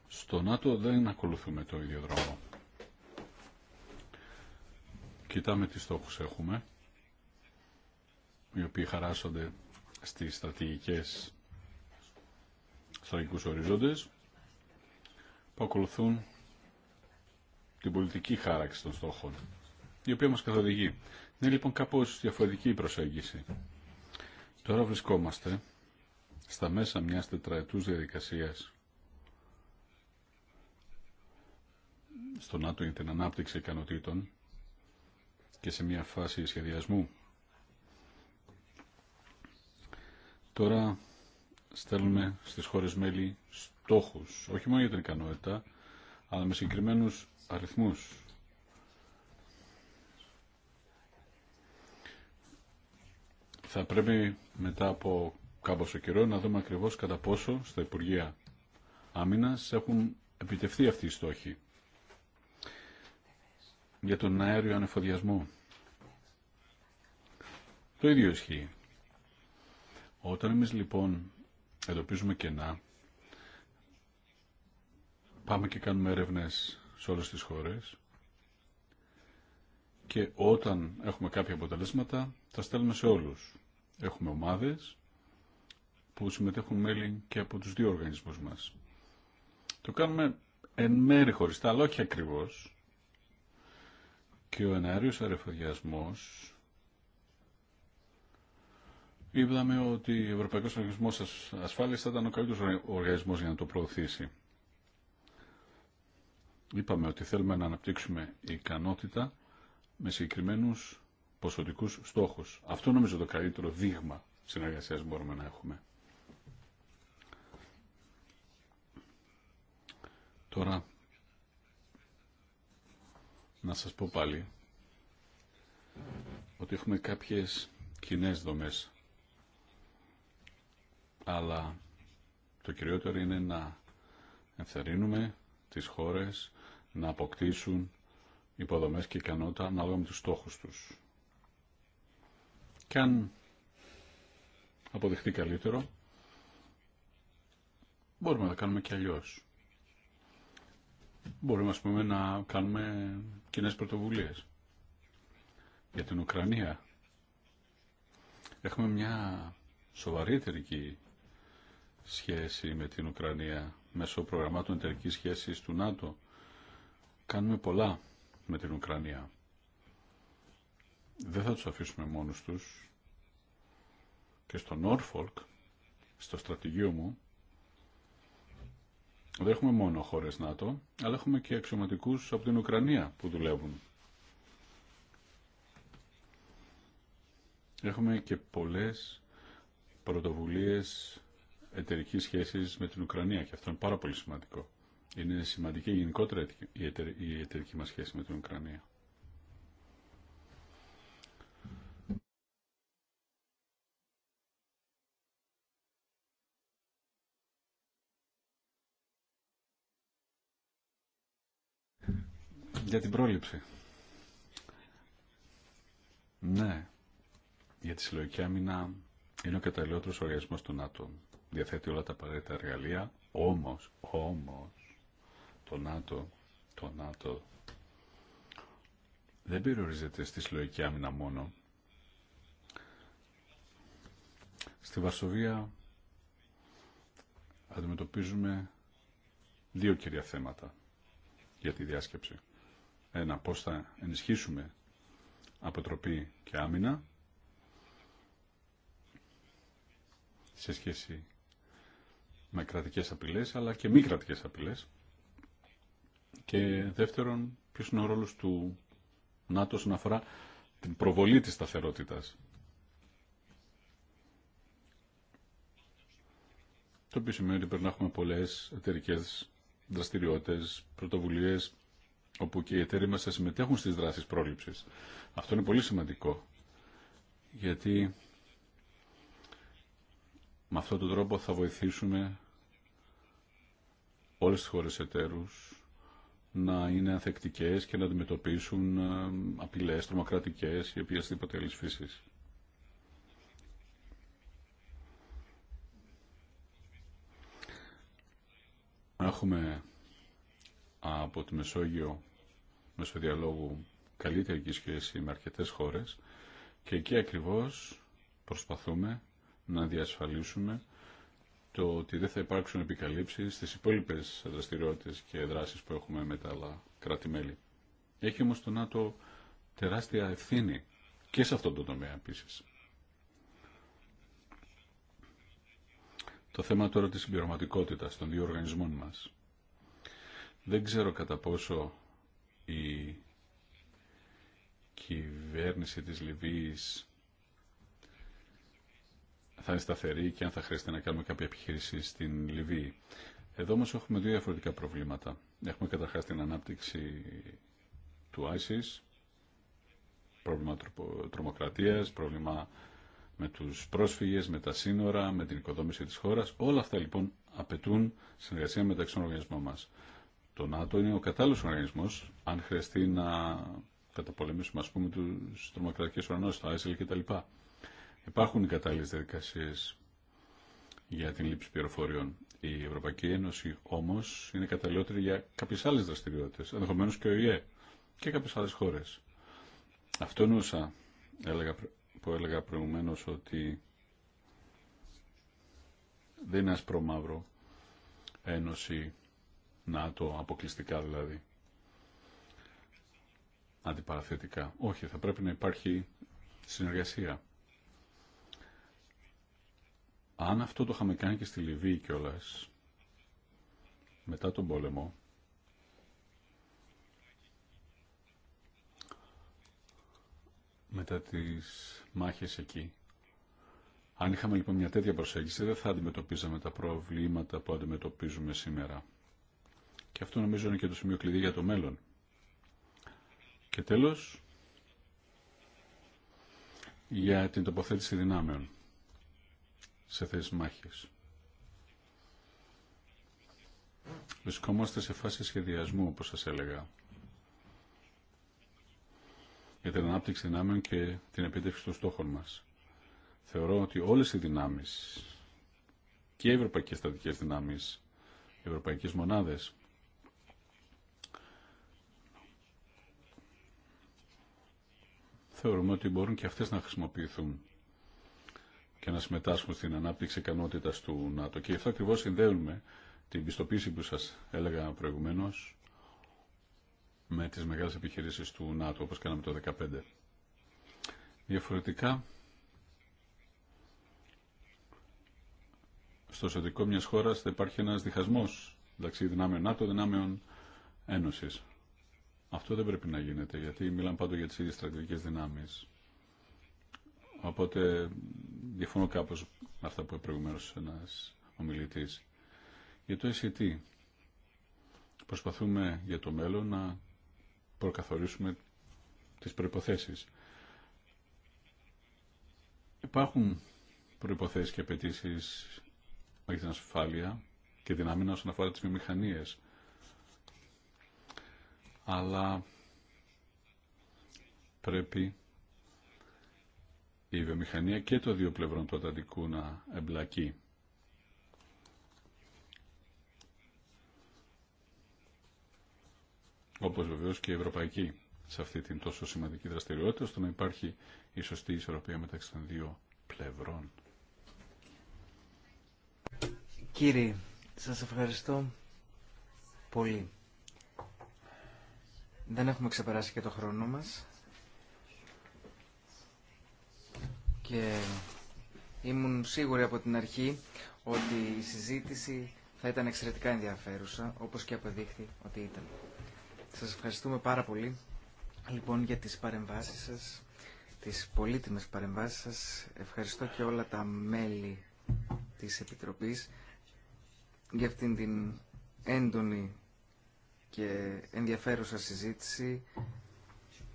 Στο ΝΑΤΟ δεν ακολουθούμε το ίδιο δρόμο κοιτάμε τι στόχους έχουμε, οι οποίοι χαράσσονται στις στρατηγικές στρατηγικούς οριζόντες, που ακολουθούν την πολιτική χάραξη των στόχων, η οποία μας καθοδηγεί. Είναι λοιπόν κάπως διαφορετική η προσέγγιση. Τώρα βρισκόμαστε στα μέσα μιας τετραετούς διαδικασίας στο ΝΑΤΟ για την ανάπτυξη ικανοτήτων και σε μια φάση σχεδιασμού. Τώρα στέλνουμε στις χώρες μέλη στόχους, όχι μόνο για την ικανότητα, αλλά με συγκεκριμένους αριθμούς. Θα πρέπει μετά από κάποιο καιρό να δούμε ακριβώς κατά πόσο στα Υπουργεία Άμυνας έχουν επιτευθεί αυτοί οι στόχοι για τον αέριο ανεφοδιασμό. Το ίδιο ισχύει. Όταν εμείς λοιπόν εντοπίζουμε κενά, πάμε και κάνουμε έρευνες σε όλες τις χώρες και όταν έχουμε κάποια αποτελέσματα τα στέλνουμε σε όλους. Έχουμε ομάδες που συμμετέχουν μέλη και από τους δύο οργανισμούς μας. Το κάνουμε εν μέρη χωριστά, αλλά όχι ακριβώς, και ο ενάριος αρεφοδιασμός είδαμε ότι ο Ευρωπαϊκός Οργανισμός Ασφάλειας θα ήταν ο καλύτερος οργανισμός για να το προωθήσει. Είπαμε ότι θέλουμε να αναπτύξουμε ικανότητα με συγκεκριμένους ποσοτικούς στόχους. Αυτό νομίζω το καλύτερο δείγμα συνεργασίας μπορούμε να έχουμε. Τώρα, να σας πω πάλι ότι έχουμε κάποιες κοινέ δομές αλλά το κυριότερο είναι να ενθαρρύνουμε τις χώρες να αποκτήσουν υποδομές και ικανότητα ανάλογα με τους στόχους τους. Και αν αποδειχτεί καλύτερο, μπορούμε να τα κάνουμε και αλλιώς. Μπορούμε, ας πούμε, να κάνουμε κοινέ πρωτοβουλίε. Για την Ουκρανία έχουμε μια σοβαρή εταιρική σχέση με την Ουκρανία μέσω προγραμμάτων εταιρική σχέσης του ΝΑΤΟ. Κάνουμε πολλά με την Ουκρανία. Δεν θα τους αφήσουμε μόνους τους. Και στο Norfolk, στο στρατηγείο μου, δεν έχουμε μόνο χώρες ΝΑΤΟ, αλλά έχουμε και αξιωματικούς από την Ουκρανία που δουλεύουν. Έχουμε και πολλές πρωτοβουλίες εταιρικής σχέσης με την Ουκρανία και αυτό είναι πάρα πολύ σημαντικό. Είναι σημαντική γενικότερα η εταιρική μας σχέση με την Ουκρανία. για την πρόληψη. Ναι, για τη συλλογική άμυνα είναι ο καταλληλότερο οργανισμό του ΝΑΤΟ. Διαθέτει όλα τα απαραίτητα εργαλεία, όμω, όμω, το ΝΑΤΟ, το ΝΑΤΟ δεν περιορίζεται στη συλλογική άμυνα μόνο. Στη Βαρσοβία αντιμετωπίζουμε δύο κυρία θέματα για τη διάσκεψη ένα πώς θα ενισχύσουμε αποτροπή και άμυνα σε σχέση με κρατικές απειλές αλλά και μη κρατικές απειλές και δεύτερον ποιος είναι ο ρόλος του ΝΑΤΟ να αφορά την προβολή της σταθερότητας το οποίο σημαίνει ότι πρέπει να έχουμε πολλές εταιρικές δραστηριότητες, πρωτοβουλίες όπου και οι εταίροι μας θα συμμετέχουν στις δράσεις πρόληψης. Αυτό είναι πολύ σημαντικό, γιατί με αυτόν τον τρόπο θα βοηθήσουμε όλες τις χώρες εταίρους να είναι ανθεκτικές και να αντιμετωπίσουν ε, απειλές τρομοκρατικές ή οποιασδήποτε άλλης φύσης. Έχουμε από τη Μεσόγειο μέσω διαλόγου καλύτερη σχέση με αρκετέ χώρες και εκεί ακριβώς προσπαθούμε να διασφαλίσουμε το ότι δεν θα υπάρξουν επικαλύψεις στις υπόλοιπε δραστηριότητε και δράσει που έχουμε με τα άλλα κράτη-μέλη. Έχει όμω το ΝΑΤΟ τεράστια ευθύνη και σε αυτόν τον τομέα επίση. Το θέμα τώρα της συμπληρωματικότητας των δύο οργανισμών μας. Δεν ξέρω κατά πόσο η κυβέρνηση της Λιβύης θα είναι σταθερή και αν θα χρειαστεί να κάνουμε κάποια επιχείρηση στην Λιβύη. Εδώ όμως έχουμε δύο διαφορετικά προβλήματα. Έχουμε καταρχάς την ανάπτυξη του ISIS, πρόβλημα τρομοκρατίας, πρόβλημα με τους πρόσφυγες, με τα σύνορα, με την οικοδόμηση της χώρας. Όλα αυτά λοιπόν απαιτούν συνεργασία μεταξύ των οργανισμών μας. Το ΝΑΤΟ είναι ο κατάλληλο οργανισμό αν χρειαστεί να καταπολεμήσουμε, α πούμε, τους τρομοκρατικές οργανώσει, το ISIL κτλ. Υπάρχουν οι κατάλληλε διαδικασίε για την λήψη πληροφοριών. Η Ευρωπαϊκή Ένωση όμω είναι καταλληλότερη για κάποιε άλλε δραστηριότητε, ενδεχομένω και ο ΙΕ και κάποιες άλλες χώρες. Αυτό εννοούσα έλεγα, που έλεγα προηγουμένως ότι δεν είναι ασπρομαύρο ένωση να το αποκλειστικά δηλαδή. Αντιπαραθετικά. Όχι, θα πρέπει να υπάρχει συνεργασία. Αν αυτό το είχαμε κάνει και στη Λιβύη κιόλα, μετά τον πόλεμο, μετά τις μάχες εκεί, αν είχαμε λοιπόν μια τέτοια προσέγγιση, δεν θα αντιμετωπίζαμε τα προβλήματα που αντιμετωπίζουμε σήμερα. Και αυτό νομίζω είναι και το σημείο κλειδί για το μέλλον. Και τέλος, για την τοποθέτηση δυνάμεων σε θέσεις μάχης. Βρισκόμαστε σε φάση σχεδιασμού, όπως σας έλεγα, για την ανάπτυξη δυνάμεων και την επίτευξη των στόχων μας. Θεωρώ ότι όλες οι δυνάμεις και οι ευρωπαϊκές στρατικές δυνάμεις, οι ευρωπαϊκές μονάδες θεωρούμε ότι μπορούν και αυτές να χρησιμοποιηθούν και να συμμετάσχουν στην ανάπτυξη ικανότητα του ΝΑΤΟ. Και αυτό ακριβώ συνδέουμε την πιστοποίηση που σας έλεγα προηγουμένως με τις μεγάλες επιχειρήσεις του ΝΑΤΟ, όπως κάναμε το 2015. Διαφορετικά, στο εσωτερικό μιας χώρας θα υπάρχει ένας διχασμός μεταξύ δυνάμεων ΝΑΤΟ, δυνάμεων Ένωσης. Αυτό δεν πρέπει να γίνεται, γιατί μιλάμε πάντοτε για τις ίδιες στρατηγικές δυνάμεις. Οπότε διαφωνώ κάπως με αυτά που είπε προηγουμένως ένας ομιλητής. Για το ΕΣΥΤΗ e προσπαθούμε για το μέλλον να προκαθορίσουμε τις προϋποθέσεις. Υπάρχουν προϋποθέσεις και απαιτήσει για την ασφάλεια και την όσον αφορά τις μηχανίες αλλά πρέπει η βιομηχανία και το δύο πλευρών του Αταντικού να εμπλακεί. Όπως βεβαίως και η Ευρωπαϊκή σε αυτή την τόσο σημαντική δραστηριότητα, ώστε να υπάρχει η σωστή ισορροπία μεταξύ των δύο πλευρών. Κύριε, σας ευχαριστώ πολύ. Δεν έχουμε ξεπεράσει και το χρόνο μας. Και ήμουν σίγουρη από την αρχή ότι η συζήτηση θα ήταν εξαιρετικά ενδιαφέρουσα, όπως και αποδείχθη ότι ήταν. Σας ευχαριστούμε πάρα πολύ, λοιπόν, για τις παρεμβάσεις σας, τις πολύτιμες παρεμβάσεις σας. Ευχαριστώ και όλα τα μέλη της Επιτροπής για αυτήν την έντονη και ενδιαφέρουσα συζήτηση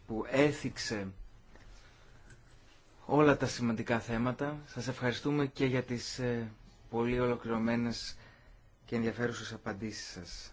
που έθιξε όλα τα σημαντικά θέματα. Σας ευχαριστούμε και για τις ε, πολύ ολοκληρωμένες και ενδιαφέρουσες απαντήσεις σας.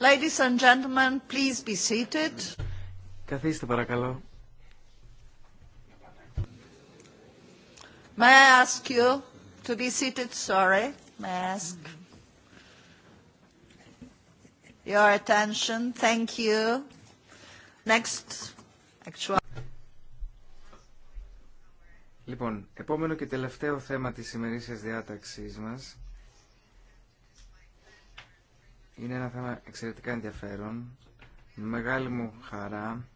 Ladies and gentlemen, please be seated. Καθίστε παρακαλώ. May I ask you to be seated? Sorry. May I ask your attention? Thank you. Next. Actual. Λοιπόν, επόμενο και τελευταίο θέμα της σημερινής διάταξής μας είναι ένα θέμα εξαιρετικά ενδιαφέρον. μεγάλη μου χαρά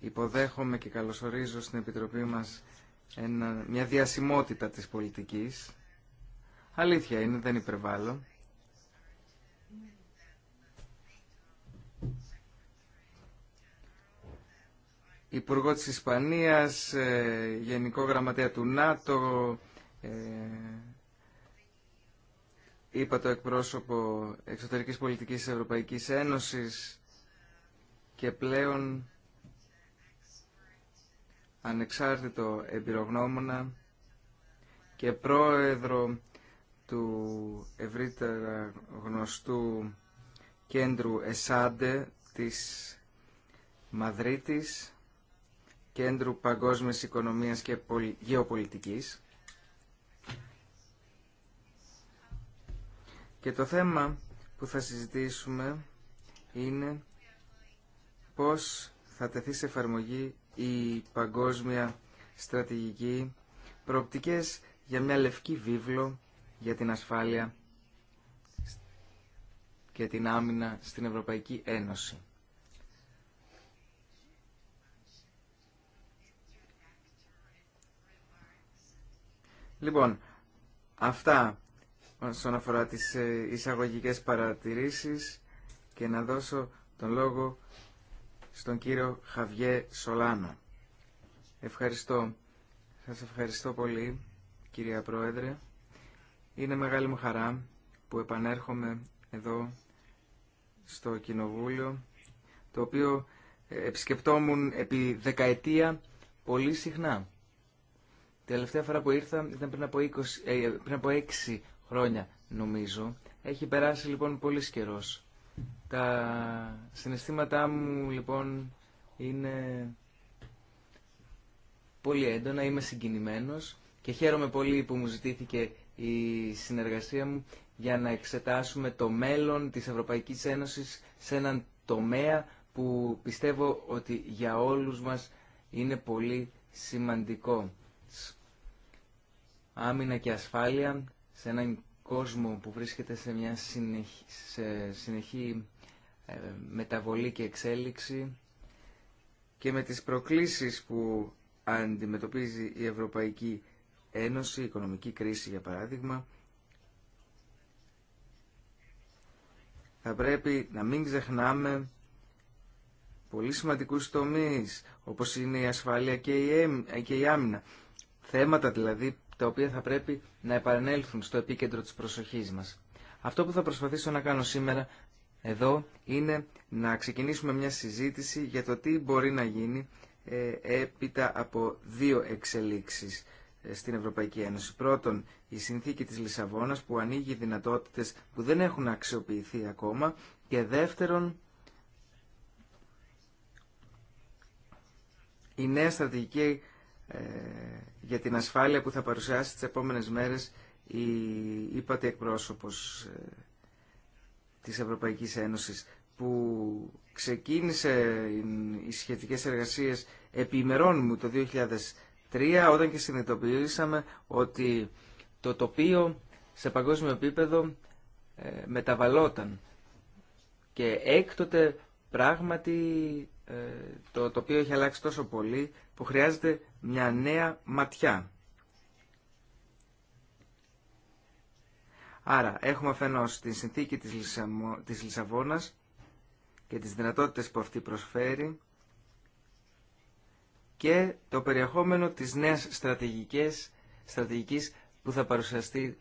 υποδέχομαι και καλωσορίζω στην Επιτροπή μας ένα, μια διασημότητα της πολιτικής. Αλήθεια είναι, δεν υπερβάλλω. Υπουργό της Ισπανίας, ε, Γενικό Γραμματέα του ΝΑΤΟ, ε, είπα το εκπρόσωπο εξωτερικής πολιτικής της Ευρωπαϊκής Ένωσης και πλέον ανεξάρτητο εμπειρογνώμονα και πρόεδρο του ευρύτερα γνωστού κέντρου ΕΣΑΝΤΕ της Μαδρίτης, κέντρου παγκόσμιας οικονομίας και γεωπολιτικής. Και το θέμα που θα συζητήσουμε είναι πώς θα τεθεί σε εφαρμογή η παγκόσμια στρατηγική προοπτικές για μια λευκή βίβλο για την ασφάλεια και την άμυνα στην Ευρωπαϊκή Ένωση. Λοιπόν, αυτά όσον αφορά τις ε, εισαγωγικές παρατηρήσεις και να δώσω τον λόγο στον κύριο Χαβιέ Σολάνο. Ευχαριστώ. Σας ευχαριστώ πολύ, κυρία Πρόεδρε. Είναι μεγάλη μου χαρά που επανέρχομαι εδώ στο Κοινοβούλιο, το οποίο επισκεπτόμουν επί δεκαετία πολύ συχνά. Τελευταία φορά που ήρθα ήταν πριν από, 20, ε, πριν από 6 χρόνια νομίζω. Έχει περάσει λοιπόν πολύ καιρό. Τα συναισθήματά μου λοιπόν είναι πολύ έντονα, είμαι συγκινημένος και χαίρομαι πολύ που μου ζητήθηκε η συνεργασία μου για να εξετάσουμε το μέλλον της Ευρωπαϊκής Ένωσης σε έναν τομέα που πιστεύω ότι για όλους μας είναι πολύ σημαντικό. Άμυνα και ασφάλεια σε έναν κόσμο που βρίσκεται σε μια συνεχή, συνεχή μεταβολή και εξέλιξη και με τις προκλήσεις που αντιμετωπίζει η Ευρωπαϊκή Ένωση, η οικονομική κρίση για παράδειγμα, θα πρέπει να μην ξεχνάμε πολύ σημαντικούς τομείς, όπως είναι η ασφάλεια και η ε, άμυνα. Θέματα δηλαδή τα οποία θα πρέπει να επανέλθουν στο επίκεντρο της προσοχής μας. Αυτό που θα προσπαθήσω να κάνω σήμερα εδώ είναι να ξεκινήσουμε μια συζήτηση για το τι μπορεί να γίνει ε, έπειτα από δύο εξελίξεις ε, στην Ευρωπαϊκή Ένωση. Πρώτον, η συνθήκη της Λισαβόνας που ανοίγει δυνατότητες που δεν έχουν αξιοποιηθεί ακόμα και δεύτερον, η νέα στρατηγική ε, για την ασφάλεια που θα παρουσιάσει τις επόμενες μέρες η είπατε εκπρόσωπος ε, της Ευρωπαϊκής Ένωσης που ξεκίνησε οι σχετικές εργασίες επί μου το 2003 όταν και συνειδητοποιήσαμε ότι το τοπίο σε παγκόσμιο επίπεδο ε, μεταβαλόταν και έκτοτε πράγματι ε, το τοπίο έχει αλλάξει τόσο πολύ που χρειάζεται μια νέα ματιά. Άρα έχουμε αφενός τη συνθήκη της, Λισαμο... Λισαβόνας και τις δυνατότητες που αυτή προσφέρει και το περιεχόμενο της νέας στρατηγικής, στρατηγικής που θα παρουσιαστεί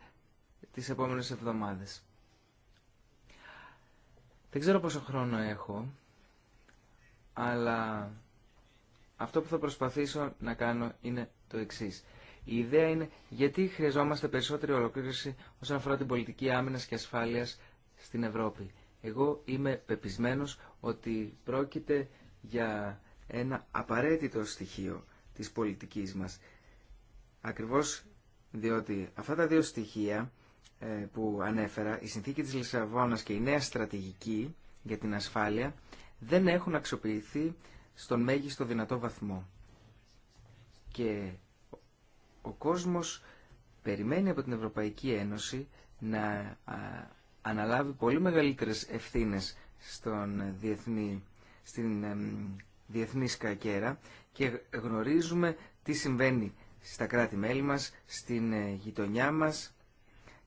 τις επόμενες εβδομάδες. Δεν ξέρω πόσο χρόνο έχω αλλά αυτό που θα προσπαθήσω να κάνω είναι το εξή. Η ιδέα είναι γιατί χρειαζόμαστε περισσότερη ολοκλήρωση όσον αφορά την πολιτική άμυνα και ασφάλεια στην Ευρώπη. Εγώ είμαι πεπισμένος ότι πρόκειται για ένα απαραίτητο στοιχείο της πολιτικής μας. Ακριβώς διότι αυτά τα δύο στοιχεία ε, που ανέφερα, η συνθήκη της Λισαβόνας και η νέα στρατηγική για την ασφάλεια, δεν έχουν αξιοποιηθεί στον μέγιστο δυνατό βαθμό. Και ο κόσμος περιμένει από την Ευρωπαϊκή Ένωση να αναλάβει πολύ μεγαλύτερες ευθύνες στον διεθνή, στην διεθνή σκακέρα και γνωρίζουμε τι συμβαίνει στα κράτη-μέλη μας, στην ε, γειτονιά μας,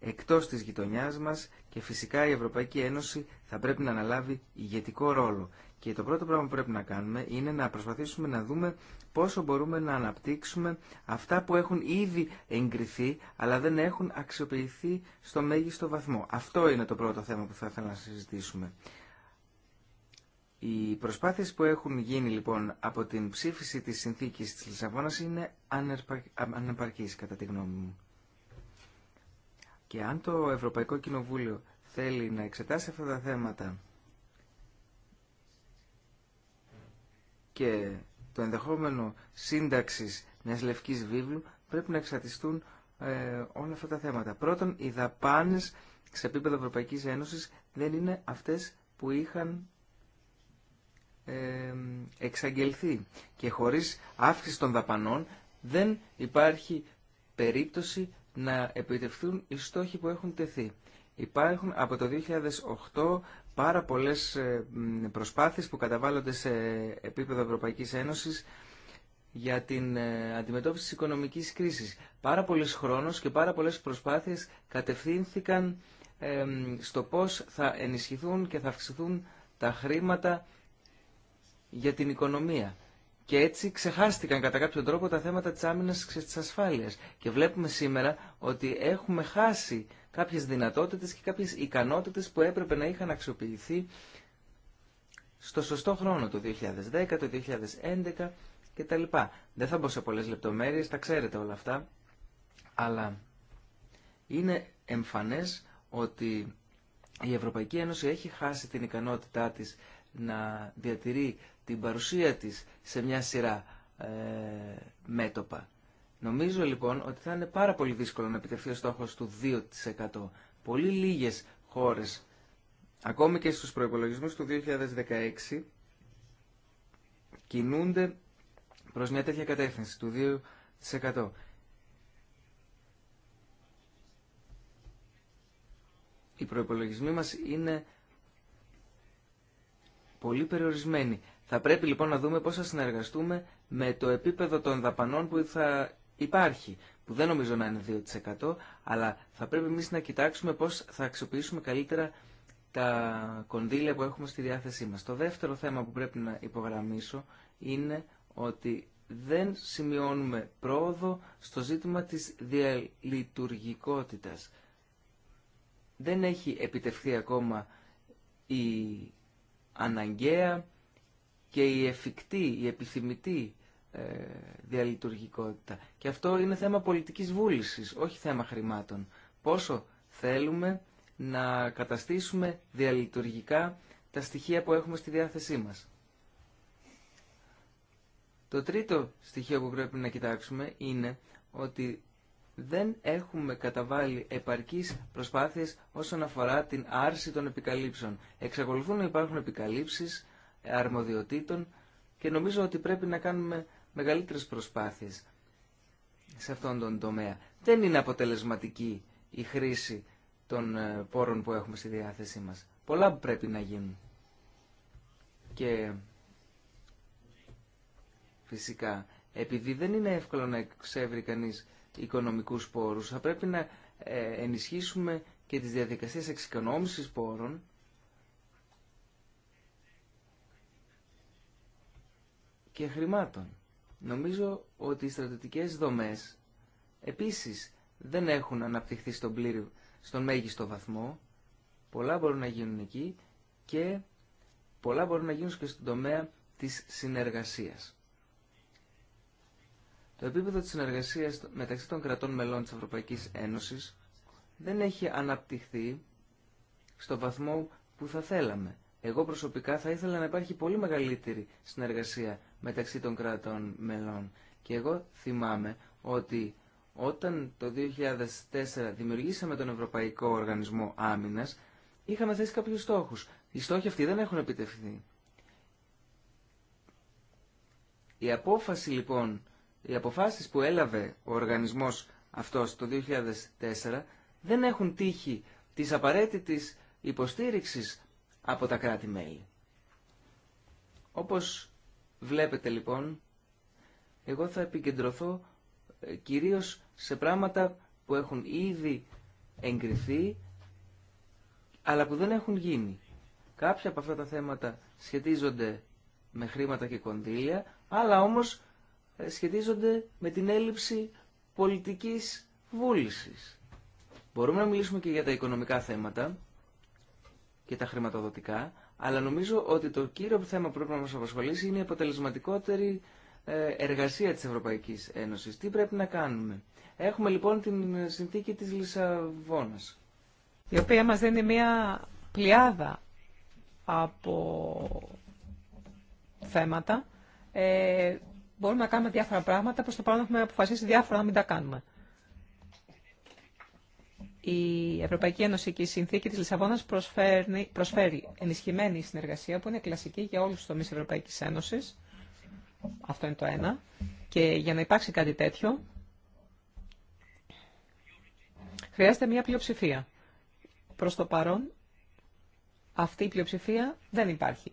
εκτός της γειτονιάς μας και φυσικά η Ευρωπαϊκή Ένωση θα πρέπει να αναλάβει ηγετικό ρόλο. Και το πρώτο πράγμα που πρέπει να κάνουμε είναι να προσπαθήσουμε να δούμε πόσο μπορούμε να αναπτύξουμε αυτά που έχουν ήδη εγκριθεί αλλά δεν έχουν αξιοποιηθεί στο μέγιστο βαθμό. Αυτό είναι το πρώτο θέμα που θα ήθελα να συζητήσουμε. Οι προσπάθειες που έχουν γίνει λοιπόν από την ψήφιση της συνθήκης της Λισαβόνας είναι ανεπαρκείς κατά τη γνώμη μου. Και αν το Ευρωπαϊκό Κοινοβούλιο θέλει να εξετάσει αυτά τα θέματα και το ενδεχόμενο σύνταξης μιας λευκής βίβλου πρέπει να εξατιστούν ε, όλα αυτά τα θέματα. Πρώτον, οι δαπάνες σε επίπεδο Ευρωπαϊκής Ένωσης δεν είναι αυτές που είχαν ε, εξαγγελθεί και χωρίς αύξηση των δαπανών δεν υπάρχει περίπτωση να επιτευχθούν οι στόχοι που έχουν τεθεί. Υπάρχουν από το 2008 πάρα πολλές ε, προσπάθειες που καταβάλλονται σε επίπεδο Ευρωπαϊκής Ένωσης για την ε, αντιμετώπιση της οικονομικής κρίσης. Πάρα πολλές χρόνος και πάρα πολλές προσπάθειες κατευθύνθηκαν ε, στο πώς θα ενισχυθούν και θα αυξηθούν τα χρήματα για την οικονομία. Και έτσι ξεχάστηκαν κατά κάποιο τρόπο τα θέματα της άμυνας και της ασφάλειας. Και βλέπουμε σήμερα ότι έχουμε χάσει κάποιες δυνατότητες και κάποιες ικανότητες που έπρεπε να είχαν αξιοποιηθεί στο σωστό χρόνο, το 2010, το 2011 κτλ. Δεν θα μπω σε πολλές λεπτομέρειες, τα ξέρετε όλα αυτά, αλλά είναι εμφανές ότι η Ευρωπαϊκή Ένωση έχει χάσει την ικανότητά της να διατηρεί την παρουσία της σε μια σειρά ε, μέτωπα. Νομίζω λοιπόν ότι θα είναι πάρα πολύ δύσκολο να επιτευχθεί ο στόχος του 2%. Πολύ λίγες χώρες, ακόμη και στους προϋπολογισμούς του 2016, κινούνται προς μια τέτοια κατεύθυνση του 2%. Οι προϋπολογισμοί μας είναι πολύ περιορισμένοι. Θα πρέπει λοιπόν να δούμε πώς θα συνεργαστούμε με το επίπεδο των δαπανών που θα υπάρχει, που δεν νομίζω να είναι 2%, αλλά θα πρέπει εμείς να κοιτάξουμε πώς θα αξιοποιήσουμε καλύτερα τα κονδύλια που έχουμε στη διάθεσή μας. Το δεύτερο θέμα που πρέπει να υπογραμμίσω είναι ότι δεν σημειώνουμε πρόοδο στο ζήτημα της διαλειτουργικότητας. Δεν έχει επιτευχθεί ακόμα η αναγκαία και η εφικτή, η επιθυμητή ε, διαλειτουργικότητα. Και αυτό είναι θέμα πολιτικής βούλησης, όχι θέμα χρημάτων. Πόσο θέλουμε να καταστήσουμε διαλειτουργικά τα στοιχεία που έχουμε στη διάθεσή μας. Το τρίτο στοιχείο που πρέπει να κοιτάξουμε είναι ότι δεν έχουμε καταβάλει επαρκείς προσπάθειες όσον αφορά την άρση των επικαλύψεων. Εξακολουθούν να υπάρχουν επικαλύψεις αρμοδιοτήτων και νομίζω ότι πρέπει να κάνουμε μεγαλύτερες προσπάθειες σε αυτόν τον τομέα. Δεν είναι αποτελεσματική η χρήση των ε, πόρων που έχουμε στη διάθεσή μας. Πολλά πρέπει να γίνουν. Και φυσικά, επειδή δεν είναι εύκολο να εξεύρει κανείς οικονομικούς πόρους, θα πρέπει να ε, ενισχύσουμε και τις διαδικασίες εξοικονόμησης πόρων και χρημάτων. Νομίζω ότι οι στρατιωτικές δομές επίσης δεν έχουν αναπτυχθεί στον στον μέγιστο βαθμό. Πολλά μπορούν να γίνουν εκεί και πολλά μπορούν να γίνουν και στον τομέα της συνεργασίας. Το επίπεδο της συνεργασίας μεταξύ των κρατών μελών της Ευρωπαϊκής Ένωσης δεν έχει αναπτυχθεί στο βαθμό που θα θέλαμε. Εγώ προσωπικά θα ήθελα να υπάρχει πολύ μεγαλύτερη συνεργασία μεταξύ των κρατών μελών. Και εγώ θυμάμαι ότι όταν το 2004 δημιουργήσαμε τον Ευρωπαϊκό Οργανισμό Άμυνας, είχαμε θέσει κάποιους στόχους. Οι στόχοι αυτοί δεν έχουν επιτευχθεί. Η απόφαση λοιπόν, οι αποφάσεις που έλαβε ο οργανισμός αυτός το 2004 δεν έχουν τύχει της απαραίτητης υποστήριξης από τα κράτη-μέλη. Όπως βλέπετε λοιπόν, εγώ θα επικεντρωθώ ε, κυρίως σε πράγματα που έχουν ήδη εγκριθεί, αλλά που δεν έχουν γίνει. Κάποια από αυτά τα θέματα σχετίζονται με χρήματα και κονδύλια, αλλά όμως ε, σχετίζονται με την έλλειψη πολιτικής βούλησης. Μπορούμε να μιλήσουμε και για τα οικονομικά θέματα, και τα χρηματοδοτικά, αλλά νομίζω ότι το κύριο θέμα που πρέπει να μας απασχολήσει είναι η αποτελεσματικότερη ε, εργασία της Ευρωπαϊκής Ένωσης. Τι πρέπει να κάνουμε. Έχουμε λοιπόν την συνθήκη της Λισαβόνας. Η οποία μας δίνει μια πλειάδα από θέματα. Ε, μπορούμε να κάνουμε διάφορα πράγματα, προς το παρόν έχουμε αποφασίσει διάφορα να μην τα κάνουμε. Η Ευρωπαϊκή Ένωση και η Συνθήκη της Λισαβόνας προσφέρει, ενισχυμένη συνεργασία που είναι κλασική για όλους τους τομείς Ευρωπαϊκής Ένωσης. Αυτό είναι το ένα. Και για να υπάρξει κάτι τέτοιο, χρειάζεται μια πλειοψηφία. Προς το παρόν, αυτή η πλειοψηφία δεν υπάρχει.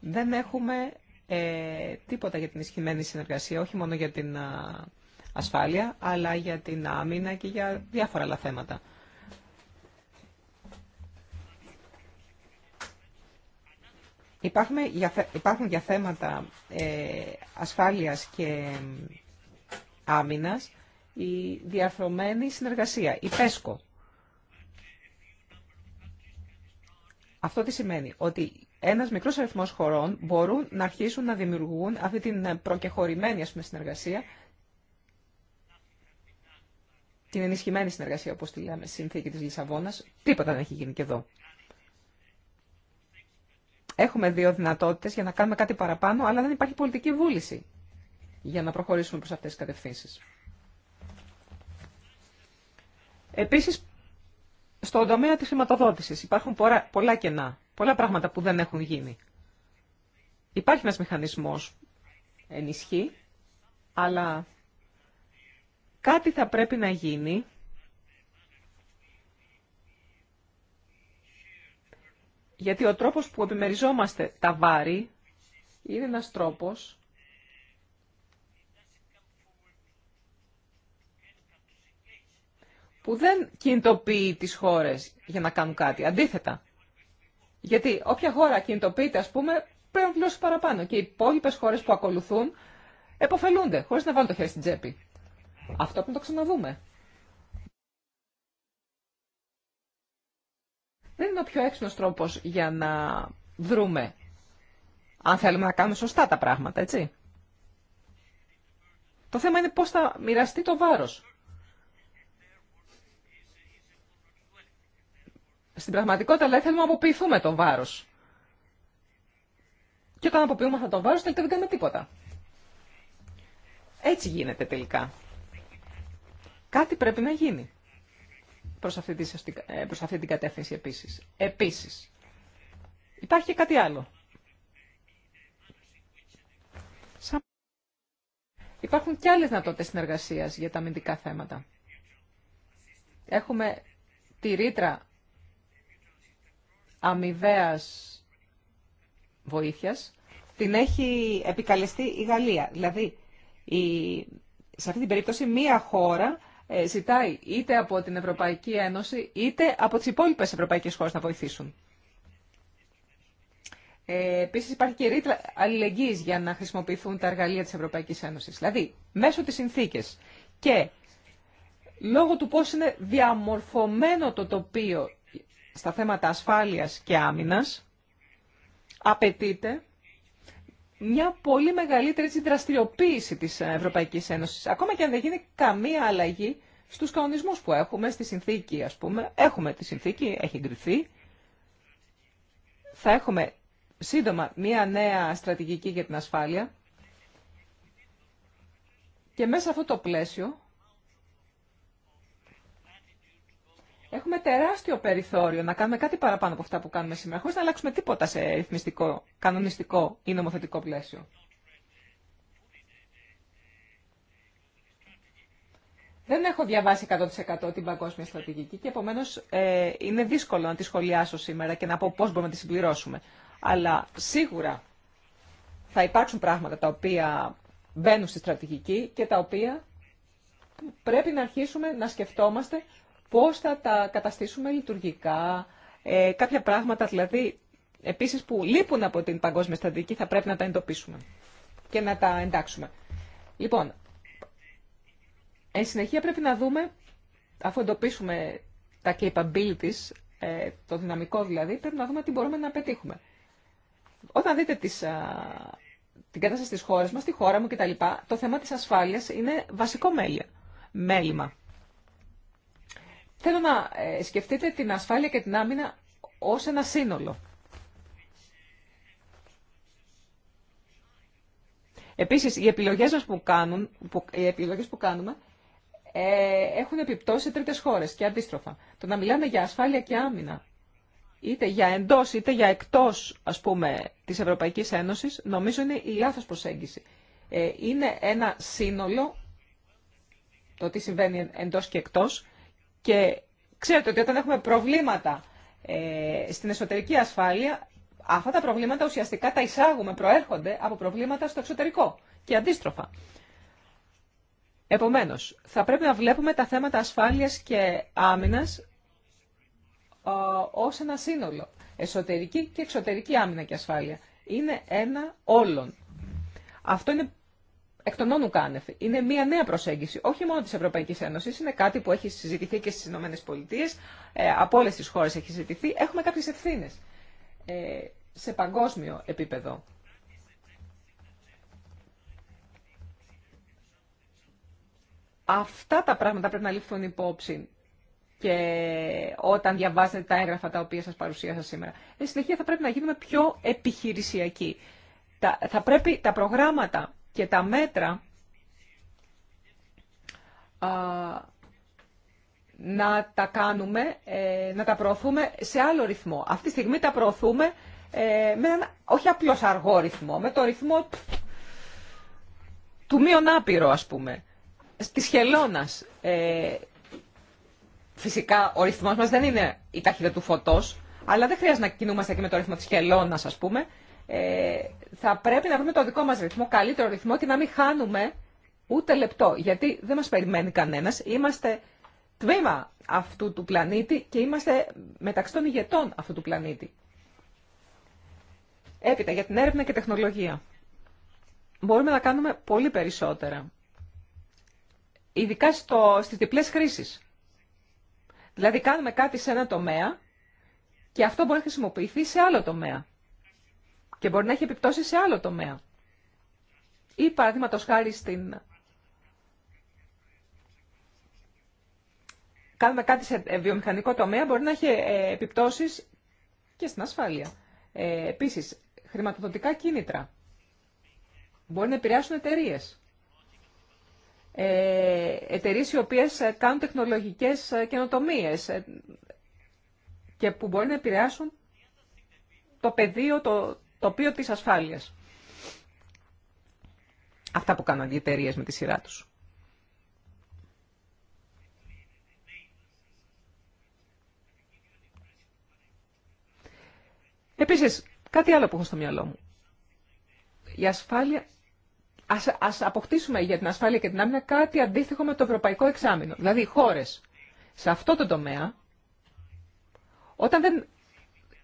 Δεν έχουμε ε, τίποτα για την ισχυμένη συνεργασία, όχι μόνο για την ασφάλεια, αλλά για την άμυνα και για διάφορα άλλα θέματα. Υπάρχουν για, υπάρχουν για θέματα ε, ασφάλειας και άμυνας η διαρθρωμένη συνεργασία, η ΠΕΣΚΟ. Αυτό τι σημαίνει, ότι ένας μικρός αριθμός χωρών μπορούν να αρχίσουν να δημιουργούν αυτή την προκεχωρημένη συνεργασία, την ενισχυμένη συνεργασία, όπως τη λέμε, συνθήκη της Λισαβόνας. Τίποτα δεν έχει γίνει και εδώ. Έχουμε δύο δυνατότητες για να κάνουμε κάτι παραπάνω, αλλά δεν υπάρχει πολιτική βούληση για να προχωρήσουμε προς αυτές τις κατευθύνσεις. Επίσης, στον τομέα τη χρηματοδότηση, υπάρχουν πολλά, πολλά κενά, πολλά πράγματα που δεν έχουν γίνει. Υπάρχει ένα μηχανισμός ενισχύ, αλλά κάτι θα πρέπει να γίνει Γιατί ο τρόπος που επιμεριζόμαστε τα βάρη είναι ένας τρόπος που δεν κινητοποιεί τις χώρες για να κάνουν κάτι. Αντίθετα. Γιατί όποια χώρα κινητοποιείται, ας πούμε, πρέπει να πληρώσει παραπάνω. Και οι υπόλοιπε χώρε που ακολουθούν επωφελούνται χωρί να βάλουν το χέρι στην τσέπη. Αυτό πρέπει να το ξαναδούμε. δεν είναι ο πιο έξυπνος τρόπος για να δρούμε, αν θέλουμε να κάνουμε σωστά τα πράγματα, έτσι. Το θέμα είναι πώς θα μοιραστεί το βάρος. Στην πραγματικότητα, λέει, θέλουμε να αποποιηθούμε το βάρος. Και όταν αποποιούμε αυτό το βάρος, τελικά δεν κάνουμε τίποτα. Έτσι γίνεται τελικά. Κάτι πρέπει να γίνει προς αυτή, ε, προς αυτή την κατεύθυνση επίσης. Επίσης, υπάρχει κάτι άλλο. Υπάρχουν και άλλες δυνατότητες συνεργασίας για τα αμυντικά θέματα. Έχουμε τη ρήτρα αμοιβαίας βοήθειας. Την έχει επικαλεστεί η Γαλλία. Δηλαδή, η... σε αυτή την περίπτωση, μία χώρα ε, ζητάει είτε από την Ευρωπαϊκή Ένωση είτε από τις υπόλοιπες ευρωπαϊκές χώρες να βοηθήσουν. Ε, Επίση, υπάρχει και ρήτρα αλληλεγγύη για να χρησιμοποιηθούν τα εργαλεία τη Ευρωπαϊκή Ένωση. Δηλαδή, μέσω τη συνθήκε και λόγω του πώ είναι διαμορφωμένο το τοπίο στα θέματα ασφάλεια και άμυνα, απαιτείται μια πολύ μεγαλύτερη δραστηριοποίηση της Ευρωπαϊκής Ένωσης. Ακόμα και αν δεν γίνει καμία αλλαγή στους κανονισμούς που έχουμε, στη συνθήκη ας πούμε. Έχουμε τη συνθήκη, έχει εγκριθεί. Θα έχουμε σύντομα μια νέα στρατηγική για την ασφάλεια. Και μέσα σε αυτό το πλαίσιο Έχουμε τεράστιο περιθώριο να κάνουμε κάτι παραπάνω από αυτά που κάνουμε σήμερα, χωρίς να αλλάξουμε τίποτα σε ρυθμιστικό, κανονιστικό ή νομοθετικό πλαίσιο. Δεν έχω διαβάσει 100% την παγκόσμια στρατηγική και επομένως, ε, είναι δύσκολο να τη σχολιάσω σήμερα και να πω πώς μπορούμε να τη συμπληρώσουμε. Αλλά σίγουρα θα υπάρξουν πράγματα τα οποία μπαίνουν στη στρατηγική και τα οποία πρέπει να αρχίσουμε να σκεφτόμαστε πώς θα τα καταστήσουμε λειτουργικά, ε, κάποια πράγματα δηλαδή επίσης που λείπουν από την παγκόσμια στρατηγική θα πρέπει να τα εντοπίσουμε και να τα εντάξουμε. Λοιπόν, εν συνεχεία πρέπει να δούμε, αφού εντοπίσουμε τα capabilities, ε, το δυναμικό δηλαδή, πρέπει να δούμε τι μπορούμε να πετύχουμε. Όταν δείτε τις, την κατάσταση της χώρας μας, τη χώρα μου κτλ, το θέμα της ασφάλειας είναι βασικό μέλημα. Θέλω να ε, σκεφτείτε την ασφάλεια και την άμυνα ως ένα σύνολο. Επίσης, οι επιλογές, μας που, κάνουν, οι επιλογές που κάνουμε ε, έχουν επιπτώσει σε τρίτες χώρες και αντίστροφα. Το να μιλάμε για ασφάλεια και άμυνα, είτε για εντός είτε για εκτός, ας πούμε, της Ευρωπαϊκής Ένωσης, νομίζω είναι η λάθος προσέγγιση. Ε, είναι ένα σύνολο το τι συμβαίνει εντός και εκτός και ξέρετε ότι όταν έχουμε προβλήματα ε, στην εσωτερική ασφάλεια, αυτά τα προβλήματα ουσιαστικά τα εισάγουμε, προέρχονται από προβλήματα στο εξωτερικό και αντίστροφα. Επομένως, θα πρέπει να βλέπουμε τα θέματα ασφάλειας και άμυνας ε, ως ένα σύνολο. Εσωτερική και εξωτερική άμυνα και ασφάλεια. Είναι ένα όλον. Αυτό είναι εκ των νόνου κάνευ. Είναι μια νέα προσέγγιση, όχι μόνο της Ευρωπαϊκής Ένωσης, είναι κάτι που έχει συζητηθεί και στις Ηνωμένες Πολιτείες, ε, από όλε τι χώρε έχει συζητηθεί, έχουμε κάποιες ευθύνε ε, σε παγκόσμιο επίπεδο. Αυτά τα πράγματα πρέπει να ληφθούν υπόψη και όταν διαβάζετε τα έγγραφα τα οποία σας παρουσίασα σήμερα. Ε, Στην συνεχεία θα πρέπει να γίνουμε πιο επιχειρησιακοί. θα πρέπει τα προγράμματα και τα μέτρα α, να τα κάνουμε, ε, να τα προωθούμε σε άλλο ρυθμό. Αυτή τη στιγμή τα προωθούμε ε, με έναν όχι απλώς αργό ρυθμό, με το ρυθμό του μείον άπειρο ας πούμε, της χελώνας. Ε, φυσικά ο ρυθμός μας δεν είναι η ταχύτητα του φωτός, αλλά δεν χρειάζεται να κινούμαστε και με το ρυθμό της χελώνας ας πούμε. Ε, θα πρέπει να βρούμε το δικό μας ρυθμό, καλύτερο ρυθμό και να μην χάνουμε ούτε λεπτό, γιατί δεν μας περιμένει κανένας. Είμαστε τμήμα αυτού του πλανήτη και είμαστε μεταξύ των ηγετών αυτού του πλανήτη. Έπειτα, για την έρευνα και τεχνολογία. Μπορούμε να κάνουμε πολύ περισσότερα. Ειδικά στο, στις διπλές χρήσεις. Δηλαδή κάνουμε κάτι σε ένα τομέα και αυτό μπορεί να χρησιμοποιηθεί σε άλλο τομέα και μπορεί να έχει επιπτώσει σε άλλο τομέα. Ή παραδείγματο χάρη στην. Κάνουμε κάτι σε βιομηχανικό τομέα, μπορεί να έχει ε, επιπτώσεις και στην ασφάλεια. Ε, επίσης, χρηματοδοτικά κίνητρα μπορεί να επηρεάσουν εταιρείε. Ε, εταιρείε οι οποίες κάνουν τεχνολογικές ε, καινοτομίες ε, και που μπορεί να επηρεάσουν το πεδίο, το, τοπίο της ασφάλειας. Αυτά που κάνουν οι εταιρείε με τη σειρά τους. Επίσης, κάτι άλλο που έχω στο μυαλό μου. Η ασφάλεια... Ας, ας αποκτήσουμε για την ασφάλεια και την άμυνα κάτι αντίστοιχο με το ευρωπαϊκό εξάμεινο. Δηλαδή, οι χώρες σε αυτό το τομέα, όταν δεν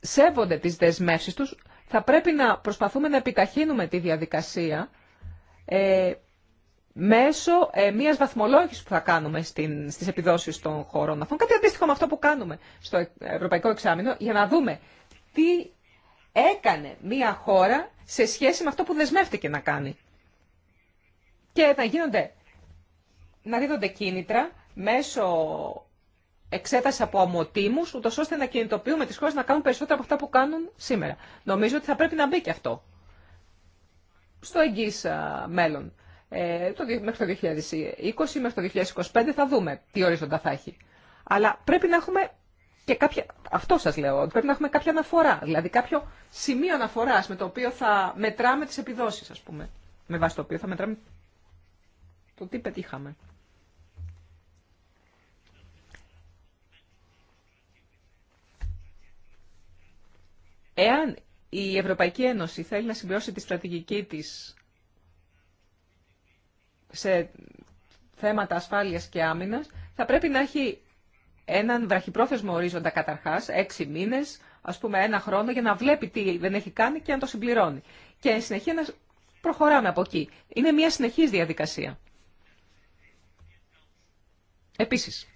σέβονται τις δεσμεύσεις τους, θα πρέπει να προσπαθούμε να επιταχύνουμε τη διαδικασία ε, μέσω ε, μιας βαθμολόγησης που θα κάνουμε στην, στις επιδόσεις των χωρών αυτών. Κάτι αντίστοιχο με αυτό που κάνουμε στο ε, Ευρωπαϊκό Εξάμεινο για να δούμε τι έκανε μια χώρα σε σχέση με αυτό που δεσμεύτηκε να κάνει. Και να γίνονται, να δίδονται κίνητρα μέσω εξέταση από αμοτήμου, ούτω ώστε να κινητοποιούμε τι χώρε να κάνουν περισσότερα από αυτά που κάνουν σήμερα. Νομίζω ότι θα πρέπει να μπει και αυτό στο εγγύ μέλλον. Ε, το, μέχρι το 2020 μέχρι το 2025 θα δούμε τι ορίζοντα θα έχει. Αλλά πρέπει να έχουμε και κάποια, αυτό σας λέω, ότι πρέπει να έχουμε κάποια αναφορά, δηλαδή κάποιο σημείο αναφοράς με το οποίο θα μετράμε τις επιδόσεις, ας πούμε, με βάση το οποίο θα μετράμε το τι πετύχαμε. Εάν η Ευρωπαϊκή Ένωση θέλει να συμπληρώσει τη στρατηγική της σε θέματα ασφάλειας και άμυνας, θα πρέπει να έχει έναν βραχυπρόθεσμο ορίζοντα καταρχάς, έξι μήνες, ας πούμε ένα χρόνο, για να βλέπει τι δεν έχει κάνει και να το συμπληρώνει. Και συνεχεία να προχωράμε από εκεί. Είναι μια συνεχής διαδικασία. Επίσης,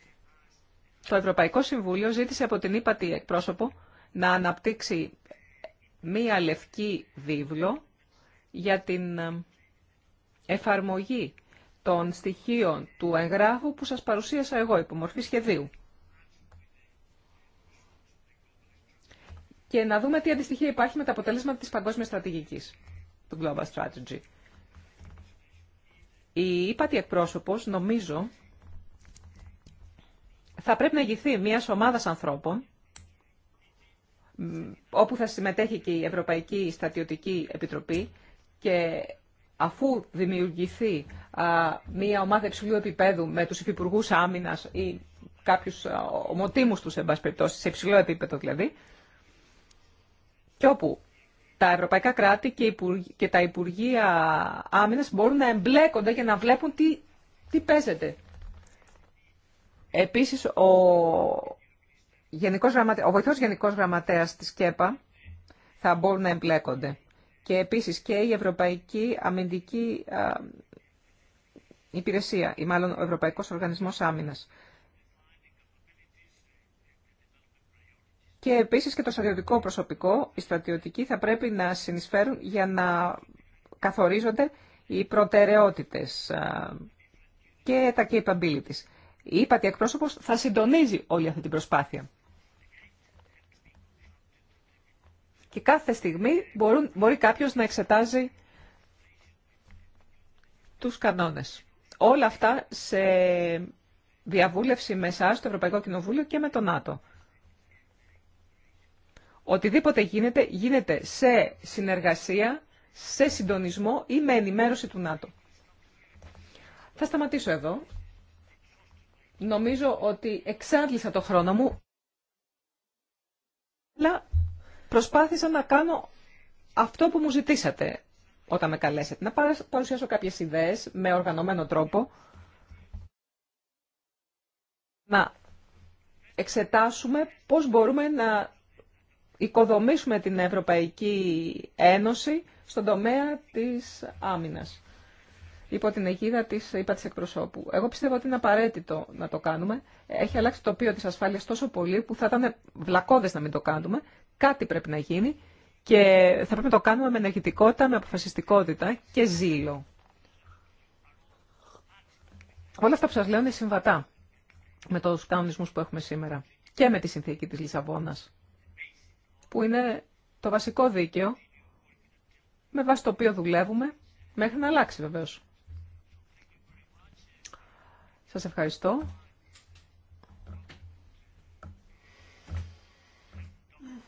το Ευρωπαϊκό Συμβούλιο ζήτησε από την ύπατη εκπρόσωπο να αναπτύξει μία λευκή βίβλο για την ε, εφαρμογή των στοιχείων του εγγράφου που σας παρουσίασα εγώ, υπό μορφή σχεδίου. Και να δούμε τι αντιστοιχεία υπάρχει με τα αποτέλεσματα της παγκόσμιας στρατηγικής, του Global Strategy. Η ύπατη εκπρόσωπος, νομίζω, θα πρέπει να ηγηθεί μία ομάδα ανθρώπων όπου θα συμμετέχει και η Ευρωπαϊκή Στατιωτική Επιτροπή και αφού δημιουργηθεί μία ομάδα υψηλού επίπεδου με τους υφυπουργούς άμυνας ή κάποιους ομοτήμους τους, εν σε υψηλό επίπεδο δηλαδή, και όπου τα ευρωπαϊκά κράτη και, και τα Υπουργεία Άμυνας μπορούν να εμπλέκονται για να βλέπουν τι, τι παίζεται. Επίσης, ο, γενικός ο βοηθός γενικός γραμματέας της ΚΕΠΑ θα μπορούν να εμπλέκονται. Και επίσης και η Ευρωπαϊκή Αμυντική Υπηρεσία, ή μάλλον ο Ευρωπαϊκός Οργανισμός Άμυνας. Και επίσης και το στρατιωτικό προσωπικό, οι στρατιωτικοί θα πρέπει να συνεισφέρουν για να καθορίζονται οι προτεραιότητες και τα capabilities. Η ύπατη εκπρόσωπος θα συντονίζει όλη αυτή την προσπάθεια. Και κάθε στιγμή μπορούν, μπορεί κάποιος να εξετάζει τους κανόνες. Όλα αυτά σε διαβούλευση με εσάς, το Ευρωπαϊκό Κοινοβούλιο και με τον ΝΑΤΟ. Οτιδήποτε γίνεται, γίνεται σε συνεργασία, σε συντονισμό ή με ενημέρωση του ΝΑΤΟ. Θα σταματήσω εδώ. Νομίζω ότι εξάντλησα το χρόνο μου. Προσπάθησα να κάνω αυτό που μου ζητήσατε όταν με καλέσατε. Να παρουσιάσω κάποιες ιδέες με οργανωμένο τρόπο. Να εξετάσουμε πώς μπορούμε να οικοδομήσουμε την Ευρωπαϊκή Ένωση στον τομέα της άμυνας. Υπό την αιγίδα της, είπα, της εκπροσώπου. Εγώ πιστεύω ότι είναι απαραίτητο να το κάνουμε. Έχει αλλάξει το τοπίο της ασφάλειας τόσο πολύ που θα ήταν βλακώδες να μην το κάνουμε. Κάτι πρέπει να γίνει και θα πρέπει να το κάνουμε με ενεργητικότητα, με αποφασιστικότητα και ζήλο. Όλα αυτά που σας λέω είναι συμβατά με τους κανονισμούς που έχουμε σήμερα και με τη συνθήκη της Λισαβόνας, που είναι το βασικό δίκαιο με βάση το οποίο δουλεύουμε μέχρι να αλλάξει βεβαίως. Σας ευχαριστώ.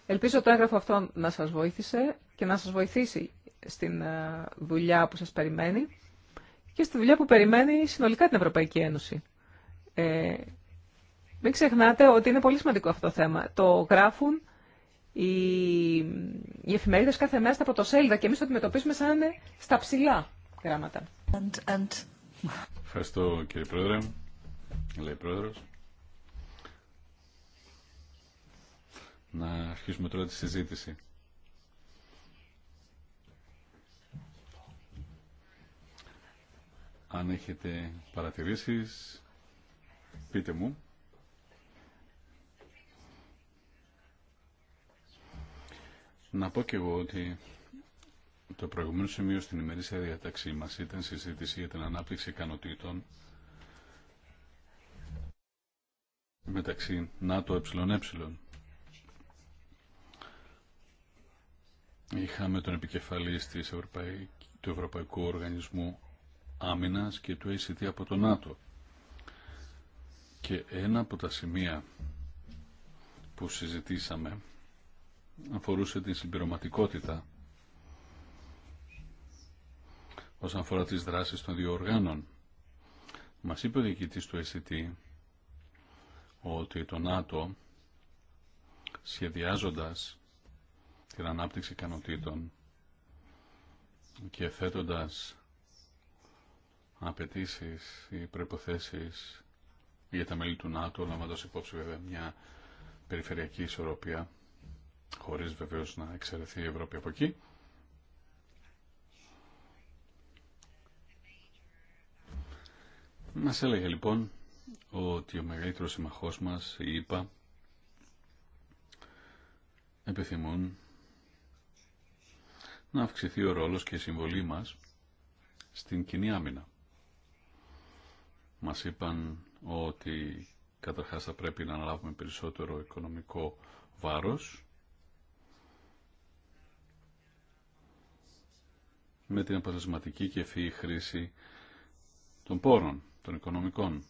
Ελπίζω το έγγραφο αυτό να σας βοήθησε και να σας βοηθήσει στην ε, δουλειά που σας περιμένει και στη δουλειά που περιμένει συνολικά την Ευρωπαϊκή Ένωση. Ε, μην ξεχνάτε ότι είναι πολύ σημαντικό αυτό το θέμα. Το γράφουν οι, οι εφημερίδες κάθε μέρα στα πρωτοσέλιδα και εμείς το αντιμετωπίσουμε σαν στα ψηλά γράμματα. And, Ευχαριστώ κύριε Πρόεδρε. Λέει Πρόεδρος. να αρχίσουμε τώρα τη συζήτηση. Αν έχετε παρατηρήσεις, πείτε μου. Να πω και εγώ ότι το προηγούμενο σημείο στην ημερήσια διαταξή μας ήταν συζήτηση για την ανάπτυξη ικανοτήτων μεταξύ ΝΑΤΟ ΕΕ. είχαμε τον επικεφαλής της του Ευρωπαϊκού Οργανισμού Άμυνας και του ACT από το ΝΑΤΟ. Και ένα από τα σημεία που συζητήσαμε αφορούσε την συμπληρωματικότητα όσον αφορά τις δράσεις των δύο οργάνων. Μας είπε ο διοικητής του ACT ότι το ΝΑΤΟ σχεδιάζοντας την ανάπτυξη ικανοτήτων και θέτοντας απαιτήσει ή προποθέσει για τα μέλη του ΝΑΤΟ, λαμβάνοντα υπόψη βέβαια μια περιφερειακή ισορροπία, χωρίς βεβαίως να εξαιρεθεί η Ευρώπη από εκεί. Μα έλεγε λοιπόν ότι ο μεγαλύτερος συμμαχός μας, η ΕΠΑ, επιθυμούν να αυξηθεί ο ρόλος και η συμβολή μας στην κοινή άμυνα. Μας είπαν ότι καταρχάς θα πρέπει να αναλάβουμε περισσότερο οικονομικό βάρος με την αποτελεσματική και ευφυή χρήση των πόρων, των οικονομικών.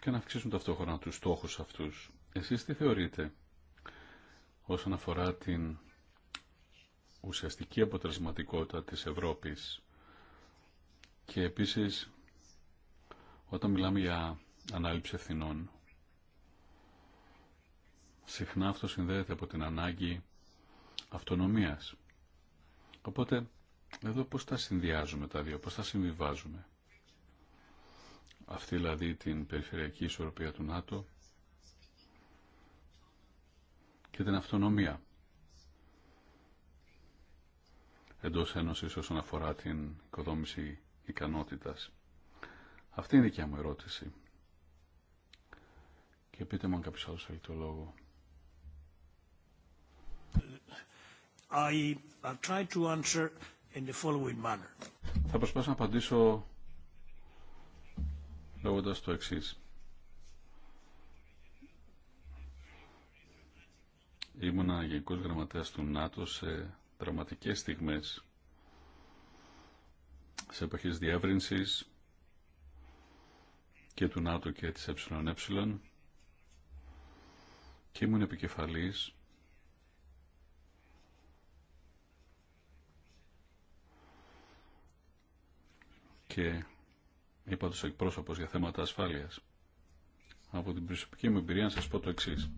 και να αυξήσουν ταυτόχρονα τους στόχους αυτούς εσείς τι θεωρείτε όσον αφορά την ουσιαστική αποτελεσματικότητα της Ευρώπης και επίσης όταν μιλάμε για ανάληψη ευθυνών συχνά αυτό συνδέεται από την ανάγκη αυτονομίας. Οπότε εδώ πώς τα συνδυάζουμε τα δύο, πώς τα συμβιβάζουμε. Αυτή δηλαδή την περιφερειακή ισορροπία του ΝΑΤΟ και την αυτονομία εντός Ένωσης όσον αφορά την οικοδόμηση ικανότητας. Αυτή είναι η δικιά μου ερώτηση. Και πείτε μου αν κάποιος άλλος έχει το λόγο. Θα προσπάσω να απαντήσω λέγοντας το εξής. ήμουνα γενικός γραμματέας του ΝΑΤΟ σε δραματικές στιγμές, σε εποχές διεύρυνσης και του ΝΑΤΟ και της ΕΕ και ήμουν επικεφαλής και είπα τους εκπρόσωπος για θέματα ασφάλειας. Από την προσωπική μου εμπειρία να σας πω το εξής.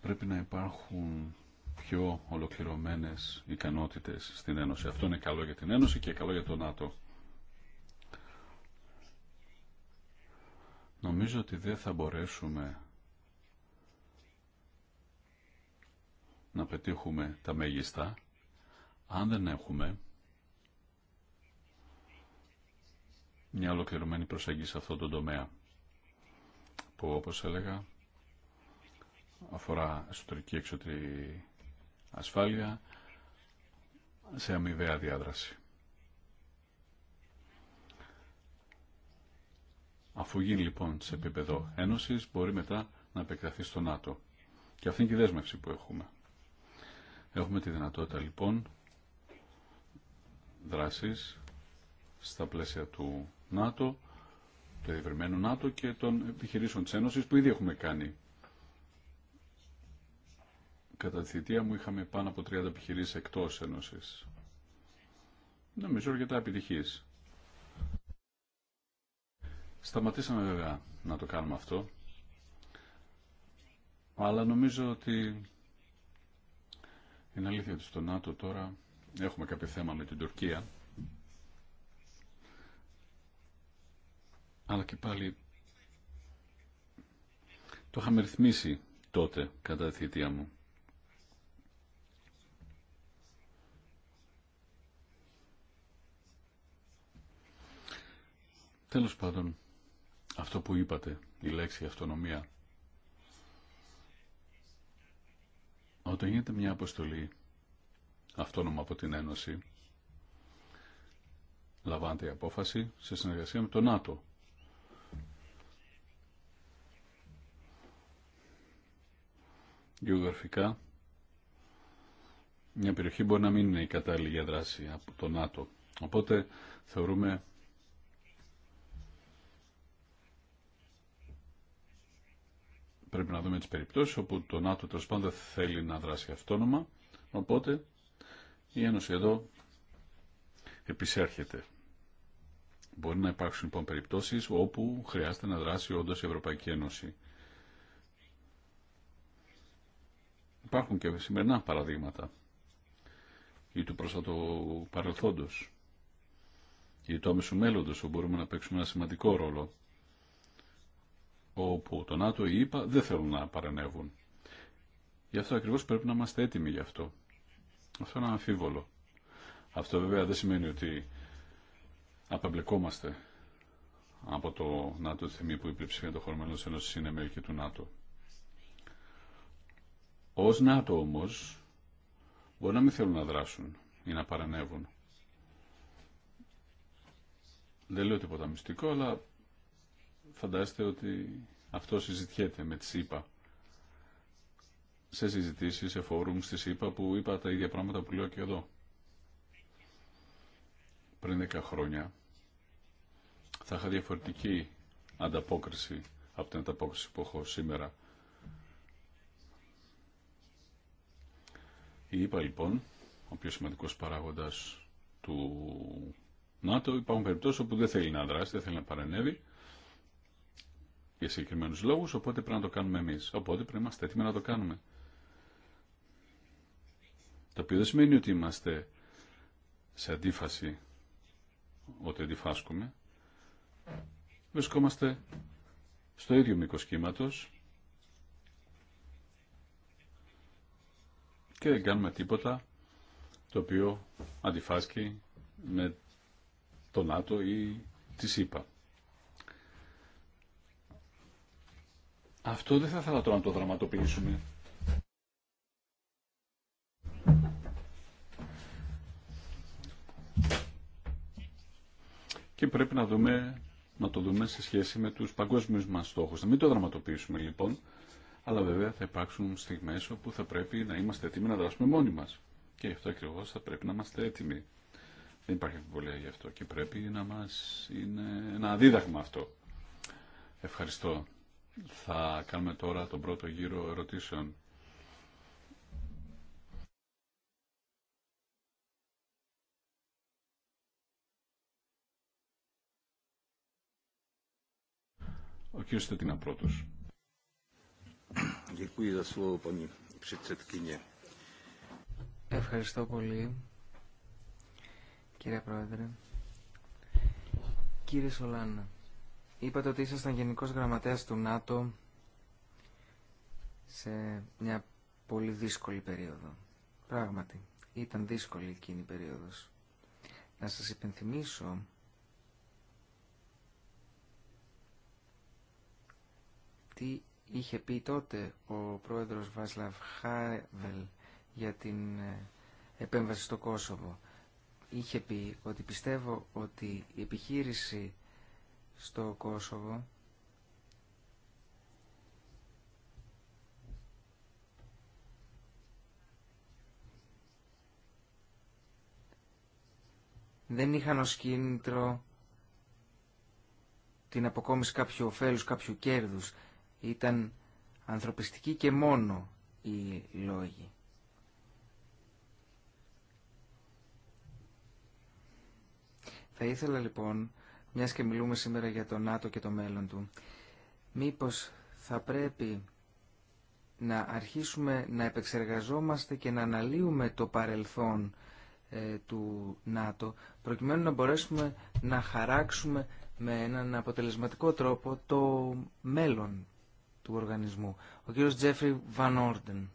πρέπει να υπάρχουν πιο ολοκληρωμένες ικανότητες στην Ένωση. Αυτό είναι καλό για την Ένωση και καλό για το ΝΑΤΟ. Νομίζω ότι δεν θα μπορέσουμε να πετύχουμε τα μέγιστα αν δεν έχουμε μια ολοκληρωμένη προσέγγιση σε αυτό το τομέα που όπως έλεγα αφορά εσωτερική εξωτερική ασφάλεια σε αμοιβαία διάδραση. Αφού γίνει λοιπόν σε επίπεδο ένωσης, μπορεί μετά να επεκταθεί στο ΝΑΤΟ. Και αυτή είναι και η δέσμευση που έχουμε. Έχουμε τη δυνατότητα λοιπόν δράσης στα πλαίσια του ΝΑΤΟ, του διευρυμένου ΝΑΤΟ και των επιχειρήσεων της Ένωσης που ήδη έχουμε κάνει Κατά τη θητεία μου είχαμε πάνω από 30 επιχειρήσει εκτό Ένωση. Νομίζω αρκετά επιτυχή. Σταματήσαμε βέβαια να το κάνουμε αυτό, αλλά νομίζω ότι είναι αλήθεια ότι στο ΝΑΤΟ τώρα έχουμε κάποιο θέμα με την Τουρκία, αλλά και πάλι το είχαμε ρυθμίσει τότε κατά τη θητεία μου. Τέλος πάντων, αυτό που είπατε, η λέξη αυτονομία, όταν γίνεται μια αποστολή αυτόνομα από την Ένωση, λαμβάνεται η απόφαση σε συνεργασία με το ΝΑΤΟ. Γεωγραφικά, μια περιοχή μπορεί να μην είναι η κατάλληλη για δράση από το ΝΑΤΟ. Οπότε θεωρούμε πρέπει να δούμε τις περιπτώσεις όπου το ΝΑΤΟ τέλο πάντων θέλει να δράσει αυτόνομα, οπότε η Ένωση εδώ επισέρχεται. Μπορεί να υπάρξουν λοιπόν περιπτώσεις όπου χρειάζεται να δράσει όντω η Ευρωπαϊκή Ένωση. Υπάρχουν και σημερινά παραδείγματα ή του πρόσφατου παρελθόντος ή του άμεσου μέλλοντος που μπορούμε να παίξουμε ένα σημαντικό ρόλο όπου το ΝΑΤΟ ή η δεν θέλουν να παρανεύουν. Γι' αυτό ακριβώς πρέπει να είμαστε έτοιμοι γι' αυτό. Αυτό είναι αμφίβολο. Αυτό βέβαια δεν σημαίνει ότι απεμπλεκόμαστε από το ΝΑΤΟ τη που η το των χωρών μελών είναι και του ΝΑΤΟ. Ω ΝΑΤΟ όμω μπορεί να μην θέλουν να δράσουν ή να παρανεύουν. Δεν λέω τίποτα μυστικό, αλλά φαντάστε ότι αυτό συζητιέται με τη ΣΥΠΑ. Σε συζητήσει, σε φόρουμ στη ΣΥΠΑ που είπα τα ίδια πράγματα που λέω και εδώ. Πριν 10 χρόνια θα είχα διαφορετική ανταπόκριση από την ανταπόκριση που έχω σήμερα. Η ΕΠΑ λοιπόν, ο πιο σημαντικός παράγοντας του ΝΑΤΟ, υπάρχουν περιπτώσεις όπου δεν θέλει να δράσει, δεν θέλει να παρενέβει για συγκεκριμένου λόγου, οπότε πρέπει να το κάνουμε εμεί. Οπότε πρέπει να είμαστε έτοιμοι να το κάνουμε. Το οποίο δεν σημαίνει ότι είμαστε σε αντίφαση, ότι αντιφάσκουμε. Βρισκόμαστε στο ίδιο μήκο κύματο και δεν κάνουμε τίποτα το οποίο αντιφάσκει με τον ΝΑΤΟ ή τη ΣΥΠΑ. Αυτό δεν θα ήθελα τώρα να το δραματοποιήσουμε. Και πρέπει να δούμε, να το δούμε σε σχέση με τους παγκόσμιους μας στόχους. Να μην το δραματοποιήσουμε λοιπόν, αλλά βέβαια θα υπάρξουν στιγμές όπου θα πρέπει να είμαστε έτοιμοι να δράσουμε μόνοι μας. Και γι' αυτό ακριβώς θα πρέπει να είμαστε έτοιμοι. Δεν υπάρχει αμφιβολία γι' αυτό και πρέπει να μας είναι ένα δίδαγμα αυτό. Ευχαριστώ. Θα κάνουμε τώρα τον πρώτο γύρο ερωτήσεων. Ο κύριος Θετίνα πρώτος. Ευχαριστώ πολύ, κύριε Πρόεδρε. Κύριε Σολάνα, Είπατε ότι ήσασταν γενικός γραμματέας του ΝΑΤΟ σε μια πολύ δύσκολη περίοδο. Πράγματι, ήταν δύσκολη εκείνη η περίοδος. Να σας υπενθυμίσω τι είχε πει τότε ο πρόεδρος Βάσλαβ Χάβελ για την ε, επέμβαση στο Κόσοβο. Είχε πει ότι πιστεύω ότι η επιχείρηση στο Κόσοβο. δεν είχαν ως κίνητρο την αποκόμιση κάποιου ωφέλους, κάποιου κέρδους. Ήταν ανθρωπιστική και μόνο οι λόγοι. Θα ήθελα λοιπόν μιας και μιλούμε σήμερα για το ΝΑΤΟ και το μέλλον του. Μήπως θα πρέπει να αρχίσουμε να επεξεργαζόμαστε και να αναλύουμε το παρελθόν ε, του ΝΑΤΟ, προκειμένου να μπορέσουμε να χαράξουμε με έναν αποτελεσματικό τρόπο το μέλλον του οργανισμού. Ο κύριος Τζέφρι Βαν Όρντεν.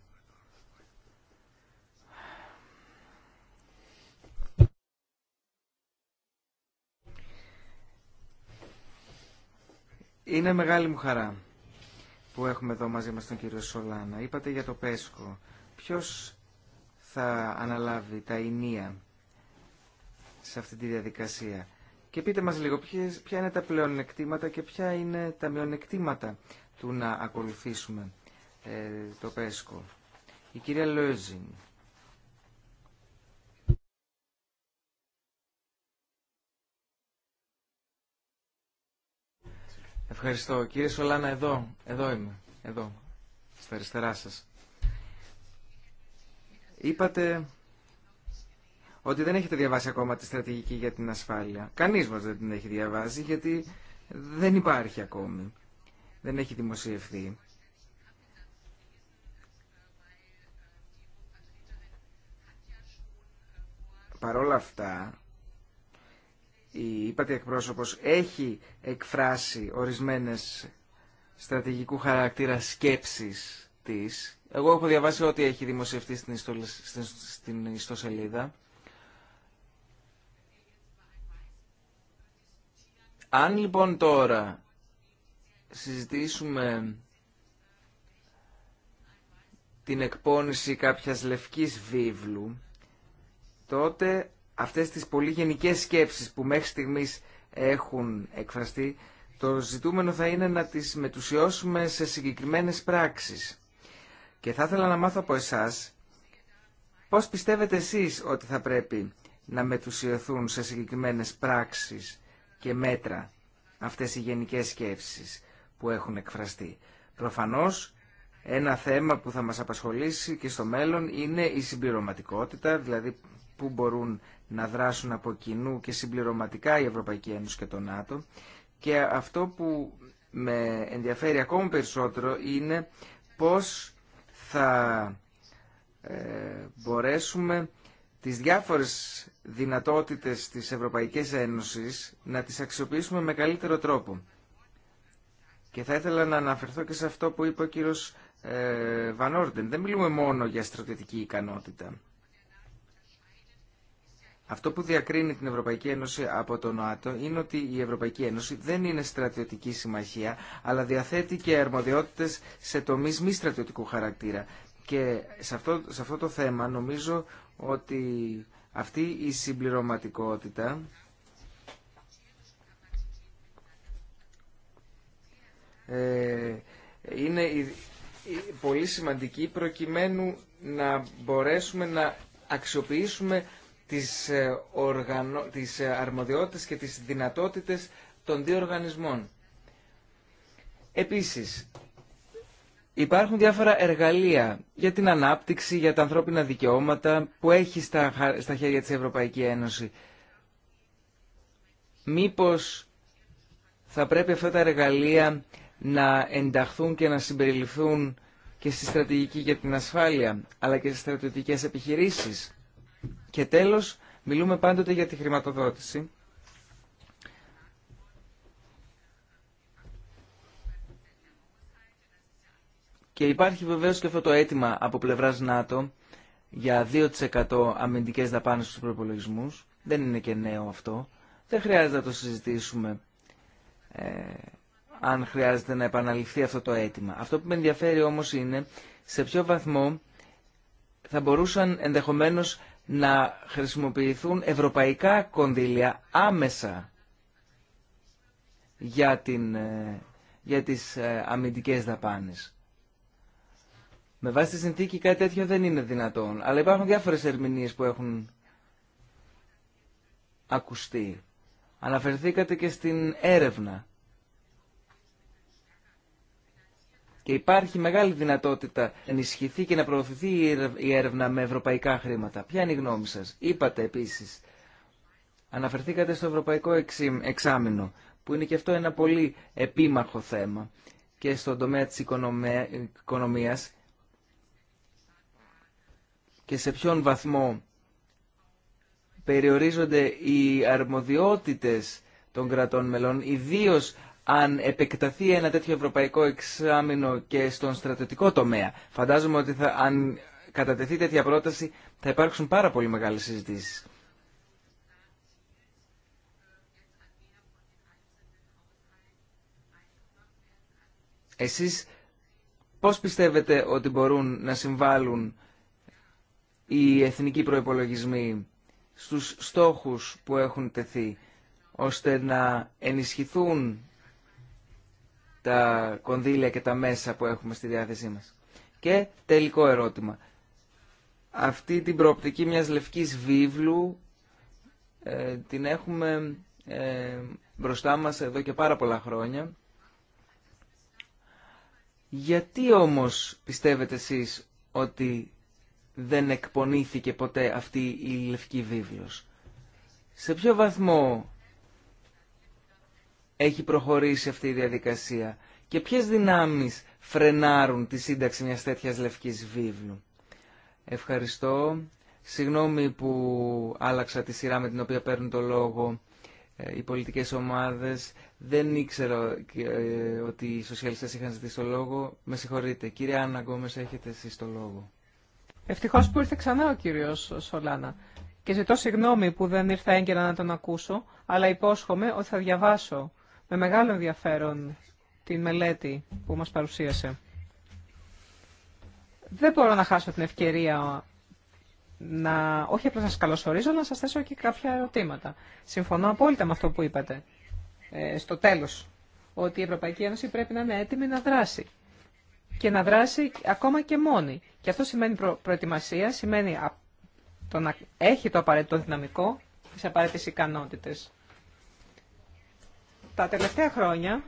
Είναι μεγάλη μου χαρά που έχουμε εδώ μαζί μας τον κύριο Σολάνα. Είπατε για το Πέσκο. Ποιος θα αναλάβει τα ενία σε αυτή τη διαδικασία. Και πείτε μας λίγο ποια είναι τα πλεονεκτήματα και ποια είναι τα μειονεκτήματα του να ακολουθήσουμε ε, το Πέσκο. Η κυρία Λόζιν. Ευχαριστώ. Κύριε Σολάνα, εδώ, εδώ είμαι, εδώ, στα αριστερά σας. Είπατε ότι δεν έχετε διαβάσει ακόμα τη στρατηγική για την ασφάλεια. Κανείς μας δεν την έχει διαβάσει γιατί δεν υπάρχει ακόμη. Δεν έχει δημοσιευθεί. Παρ' όλα αυτά, η ύπατη εκπρόσωπος έχει εκφράσει ορισμένες στρατηγικού χαρακτήρα σκέψεις της. Εγώ έχω διαβάσει ό,τι έχει δημοσιευτεί στην, στην, ιστοσελίδα. Αν λοιπόν τώρα συζητήσουμε την εκπόνηση κάποιας λευκής βίβλου, τότε αυτές τις πολύ γενικές σκέψεις που μέχρι στιγμής έχουν εκφραστεί, το ζητούμενο θα είναι να τις μετουσιώσουμε σε συγκεκριμένες πράξεις. Και θα ήθελα να μάθω από εσάς πώς πιστεύετε εσείς ότι θα πρέπει να μετουσιωθούν σε συγκεκριμένες πράξεις και μέτρα αυτές οι γενικές σκέψεις που έχουν εκφραστεί. Προφανώς ένα θέμα που θα μας απασχολήσει και στο μέλλον είναι η συμπληρωματικότητα, δηλαδή που μπορούν να δράσουν από κοινού και συμπληρωματικά η Ευρωπαϊκή Ένωση και το ΝΑΤΟ. Και αυτό που με ενδιαφέρει ακόμα περισσότερο είναι πώς θα ε, μπορέσουμε τις διάφορες δυνατότητες της Ευρωπαϊκής Ένωσης να τις αξιοποιήσουμε με καλύτερο τρόπο. Και θα ήθελα να αναφερθώ και σε αυτό που είπε ο κύριος ε, Βανόρντεν. Δεν μιλούμε μόνο για στρατιωτική ικανότητα. Αυτό που διακρίνει την Ευρωπαϊκή Ένωση από τον ΝΟΑΤΟ είναι ότι η Ευρωπαϊκή Ένωση δεν είναι στρατιωτική συμμαχία, αλλά διαθέτει και αρμοδιότητες σε τομεί μη στρατιωτικού χαρακτήρα. Και σε αυτό, σε αυτό το θέμα νομίζω ότι αυτή η συμπληρωματικότητα ε, είναι πολύ σημαντική προκειμένου να μπορέσουμε να αξιοποιήσουμε τις, ε, ε, αρμοδιότητες και τις δυνατότητες των δύο οργανισμών. Επίσης, υπάρχουν διάφορα εργαλεία για την ανάπτυξη, για τα ανθρώπινα δικαιώματα που έχει στα, στα χέρια της Ευρωπαϊκή Ένωση. Μήπως θα πρέπει αυτά τα εργαλεία να ενταχθούν και να συμπεριληφθούν και στη στρατηγική για την ασφάλεια, αλλά και στις στρατιωτικές επιχειρήσεις. Και τέλος, μιλούμε πάντοτε για τη χρηματοδότηση. Και υπάρχει βεβαίως και αυτό το αίτημα από πλευράς ΝΑΤΟ για 2% αμυντικές δαπάνες στους προπολογισμούς. Δεν είναι και νέο αυτό. Δεν χρειάζεται να το συζητήσουμε ε, αν χρειάζεται να επαναληφθεί αυτό το αίτημα. Αυτό που με ενδιαφέρει όμως είναι σε ποιο βαθμό θα μπορούσαν ενδεχομένως να χρησιμοποιηθούν ευρωπαϊκά κονδύλια άμεσα για, την, ε, για τις ε, αμυντικές δαπάνες. Με βάση τη συνθήκη κάτι τέτοιο δεν είναι δυνατόν, αλλά υπάρχουν διάφορες ερμηνείες που έχουν ακουστεί. Αναφερθήκατε και στην έρευνα. Και υπάρχει μεγάλη δυνατότητα να ενισχυθεί και να προωθηθεί η έρευνα με ευρωπαϊκά χρήματα. Ποια είναι η γνώμη σας. Είπατε επίσης, αναφερθήκατε στο ευρωπαϊκό εξάμεινο, που είναι και αυτό ένα πολύ επίμαχο θέμα και στον τομέα της οικονομίας και σε ποιον βαθμό περιορίζονται οι αρμοδιότητες των κρατών μελών, ιδίως αν επεκταθεί ένα τέτοιο ευρωπαϊκό εξάμεινο και στον στρατιωτικό τομέα. Φαντάζομαι ότι θα, αν κατατεθεί τέτοια πρόταση θα υπάρξουν πάρα πολύ μεγάλες συζητήσεις. Εσείς πώς πιστεύετε ότι μπορούν να συμβάλλουν οι εθνικοί προϋπολογισμοί στους στόχους που έχουν τεθεί ώστε να ενισχυθούν τα κονδύλια και τα μέσα που έχουμε στη διάθεσή μας. Και τελικό ερώτημα. Αυτή την προοπτική μιας λευκής βίβλου ε, την έχουμε ε, μπροστά μας εδώ και πάρα πολλά χρόνια. Γιατί όμως πιστεύετε εσείς ότι δεν εκπονήθηκε ποτέ αυτή η λευκή βίβλος. Σε ποιο βαθμό έχει προχωρήσει αυτή η διαδικασία και ποιες δυνάμεις φρενάρουν τη σύνταξη μιας τέτοιας λευκής βίβλου. Ευχαριστώ. Συγγνώμη που άλλαξα τη σειρά με την οποία παίρνουν το λόγο ε, οι πολιτικές ομάδες. Δεν ήξερα ε, ότι οι σοσιαλιστές είχαν ζητήσει το λόγο. Με συγχωρείτε. Κύριε Άννα Γκόμες, έχετε εσείς το λόγο. Ευτυχώς που ήρθε ξανά ο κύριος Σολάνα. Και ζητώ συγγνώμη που δεν ήρθα έγκαιρα να τον ακούσω, αλλά υπόσχομαι ότι θα διαβάσω με μεγάλο ενδιαφέρον την μελέτη που μας παρουσίασε. Δεν μπορώ να χάσω την ευκαιρία να, όχι απλά να σας καλωσορίζω, να σας θέσω και κάποια ερωτήματα. Συμφωνώ απόλυτα με αυτό που είπατε ε, στο τέλος, ότι η Ευρωπαϊκή Ένωση πρέπει να είναι έτοιμη να δράσει και να δράσει ακόμα και μόνη. Και αυτό σημαίνει προετοιμασία, σημαίνει το να έχει το απαραίτητο δυναμικό, τις απαραίτητες ικανότητες. Τα τελευταία χρόνια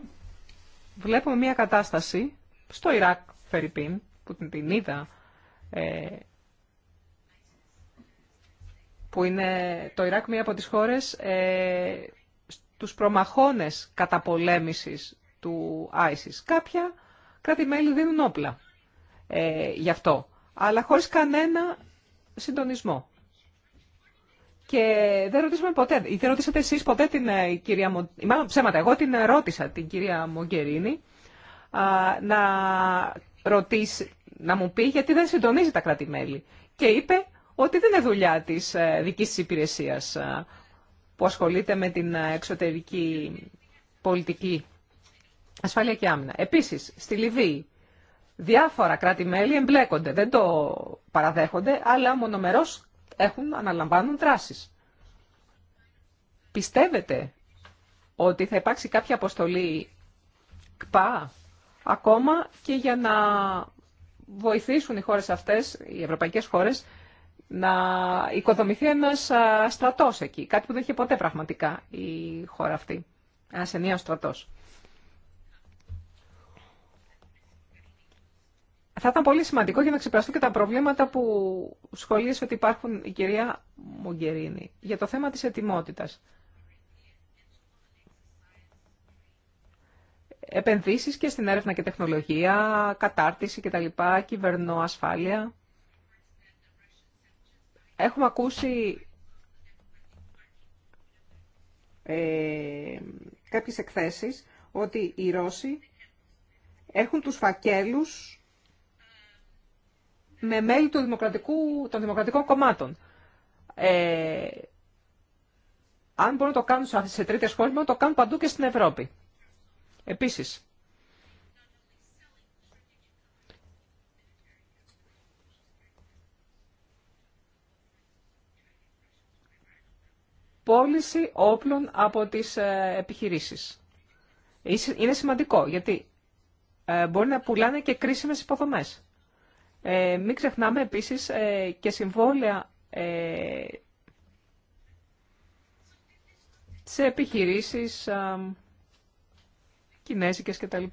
βλέπουμε μια κατάσταση στο Ιράκ, Φερρυπίν, που την, την είδα, ε, που είναι το Ιράκ μία από τις χώρες ε, τους προμαχώνες καταπολέμησης του ISIS. Κάποια κράτη-μέλη δίνουν όπλα ε, γι' αυτό, αλλά χωρίς κανένα συντονισμό. Και δεν ρωτήσαμε ποτέ, ρωτήσατε εσείς ποτέ την ε, κυρία Μογκερίνη, μάλλον ψέματα, εγώ την ρώτησα την κυρία Μογκερίνη, να, ρωτήσει, να μου πει γιατί δεν συντονίζει τα κράτη-μέλη. Και είπε ότι δεν είναι δουλειά της ε, δικής τη υπηρεσίας ε, που ασχολείται με την εξωτερική πολιτική ασφάλεια και άμυνα. Επίσης, στη Λιβύη, διάφορα κράτη-μέλη εμπλέκονται, δεν το παραδέχονται, αλλά μονομερώς έχουν, αναλαμβάνουν δράσεις. Πιστεύετε ότι θα υπάρξει κάποια αποστολή ΚΠΑ ακόμα και για να βοηθήσουν οι χώρες αυτές, οι ευρωπαϊκές χώρες, να οικοδομηθεί ένας στρατός εκεί, κάτι που δεν είχε ποτέ πραγματικά η χώρα αυτή, ένας ενιαίος στρατός. Θα ήταν πολύ σημαντικό για να ξεπεραστούν και τα προβλήματα που σχολείς ότι υπάρχουν η κυρία Μογκερίνη για το θέμα της ετοιμότητας. Επενδύσεις και στην έρευνα και τεχνολογία, κατάρτιση κτλ, ασφάλεια. Έχουμε ακούσει ε, κάποιες εκθέσεις ότι οι Ρώσοι έχουν τους φακέλους με μέλη του δημοκρατικού, των δημοκρατικών κομμάτων. Ε, αν μπορούν να το κάνουν σε τρίτες χώρες, μπορούν να το κάνουν παντού και στην Ευρώπη. Επίσης, πώληση όπλων από τις ε, επιχειρήσεις. Είναι σημαντικό, γιατί ε, μπορεί να πουλάνε και κρίσιμες υποδομές. Ε, μην ξεχνάμε επίσης ε, και συμβόλαια ε, σε επιχειρήσεις και κινέζικες κτλ.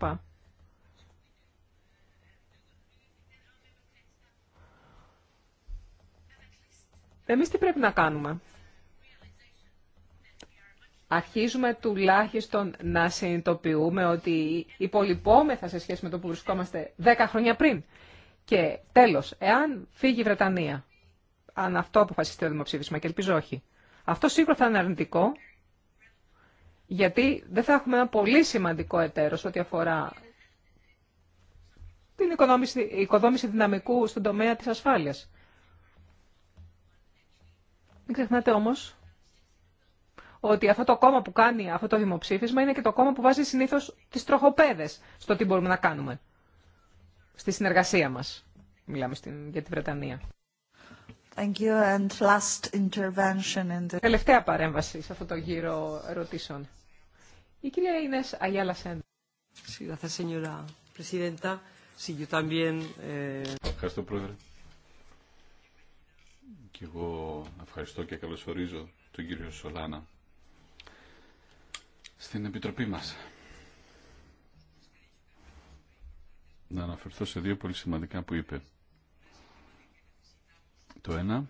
Εμείς τι πρέπει να κάνουμε. Αρχίζουμε τουλάχιστον να συνειδητοποιούμε ότι υπολοιπόμεθα σε σχέση με το που βρισκόμαστε 10 χρόνια πριν. Και τέλο, εάν φύγει η Βρετανία, αν αυτό αποφασιστεί το δημοψήφισμα και ελπίζω όχι, αυτό σίγουρα θα είναι αρνητικό, γιατί δεν θα έχουμε ένα πολύ σημαντικό εταίρος ό,τι αφορά την οικοδόμηση δυναμικού στον τομέα της ασφάλειας. Μην ξεχνάτε όμως ότι αυτό το κόμμα που κάνει αυτό το δημοψήφισμα είναι και το κόμμα που βάζει συνήθως τις τροχοπέδες στο τι μπορούμε να κάνουμε στη συνεργασία μας. Μιλάμε στην, για τη Βρετανία. Thank you and last in the... Τελευταία παρέμβαση σε αυτό το γύρο ερωτήσεων. Η κυρία Ινές Αγιάλα Σέντ. Eh, ευχαριστώ, Πρόεδρε. Και εγώ ευχαριστώ και καλωσορίζω τον κύριο Σολάνα στην Επιτροπή μας. να αναφερθώ σε δύο πολύ σημαντικά που είπε. Το ένα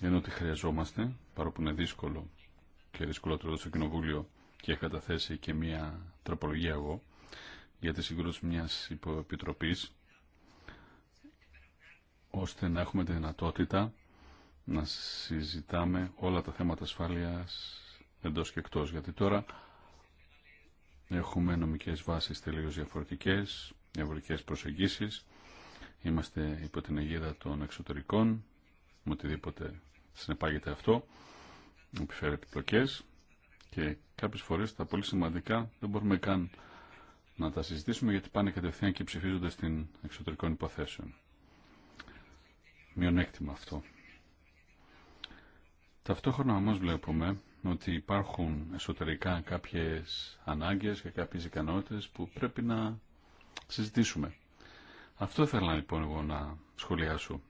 είναι ότι χρειαζόμαστε, παρόπου είναι δύσκολο και δυσκολότερο στο Κοινοβούλιο και έχει καταθέσει και μία τροπολογία εγώ, για τη συγκρούση μιας υποεπιτροπής, ώστε να έχουμε τη δυνατότητα να συζητάμε όλα τα θέματα ασφάλειας εντός και εκτός. Γιατί τώρα Έχουμε νομικές βάσεις τελείως διαφορετικές, διαφορετικές προσεγγίσεις. Είμαστε υπό την αιγίδα των εξωτερικών, με οτιδήποτε συνεπάγεται αυτό, επιφέρει επιπλοκές και κάποιες φορές τα πολύ σημαντικά δεν μπορούμε καν να τα συζητήσουμε γιατί πάνε κατευθείαν και ψηφίζονται στην εξωτερικών υποθέσεων. Μειονέκτημα αυτό. Ταυτόχρονα όμως βλέπουμε ότι υπάρχουν εσωτερικά κάποιες ανάγκες και κάποιες ικανότητες που πρέπει να συζητήσουμε. Αυτό ήθελα λοιπόν εγώ να σχολιάσω.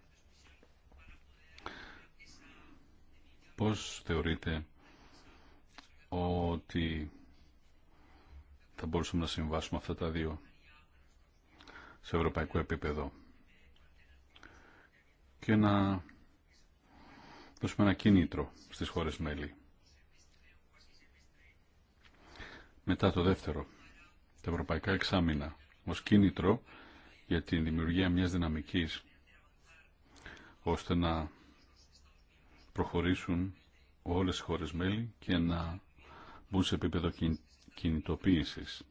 Πώς θεωρείτε ότι θα μπορούσαμε να συμβάσουμε αυτά τα δύο σε ευρωπαϊκό επίπεδο και να δώσουμε ένα κίνητρο στις χώρες μέλη Μετά το δεύτερο, τα ευρωπαϊκά εξάμεινα ως κίνητρο για τη δημιουργία μιας δυναμικής ώστε να προχωρήσουν όλες οι χώρες μέλη και να μπουν σε επίπεδο κινητοποίησης.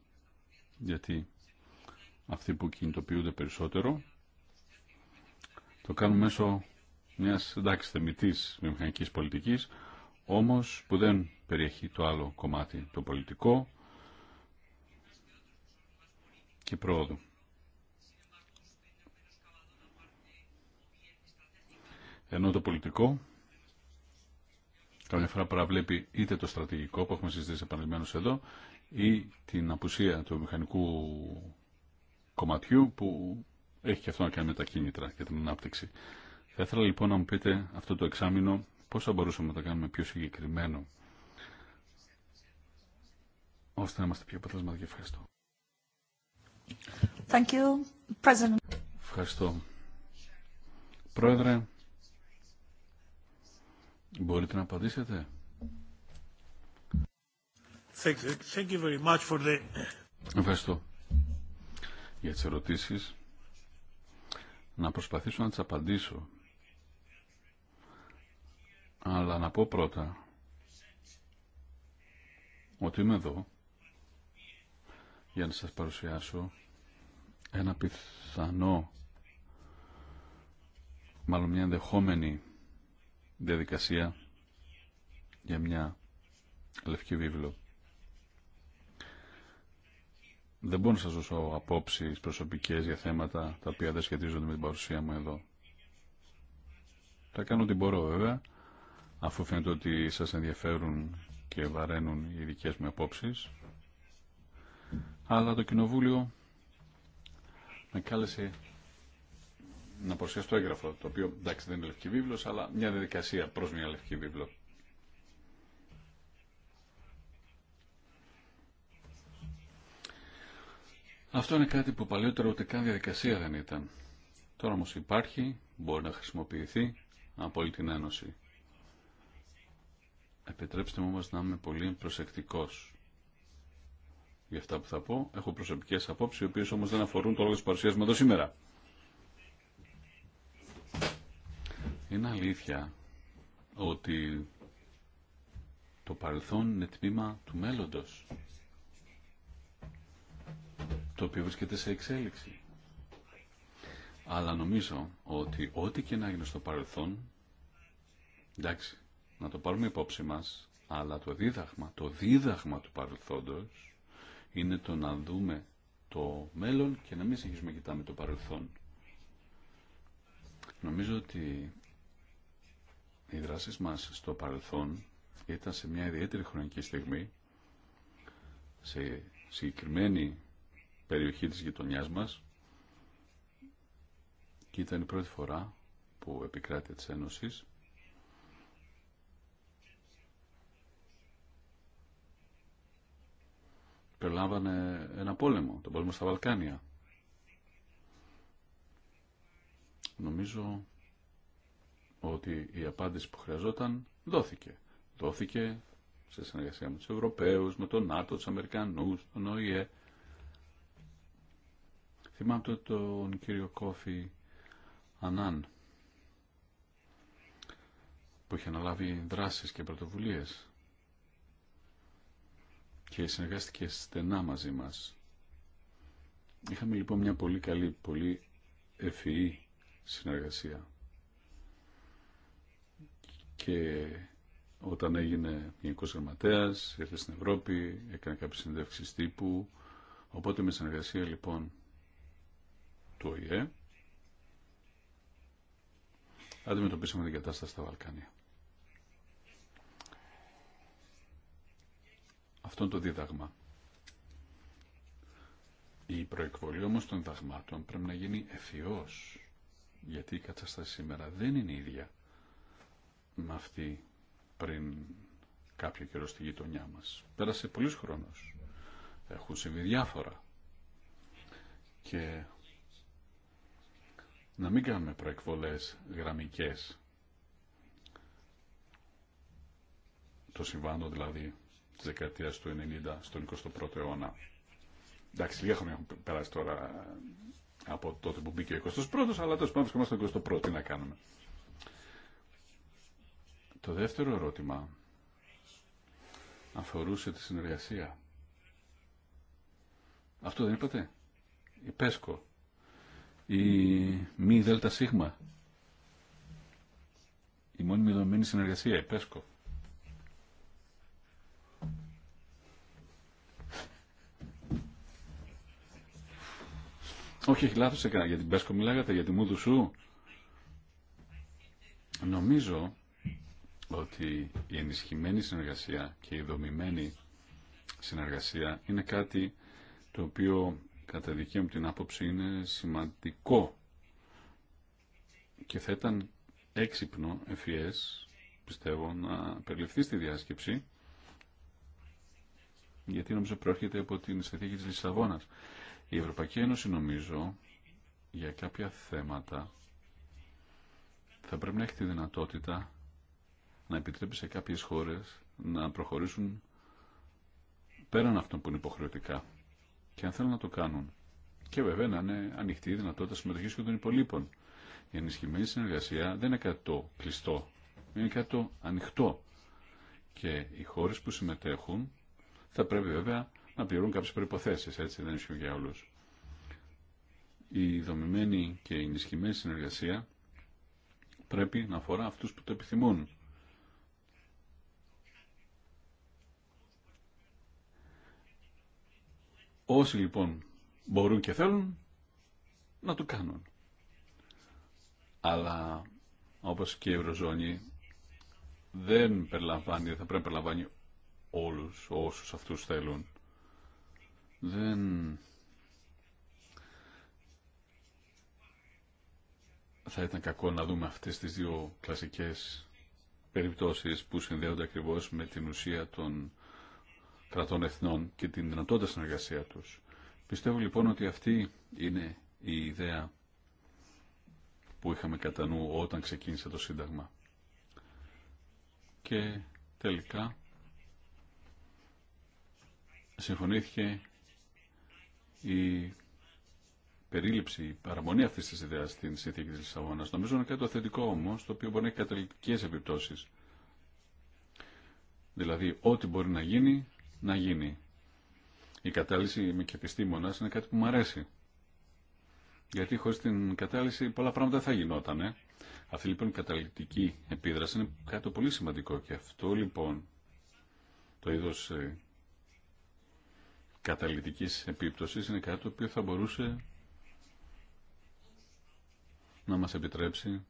Γιατί αυτοί που κινητοποιούνται περισσότερο το κάνουν μέσω μιας εντάξει θεμητής μηχανικής πολιτικής όμως που δεν περιέχει το άλλο κομμάτι, το πολιτικό, και πρόοδου. Ενώ το πολιτικό καμιά φορά παραβλέπει είτε το στρατηγικό που έχουμε συζητήσει επαναλημμένως εδώ ή την απουσία του μηχανικού κομματιού που έχει και αυτό να κάνει με τα κίνητρα και την ανάπτυξη. Θα ήθελα λοιπόν να μου πείτε αυτό το εξάμεινο πώς θα μπορούσαμε να το κάνουμε πιο συγκεκριμένο ώστε να είμαστε πιο αποτελεσματικοί. Ευχαριστώ. Ευχαριστώ. Πρόεδρε, μπορείτε να απαντήσετε. Ευχαριστώ για τις ερωτήσεις. Να προσπαθήσω να τις απαντήσω. Αλλά να πω πρώτα ότι είμαι εδώ για να σας παρουσιάσω ένα πιθανό, μάλλον μια ενδεχόμενη διαδικασία για μια λευκή βίβλο. Δεν μπορώ να σας δώσω απόψεις προσωπικές για θέματα τα οποία δεν σχετίζονται με την παρουσία μου εδώ. Θα κάνω ό,τι μπορώ βέβαια, αφού φαίνεται ότι σας ενδιαφέρουν και βαραίνουν οι δικές μου απόψεις αλλά το Κοινοβούλιο με κάλεσε να προσθέσει το έγγραφο, το οποίο εντάξει δεν είναι λευκή βίβλος, αλλά μια διαδικασία προς μια λευκή βίβλο. Αυτό είναι κάτι που παλιότερα ούτε καν διαδικασία δεν ήταν. Τώρα όμως υπάρχει, μπορεί να χρησιμοποιηθεί από όλη την Ένωση. Επιτρέψτε μου όμως να είμαι πολύ προσεκτικός για αυτά που θα πω. Έχω προσωπικέ απόψει, οι οποίε όμω δεν αφορούν το λόγο τη παρουσία εδώ σήμερα. Είναι αλήθεια ότι το παρελθόν είναι τμήμα του μέλλοντος, το οποίο βρίσκεται σε εξέλιξη. Αλλά νομίζω ότι ό,τι και να γίνει στο παρελθόν, εντάξει, να το πάρουμε υπόψη μας, αλλά το δίδαγμα, το δίδαγμα του παρελθόντος είναι το να δούμε το μέλλον και να μην συνεχίσουμε να κοιτάμε το παρελθόν. Νομίζω ότι οι δράσεις μας στο παρελθόν ήταν σε μια ιδιαίτερη χρονική στιγμή, σε συγκεκριμένη περιοχή της γειτονιάς μας και ήταν η πρώτη φορά που επικράτεια της Ένωσης περιλάμβανε ένα πόλεμο, τον πόλεμο στα Βαλκάνια. Νομίζω ότι η απάντηση που χρειαζόταν δόθηκε. Δόθηκε σε συνεργασία με τους Ευρωπαίους, με τον ΝΑΤΟ, τους Αμερικανούς, τον ΟΗΕ. Θυμάμαι το τον κύριο Κόφη Ανάν που είχε αναλάβει δράσεις και πρωτοβουλίες και συνεργάστηκε στενά μαζί μας. Είχαμε λοιπόν μια πολύ καλή, πολύ ευφυή συνεργασία. Και όταν έγινε γενικός γραμματέας, ήρθε στην Ευρώπη, έκανε κάποιες συνδεύξεις τύπου, οπότε με συνεργασία λοιπόν του ΟΗΕ αντιμετωπίσαμε την κατάσταση στα Βαλκάνια. αυτό το δίδαγμα. Η προεκβολή όμως των δαγμάτων πρέπει να γίνει ευθυώς, γιατί η κατάσταση σήμερα δεν είναι ίδια με αυτή πριν κάποιο καιρό στη γειτονιά μας. Πέρασε πολλή χρόνος. Έχουν συμβεί διάφορα. Και να μην κάνουμε προεκβολές γραμμικές. Το συμβάντο δηλαδή τη δεκαετία του 90 στον 21ο αιώνα. Εντάξει, λίγα χρόνια έχουν περάσει τώρα ε, από τότε που μπήκε ο 21ος, αλλά τόσο ο 21 ο αλλα τελο παντων βρισκομαστε στον 21ο, τι να κάνουμε. Το δεύτερο ερώτημα αφορούσε τη συνεργασία. Αυτό δεν είπατε. Η ΠΕΣΚΟ. Η μη ΔΣ Η μόνιμη δομένη συνεργασία, η ΠΕΣΚΟ. Όχι, έχει λάθος έκανα. Για την Πέσκο μιλάγατε, για τη Μούδου Σου. Νομίζω ότι η ενισχυμένη συνεργασία και η δομημένη συνεργασία είναι κάτι το οποίο κατά δική μου την άποψη είναι σημαντικό και θα ήταν έξυπνο, ευφυές, πιστεύω, να περιληφθεί στη διάσκεψη γιατί νομίζω προέρχεται από την στρατηγική της Λισαβόνας. Η Ευρωπαϊκή Ένωση νομίζω για κάποια θέματα θα πρέπει να έχει τη δυνατότητα να επιτρέπει σε κάποιες χώρες να προχωρήσουν πέραν αυτών που είναι υποχρεωτικά και αν θέλουν να το κάνουν. Και βέβαια να είναι ανοιχτή η δυνατότητα συμμετοχή και των υπολείπων. Η ενισχυμένη συνεργασία δεν είναι κάτι το κλειστό, είναι κάτι το ανοιχτό. Και οι χώρες που συμμετέχουν θα πρέπει βέβαια να πληρούν κάποιες προϋποθέσεις, έτσι δεν ισχύουν για όλους. Η δομημένη και η ενισχυμένη συνεργασία πρέπει να αφορά αυτούς που το επιθυμούν. Όσοι λοιπόν μπορούν και θέλουν, να το κάνουν. Αλλά όπως και η Ευρωζώνη δεν περιλαμβάνει, θα πρέπει να περιλαμβάνει όλους όσους αυτούς θέλουν δεν θα ήταν κακό να δούμε αυτές τις δύο κλασικές περιπτώσεις που συνδέονται ακριβώς με την ουσία των κρατών εθνών και την δυνατότητα συνεργασία τους. Πιστεύω λοιπόν ότι αυτή είναι η ιδέα που είχαμε κατά νου όταν ξεκίνησε το Σύνταγμα. Και τελικά συμφωνήθηκε η περίληψη, η παραμονή αυτή τη ιδέα στην συνθήκη τη Λισαβόνα. Νομίζω είναι κάτι το θετικό όμω, το οποίο μπορεί να έχει καταληκτικέ επιπτώσει. Δηλαδή, ό,τι μπορεί να γίνει, να γίνει. Η κατάλυση με και επιστήμονα είναι κάτι που μου αρέσει. Γιατί χωρί την κατάλυση πολλά πράγματα θα γινόταν. Ε? Αυτή λοιπόν η καταληκτική επίδραση είναι κάτι πολύ σημαντικό. Και αυτό λοιπόν το είδο ε, καταλυτικής επίπτωσης είναι κάτι το οποίο θα μπορούσε να μας επιτρέψει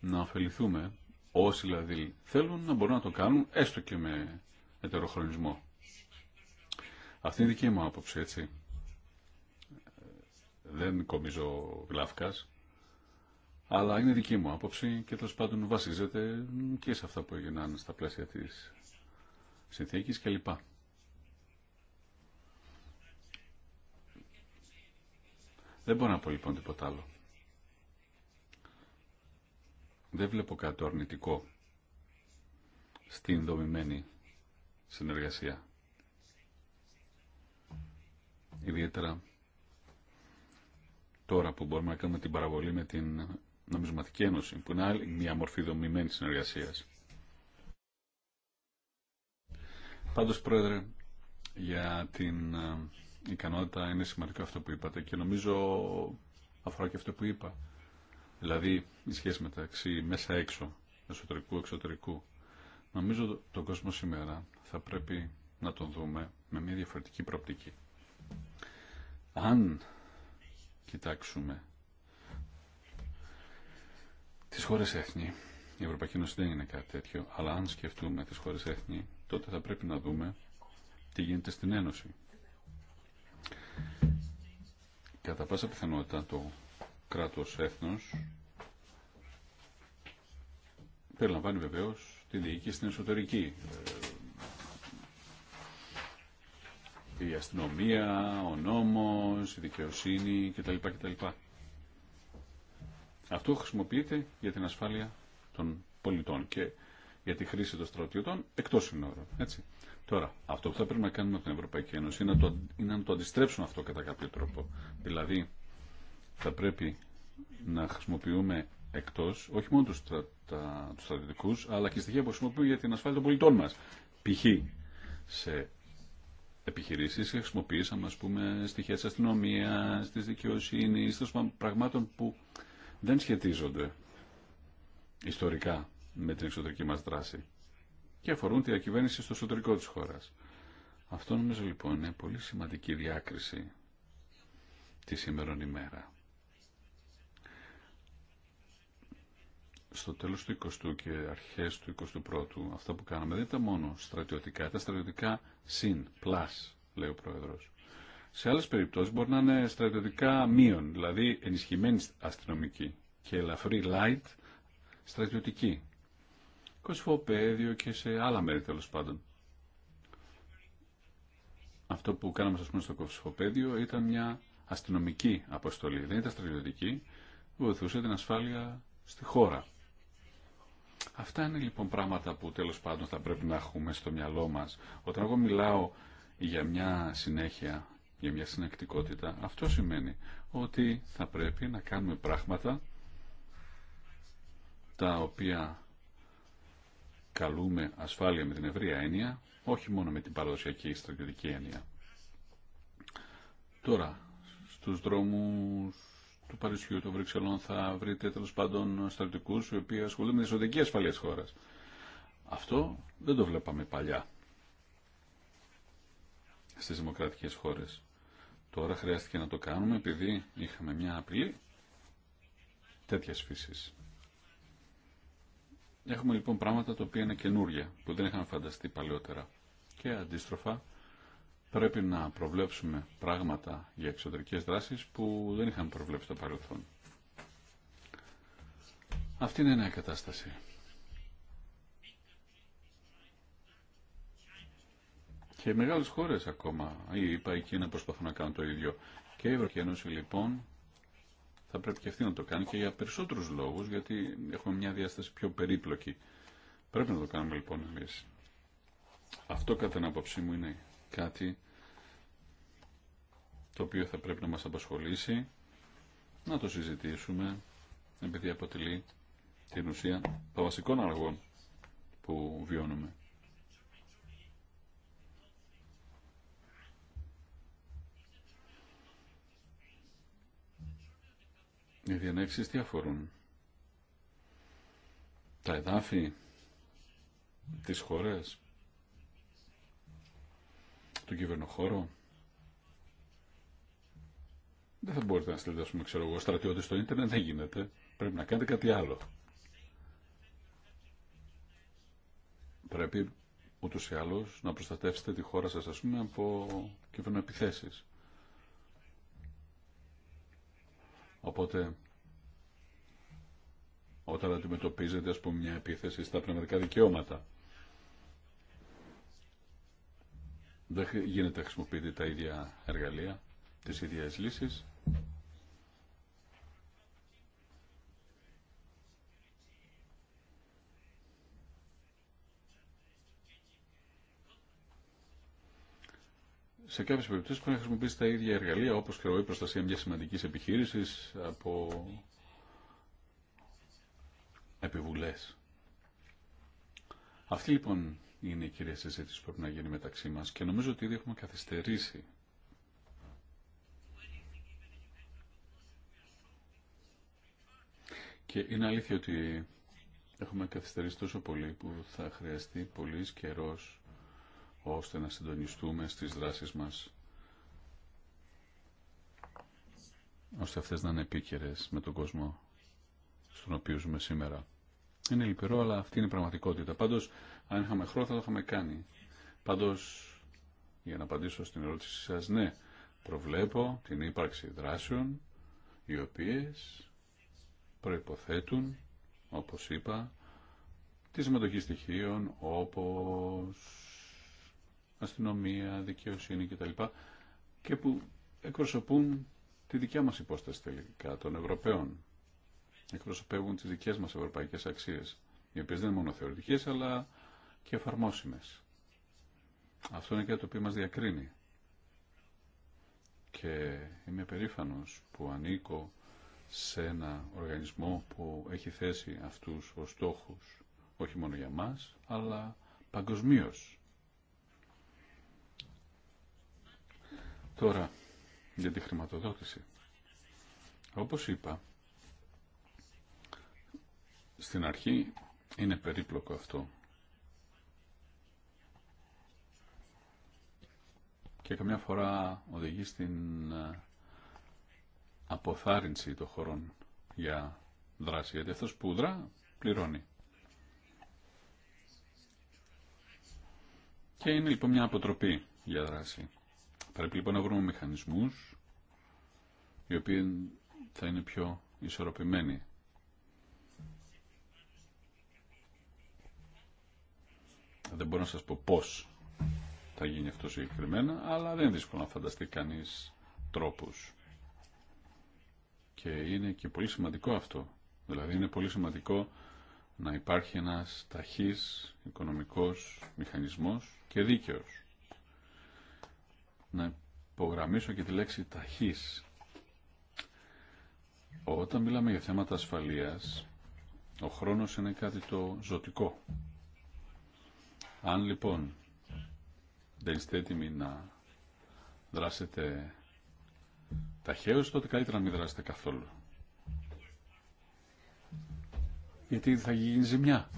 να ωφεληθούμε όσοι δηλαδή θέλουν να μπορούν να το κάνουν έστω και με ετεροχρονισμό. Αυτή είναι η δική μου άποψη, έτσι. Δεν κομίζω γλάφκας, αλλά είναι δική μου άποψη και τέλο πάντων βασίζεται και σε αυτά που έγιναν στα πλαίσια της συνθήκης κλπ. Δεν μπορώ να πω λοιπόν τίποτα άλλο. Δεν βλέπω κάτι αρνητικό στην δομημένη συνεργασία. Ιδιαίτερα τώρα που μπορούμε να κάνουμε την παραβολή με την Νομισματική Ένωση, που είναι άλλη μια μορφή δομημένη συνεργασίας. Πάντως, Πρόεδρε, για την ε, ικανότητα είναι σημαντικό αυτό που είπατε και νομίζω αφορά και αυτό που είπα. Δηλαδή, η σχέση μεταξύ μέσα-έξω, εσωτερικού-εξωτερικού. Νομίζω τον κόσμο σήμερα θα πρέπει να τον δούμε με μια διαφορετική προοπτική. Αν κοιτάξουμε τις χώρες έθνη, η Ευρωπαϊκή Ένωση δεν είναι κάτι τέτοιο, αλλά αν σκεφτούμε τις χώρες έθνη, τότε θα πρέπει να δούμε τι γίνεται στην Ένωση. Κατά πάσα πιθανότητα το κράτος έθνος περιλαμβάνει βεβαίως τη διοίκηση στην εσωτερική. Ε, η αστυνομία, ο νόμος, η δικαιοσύνη κτλ. κτλ. Αυτό χρησιμοποιείται για την ασφάλεια των πολιτών και για τη χρήση των στρατιωτών εκτό συνόρων. Έτσι. Τώρα, αυτό που θα πρέπει να κάνουμε από την Ευρωπαϊκή Ένωση είναι να, το, είναι να το αντιστρέψουμε αυτό κατά κάποιο τρόπο. Δηλαδή, θα πρέπει να χρησιμοποιούμε εκτό όχι μόνο του στρα, στρατιωτικού, αλλά και στοιχεία που χρησιμοποιούμε για την ασφάλεια των πολιτών μα. Π.χ. σε επιχειρήσει χρησιμοποιήσαμε, α πούμε, στοιχεία τη αστυνομία, τη δικαιοσύνη, των πραγμάτων που δεν σχετίζονται ιστορικά με την εξωτερική μας δράση και αφορούν τη διακυβέρνηση στο εσωτερικό της χώρας. Αυτό νομίζω λοιπόν είναι πολύ σημαντική διάκριση τη σήμερα ημέρα. Στο τέλος του 20ου και αρχές του 21ου αυτά που κάναμε δεν ήταν μόνο στρατιωτικά, ήταν στρατιωτικά συν, πλάς, λέει ο Πρόεδρος. Σε άλλες περιπτώσεις μπορεί να είναι στρατιωτικά μείον, δηλαδή ενισχυμένη αστυνομική και ελαφρύ light στρατιωτική. Κοσφοπέδιο και σε άλλα μέρη τέλος πάντων. Αυτό που κάναμε ας πούμε στο Κοσφοπέδιο ήταν μια αστυνομική αποστολή. Δεν ήταν στρατιωτική, βοηθούσε την ασφάλεια στη χώρα. Αυτά είναι λοιπόν πράγματα που τέλος πάντων θα πρέπει να έχουμε στο μυαλό μας. Όταν εγώ μιλάω για μια συνέχεια, για μια συνεκτικότητα, αυτό σημαίνει ότι θα πρέπει να κάνουμε πράγματα τα οποία καλούμε ασφάλεια με την ευρεία έννοια, όχι μόνο με την παραδοσιακή στρατιωτική έννοια. Τώρα, στους δρόμους του Παρισιού, των Βρυξελών, θα βρείτε τέλο πάντων στρατιωτικούς οι οποίοι ασχολούνται με τη εσωτερική ασφάλεια της χώρας. Αυτό δεν το βλέπαμε παλιά στις δημοκρατικές χώρες. Τώρα χρειάστηκε να το κάνουμε επειδή είχαμε μια απειλή τέτοιας φύσης. Έχουμε λοιπόν πράγματα τα οποία είναι καινούργια, που δεν είχαμε φανταστεί παλαιότερα. Και αντίστροφα, πρέπει να προβλέψουμε πράγματα για εξωτερικές δράσεις που δεν είχαμε προβλέψει στο παρελθόν. Αυτή είναι η νέα κατάσταση. Και μεγάλες χώρες ακόμα, η εκεί να προσπαθούν να κάνουν το ίδιο. Και η Ευρωπαϊκή λοιπόν θα πρέπει και αυτή να το κάνει και για περισσότερους λόγους, γιατί έχουμε μια διάσταση πιο περίπλοκη. Πρέπει να το κάνουμε λοιπόν εμείς. Αυτό κατά την άποψή μου είναι κάτι το οποίο θα πρέπει να μας απασχολήσει, να το συζητήσουμε, επειδή αποτελεί την ουσία των βασικών αργών που βιώνουμε. Οι διανέξεις τι αφορούν. Τα εδάφη, τις χώρες, τον κυβερνοχώρο. Δεν θα μπορείτε να στείλετε, ας πούμε, ξέρω εγώ, στρατιώτες στο ίντερνετ, δεν γίνεται. Πρέπει να κάνετε κάτι άλλο. Πρέπει ούτως ή άλλως να προστατεύσετε τη χώρα σας, ας πούμε, από κυβερνοεπιθέσεις. Οπότε όταν αντιμετωπίζεται α πούμε μια επίθεση στα πνευματικά δικαιώματα. Δεν γίνεται να χρησιμοποιείτε τα ίδια εργαλεία, τις ίδιες λύσεις. σε κάποιε περιπτώσει πρέπει να χρησιμοποιήσει τα ίδια εργαλεία όπω η προστασία μια σημαντική επιχείρηση από επιβουλέ. Αυτή λοιπόν είναι η κυρία συζήτηση που πρέπει να γίνει μεταξύ μα και νομίζω ότι ήδη έχουμε καθυστερήσει. Και είναι αλήθεια ότι έχουμε καθυστερήσει τόσο πολύ που θα χρειαστεί πολύ καιρός ώστε να συντονιστούμε στις δράσεις μας ώστε αυτές να είναι επίκαιρε με τον κόσμο στον οποίο ζούμε σήμερα. Είναι λυπηρό, αλλά αυτή είναι η πραγματικότητα. Πάντως, αν είχαμε χρόνο θα το είχαμε κάνει. Πάντως, για να απαντήσω στην ερώτηση σας, ναι, προβλέπω την ύπαρξη δράσεων οι οποίες προϋποθέτουν, όπως είπα, τη συμμετοχή στοιχείων όπως αστυνομία, δικαιοσύνη κτλ. και που εκπροσωπούν τη δικιά μας υπόσταση τελικά των Ευρωπαίων. Εκπροσωπεύουν τις δικές μας ευρωπαϊκές αξίες, οι οποίες δεν είναι μόνο θεωρητικές αλλά και εφαρμόσιμες. Αυτό είναι και το οποίο μας διακρίνει. Και είμαι περήφανος που ανήκω σε ένα οργανισμό που έχει θέσει αυτούς ως στόχους όχι μόνο για μας, αλλά παγκοσμίως. Τώρα, για τη χρηματοδότηση. Όπως είπα, στην αρχή είναι περίπλοκο αυτό. Και καμιά φορά οδηγεί στην ε, αποθάρρυνση των χωρών για δράση. Γιατί αυτός που δρά πληρώνει. Και είναι λοιπόν μια αποτροπή για δράση. Πρέπει λοιπόν να βρούμε μηχανισμούς οι οποίοι θα είναι πιο ισορροπημένοι. Δεν μπορώ να σας πω πώς θα γίνει αυτό συγκεκριμένα, αλλά δεν είναι δύσκολο να φανταστεί κανείς τρόπους. Και είναι και πολύ σημαντικό αυτό. Δηλαδή είναι πολύ σημαντικό να υπάρχει ένας ταχύς οικονομικός μηχανισμός και δίκαιος να υπογραμμίσω και τη λέξη ταχύς. Όταν μιλάμε για θέματα ασφαλείας, ο χρόνος είναι κάτι το ζωτικό. Αν λοιπόν δεν είστε έτοιμοι να δράσετε ταχαίως, τότε καλύτερα να μην δράσετε καθόλου. Γιατί θα γίνει ζημιά.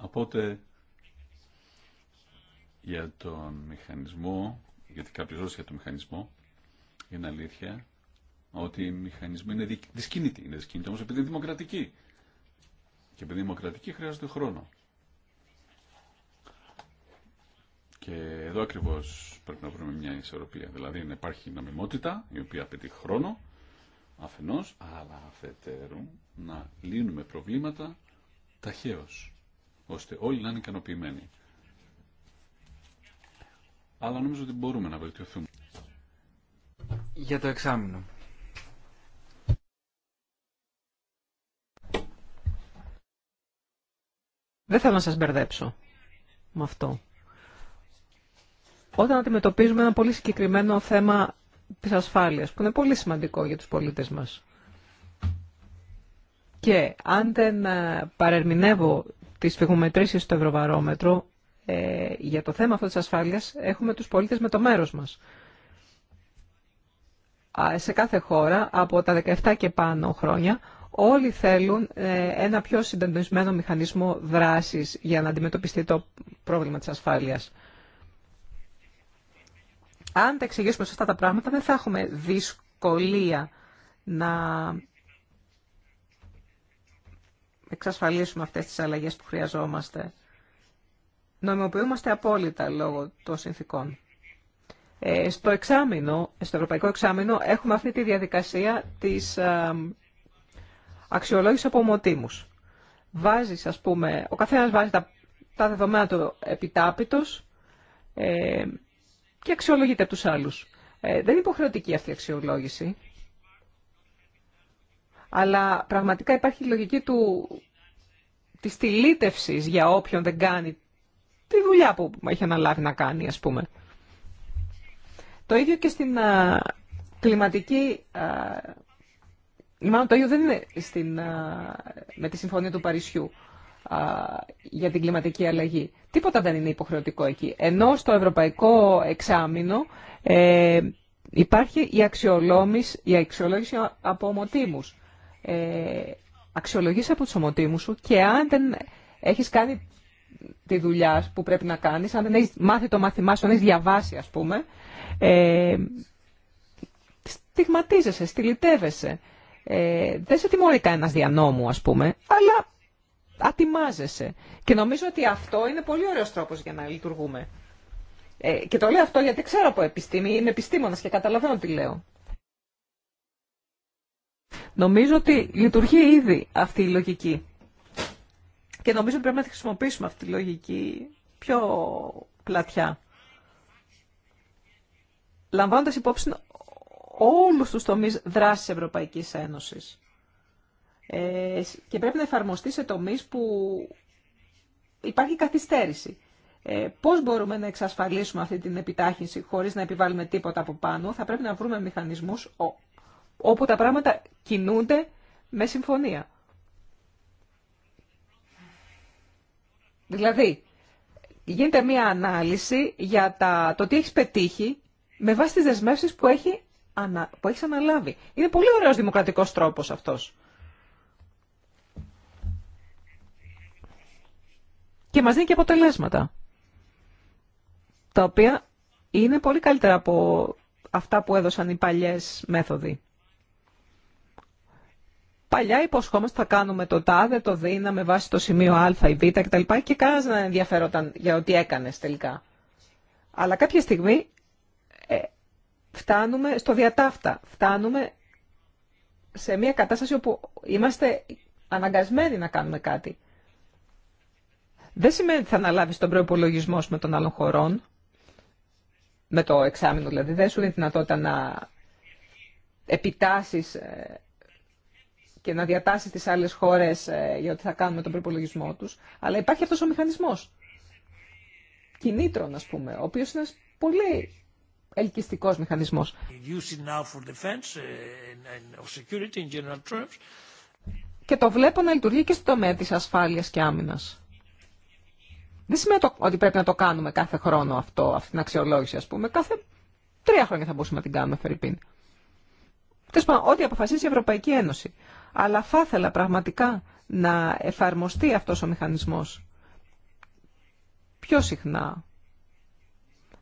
Οπότε για τον μηχανισμό, γιατί κάποιος ρώτησε για τον μηχανισμό, είναι αλήθεια ότι οι μηχανισμοί είναι δυσκίνητοι. Είναι δυσκίνητοι όμως επειδή είναι δημοκρατικοί. Και επειδή είναι χρειάζεται χρόνο. Και εδώ ακριβώς πρέπει να βρούμε μια ισορροπία. Δηλαδή να υπάρχει νομιμότητα η οποία απαιτεί χρόνο αφενός, αλλά αφετέρου να λύνουμε προβλήματα ταχαίως, ώστε όλοι να είναι ικανοποιημένοι αλλά νομίζω ότι μπορούμε να βελτιωθούμε. Για το εξάμεινο. Δεν θέλω να σας μπερδέψω με αυτό. Όταν αντιμετωπίζουμε ένα πολύ συγκεκριμένο θέμα της ασφάλειας, που είναι πολύ σημαντικό για τους πολίτες μας, και αν δεν ε, παρερμηνεύω τις φυγουμετρήσεις στο Ευρωβαρόμετρο, ε, για το θέμα αυτό της ασφάλειας έχουμε τους πολίτες με το μέρος μας. Σε κάθε χώρα, από τα 17 και πάνω χρόνια, όλοι θέλουν ε, ένα πιο συντονισμένο μηχανισμό δράσης για να αντιμετωπιστεί το πρόβλημα της ασφάλειας. Αν τα εξηγήσουμε αυτά τα πράγματα, δεν θα έχουμε δυσκολία να εξασφαλίσουμε αυτές τις αλλαγές που χρειαζόμαστε νομιμοποιούμαστε απόλυτα λόγω των συνθήκων. Ε, στο, εξάμεινο, στο ευρωπαϊκό εξάμεινο έχουμε αυτή τη διαδικασία της α, ε, αξιολόγησης από ομοτήμους. Βάζεις, ας πούμε, ο καθένας βάζει τα, τα δεδομένα του επιτάπητος ε, και αξιολογείται από τους άλλους. δεν είναι υποχρεωτική αυτή η αξιολόγηση, αλλά πραγματικά υπάρχει η λογική του, της τηλίτευσης για όποιον δεν κάνει τη δουλειά που έχει αναλάβει να κάνει, ας πούμε. Το ίδιο και στην κλιματική... Α, το ίδιο δεν είναι στην, με τη Συμφωνία του Παρισιού για την κλιματική αλλαγή. Τίποτα δεν είναι υποχρεωτικό εκεί. Ενώ στο ευρωπαϊκό εξάμεινο ε, υπάρχει η αξιολόγηση, η αξιολόγηση από ομοτήμους. Ε, αξιολογείς από τους ομοτήμους σου και αν δεν έχεις κάνει τη δουλειά που πρέπει να κάνεις, αν δεν έχει μάθει το μάθημά σου, αν έχεις διαβάσει ας πούμε, ε, στιγματίζεσαι, στυλιτεύεσαι. Ε, δεν σε τιμωρεί κανένα διανόμου ας πούμε, αλλά ατιμάζεσαι. Και νομίζω ότι αυτό είναι πολύ ωραίος τρόπος για να λειτουργούμε. Ε, και το λέω αυτό γιατί ξέρω από επιστήμη, είμαι επιστήμονας και καταλαβαίνω τι λέω. Νομίζω ότι λειτουργεί ήδη αυτή η λογική. Και νομίζω ότι πρέπει να χρησιμοποιήσουμε αυτή τη λογική πιο πλατιά. Λαμβάνοντας υπόψη όλους τους τομείς δράσης Ευρωπαϊκής Ένωσης. Ε, και πρέπει να εφαρμοστεί σε τομείς που υπάρχει καθυστέρηση. Ε, πώς μπορούμε να εξασφαλίσουμε αυτή την επιτάχυνση χωρίς να επιβάλλουμε τίποτα από πάνω. Θα πρέπει να βρούμε μηχανισμούς όπου τα πράγματα κινούνται με συμφωνία. Δηλαδή, γίνεται μία ανάλυση για τα, το τι έχει πετύχει με βάση τις δεσμεύσεις που, έχει, που έχεις αναλάβει. Είναι πολύ ωραίος δημοκρατικός τρόπος αυτός. Και μας δίνει και αποτελέσματα, τα οποία είναι πολύ καλύτερα από αυτά που έδωσαν οι παλιές μέθοδοι. Παλιά υποσχόμαστε θα κάνουμε το τάδε, το δίναμε με βάση το σημείο α ή β κτλ. και κανένα δεν ενδιαφέρονταν για ό,τι έκανε τελικά. Αλλά κάποια στιγμή ε, φτάνουμε στο διατάφτα. Φτάνουμε σε μια κατάσταση όπου είμαστε αναγκασμένοι να κάνουμε κάτι. Δεν σημαίνει ότι θα αναλάβει τον προπολογισμό με τον άλλων χωρών, με το εξάμεινο δηλαδή. Δεν σου είναι δυνατότητα να επιτάσεις ε, και να διατάσει τις άλλες χώρες ε, για ό,τι θα κάνουμε τον προπολογισμό τους. Αλλά υπάρχει αυτός ο μηχανισμός κινήτρων, ας πούμε, ο οποίος είναι πολύ ελκυστικός μηχανισμός. Ε, και το βλέπω να λειτουργεί και στο τομέα της ασφάλειας και άμυνας. Δεν σημαίνει ότι πρέπει να το κάνουμε κάθε χρόνο αυτό, αυτή την αξιολόγηση, ας πούμε. Κάθε τρία χρόνια θα μπορούσαμε να την κάνουμε, Φερρυπίν. Τέλο πάντων, ό,τι αποφασίσει η Ευρωπαϊκή Ένωση. Αλλά θα ήθελα πραγματικά να εφαρμοστεί αυτός ο μηχανισμός πιο συχνά,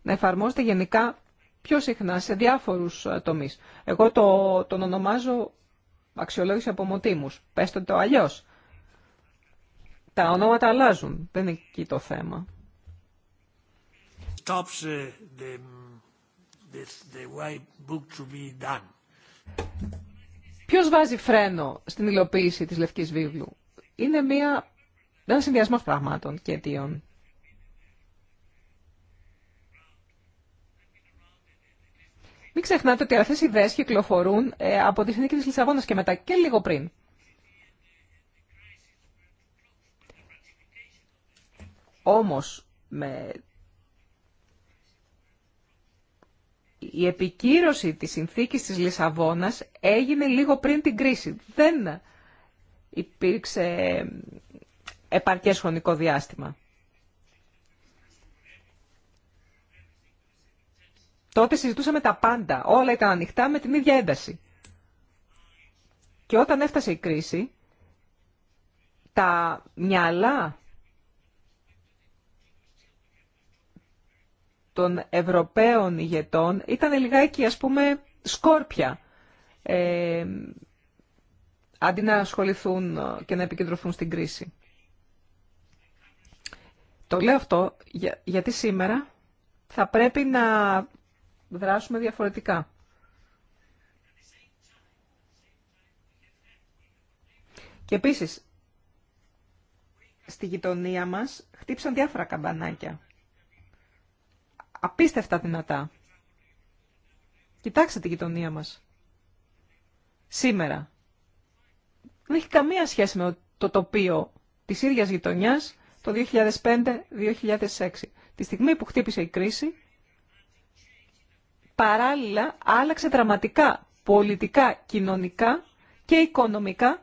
να εφαρμόζεται γενικά πιο συχνά σε διάφορους ε, τομείς. Εγώ το, τον ονομάζω αξιολόγηση από μοτίμους, πέστε το αλλιώς. Τα ονόματα αλλάζουν, δεν είναι εκεί το θέμα. Ε, the, Ποιος βάζει φρένο στην υλοποίηση της Λευκής Βίβλου. Είναι μια, ένα συνδυασμό πραγμάτων και αιτίων. Μην ξεχνάτε ότι αυτές οι ιδέες κυκλοφορούν ε, από τη συνήκη της Λισαβόνας και μετά και λίγο πριν. Όμως, με η επικύρωση της συνθήκης της Λισαβόνας έγινε λίγο πριν την κρίση. Δεν υπήρξε επαρκές χρονικό διάστημα. Τότε συζητούσαμε τα πάντα, όλα ήταν ανοιχτά με την ίδια ένταση. Και όταν έφτασε η κρίση, τα μυαλά των Ευρωπαίων ηγετών ήταν λιγάκι ας πούμε σκόρπια. Ε, αντί να ασχοληθούν και να επικεντρωθούν στην κρίση. Το λέω αυτό γιατί σήμερα θα πρέπει να δράσουμε διαφορετικά. Και επίσης, στη γειτονία μας χτύπησαν διάφορα καμπανάκια απίστευτα δυνατά. Κοιτάξτε τη γειτονία μας. Σήμερα. Δεν έχει καμία σχέση με το τοπίο της ίδιας γειτονιάς το 2005-2006. Τη στιγμή που χτύπησε η κρίση, παράλληλα άλλαξε δραματικά, πολιτικά, κοινωνικά και οικονομικά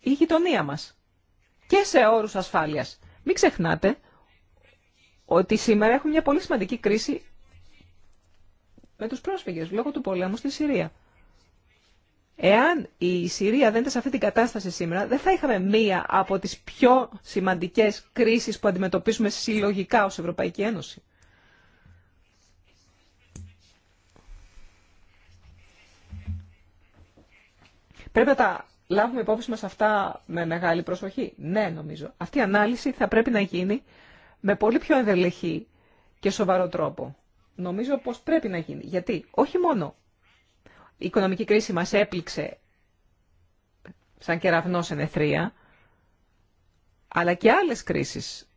η γειτονία μας. Και σε όρους ασφάλειας. Μην ξεχνάτε ότι σήμερα έχουμε μια πολύ σημαντική κρίση με τους πρόσφυγες λόγω του πολέμου στη Συρία. Εάν η Συρία δεν ήταν σε αυτή την κατάσταση σήμερα, δεν θα είχαμε μία από τις πιο σημαντικές κρίσεις που αντιμετωπίζουμε συλλογικά ως Ευρωπαϊκή Ένωση. Πρέπει να τα λάβουμε υπόψη μας αυτά με μεγάλη προσοχή. Ναι, νομίζω. Αυτή η ανάλυση θα πρέπει να γίνει με πολύ πιο ενδελεχή και σοβαρό τρόπο. Νομίζω πως πρέπει να γίνει. Γιατί όχι μόνο η οικονομική κρίση μας έπληξε σαν κεραυνό σε εθρία, αλλά και άλλες κρίσεις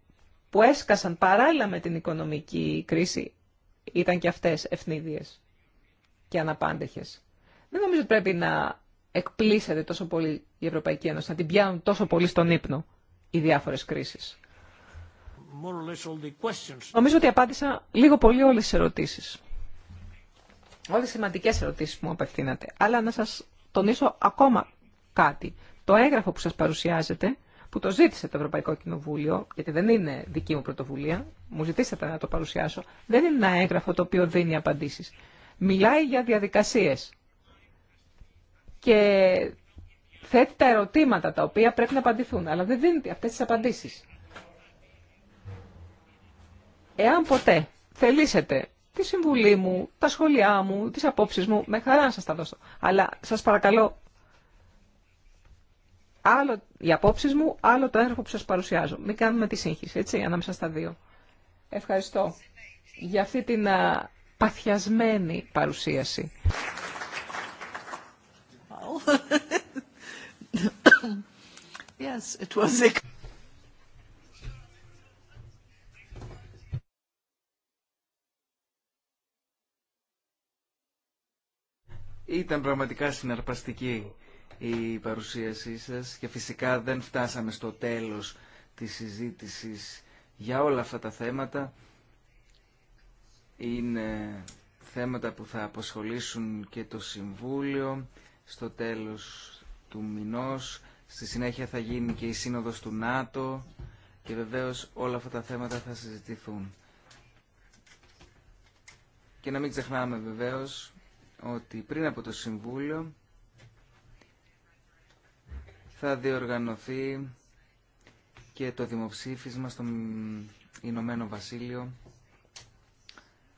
που έσκασαν παράλληλα με την οικονομική κρίση ήταν και αυτές ευθνίδιες και αναπάντεχες. Δεν νομίζω ότι πρέπει να εκπλήσεται τόσο πολύ η Ευρωπαϊκή Ένωση, να την πιάνουν τόσο πολύ στον ύπνο οι διάφορες κρίσεις. Νομίζω ότι απάντησα λίγο πολύ όλες τις ερωτήσεις. Όλες τις σημαντικές ερωτήσεις μου απευθύνατε. Αλλά να σας τονίσω ακόμα κάτι. Το έγγραφο που σας παρουσιάζετε που το ζήτησε το Ευρωπαϊκό Κοινοβούλιο, γιατί δεν είναι δική μου πρωτοβουλία, μου ζητήσατε να το παρουσιάσω, δεν είναι ένα έγγραφο το οποίο δίνει απαντήσεις. Μιλάει για διαδικασίες και θέτει τα ερωτήματα τα οποία πρέπει να απαντηθούν, αλλά δεν δίνει αυτές τις απαντήσεις. Εάν ποτέ θελήσετε τη συμβουλή μου, τα σχόλιά μου, τις απόψεις μου, με χαρά να σας τα δώσω. Αλλά σας παρακαλώ, άλλο οι απόψεις μου, άλλο το έργο που σας παρουσιάζω. Μην κάνουμε τη σύγχυση, έτσι, ανάμεσα στα δύο. Ευχαριστώ για αυτή την παθιασμένη παρουσίαση. [LAUGHS] Yes, it was... Ήταν πραγματικά συναρπαστική η παρουσίασή σας και φυσικά δεν φτάσαμε στο τέλος της συζήτησης για όλα αυτά τα θέματα. Είναι θέματα που θα αποσχολήσουν και το Συμβούλιο στο τέλος του μηνός. Στη συνέχεια θα γίνει και η σύνοδος του ΝΑΤΟ και βεβαίως όλα αυτά τα θέματα θα συζητηθούν. Και να μην ξεχνάμε βεβαίως ότι πριν από το Συμβούλιο θα διοργανωθεί και το δημοψήφισμα στο Ηνωμένο Βασίλειο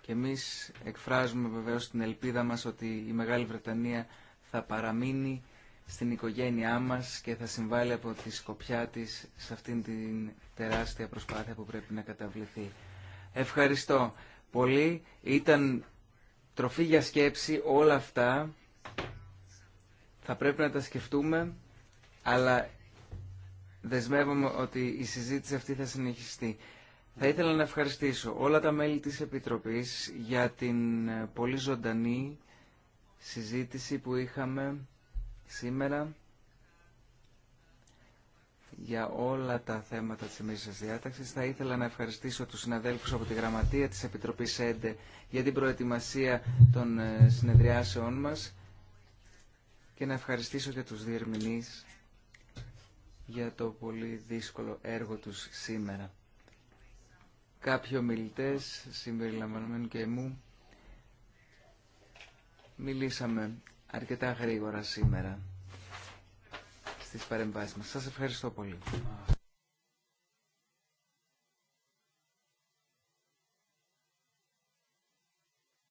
και εμείς εκφράζουμε βεβαίως την ελπίδα μας ότι η Μεγάλη Βρετανία θα παραμείνει στην οικογένειά μας και θα συμβάλλει από τη σκοπιά της σε αυτήν την τεράστια προσπάθεια που πρέπει να καταβληθεί. Ευχαριστώ πολύ. Ήταν τροφή για σκέψη όλα αυτά θα πρέπει να τα σκεφτούμε αλλά δεσμεύομαι ότι η συζήτηση αυτή θα συνεχιστεί. Θα ήθελα να ευχαριστήσω όλα τα μέλη της Επιτροπής για την πολύ ζωντανή συζήτηση που είχαμε σήμερα για όλα τα θέματα της εμείς διάταξης. Θα ήθελα να ευχαριστήσω τους συναδέλφους από τη Γραμματεία της Επιτροπής ΕΝΤΕ για την προετοιμασία των ε, συνεδριάσεών μας και να ευχαριστήσω και τους διερμηνείς για το πολύ δύσκολο έργο τους σήμερα. Κάποιοι ομιλητέ, συμπεριλαμβανομένου και μου, μιλήσαμε αρκετά γρήγορα σήμερα τις παρεμβάσεις μας. Σας ευχαριστώ πολύ.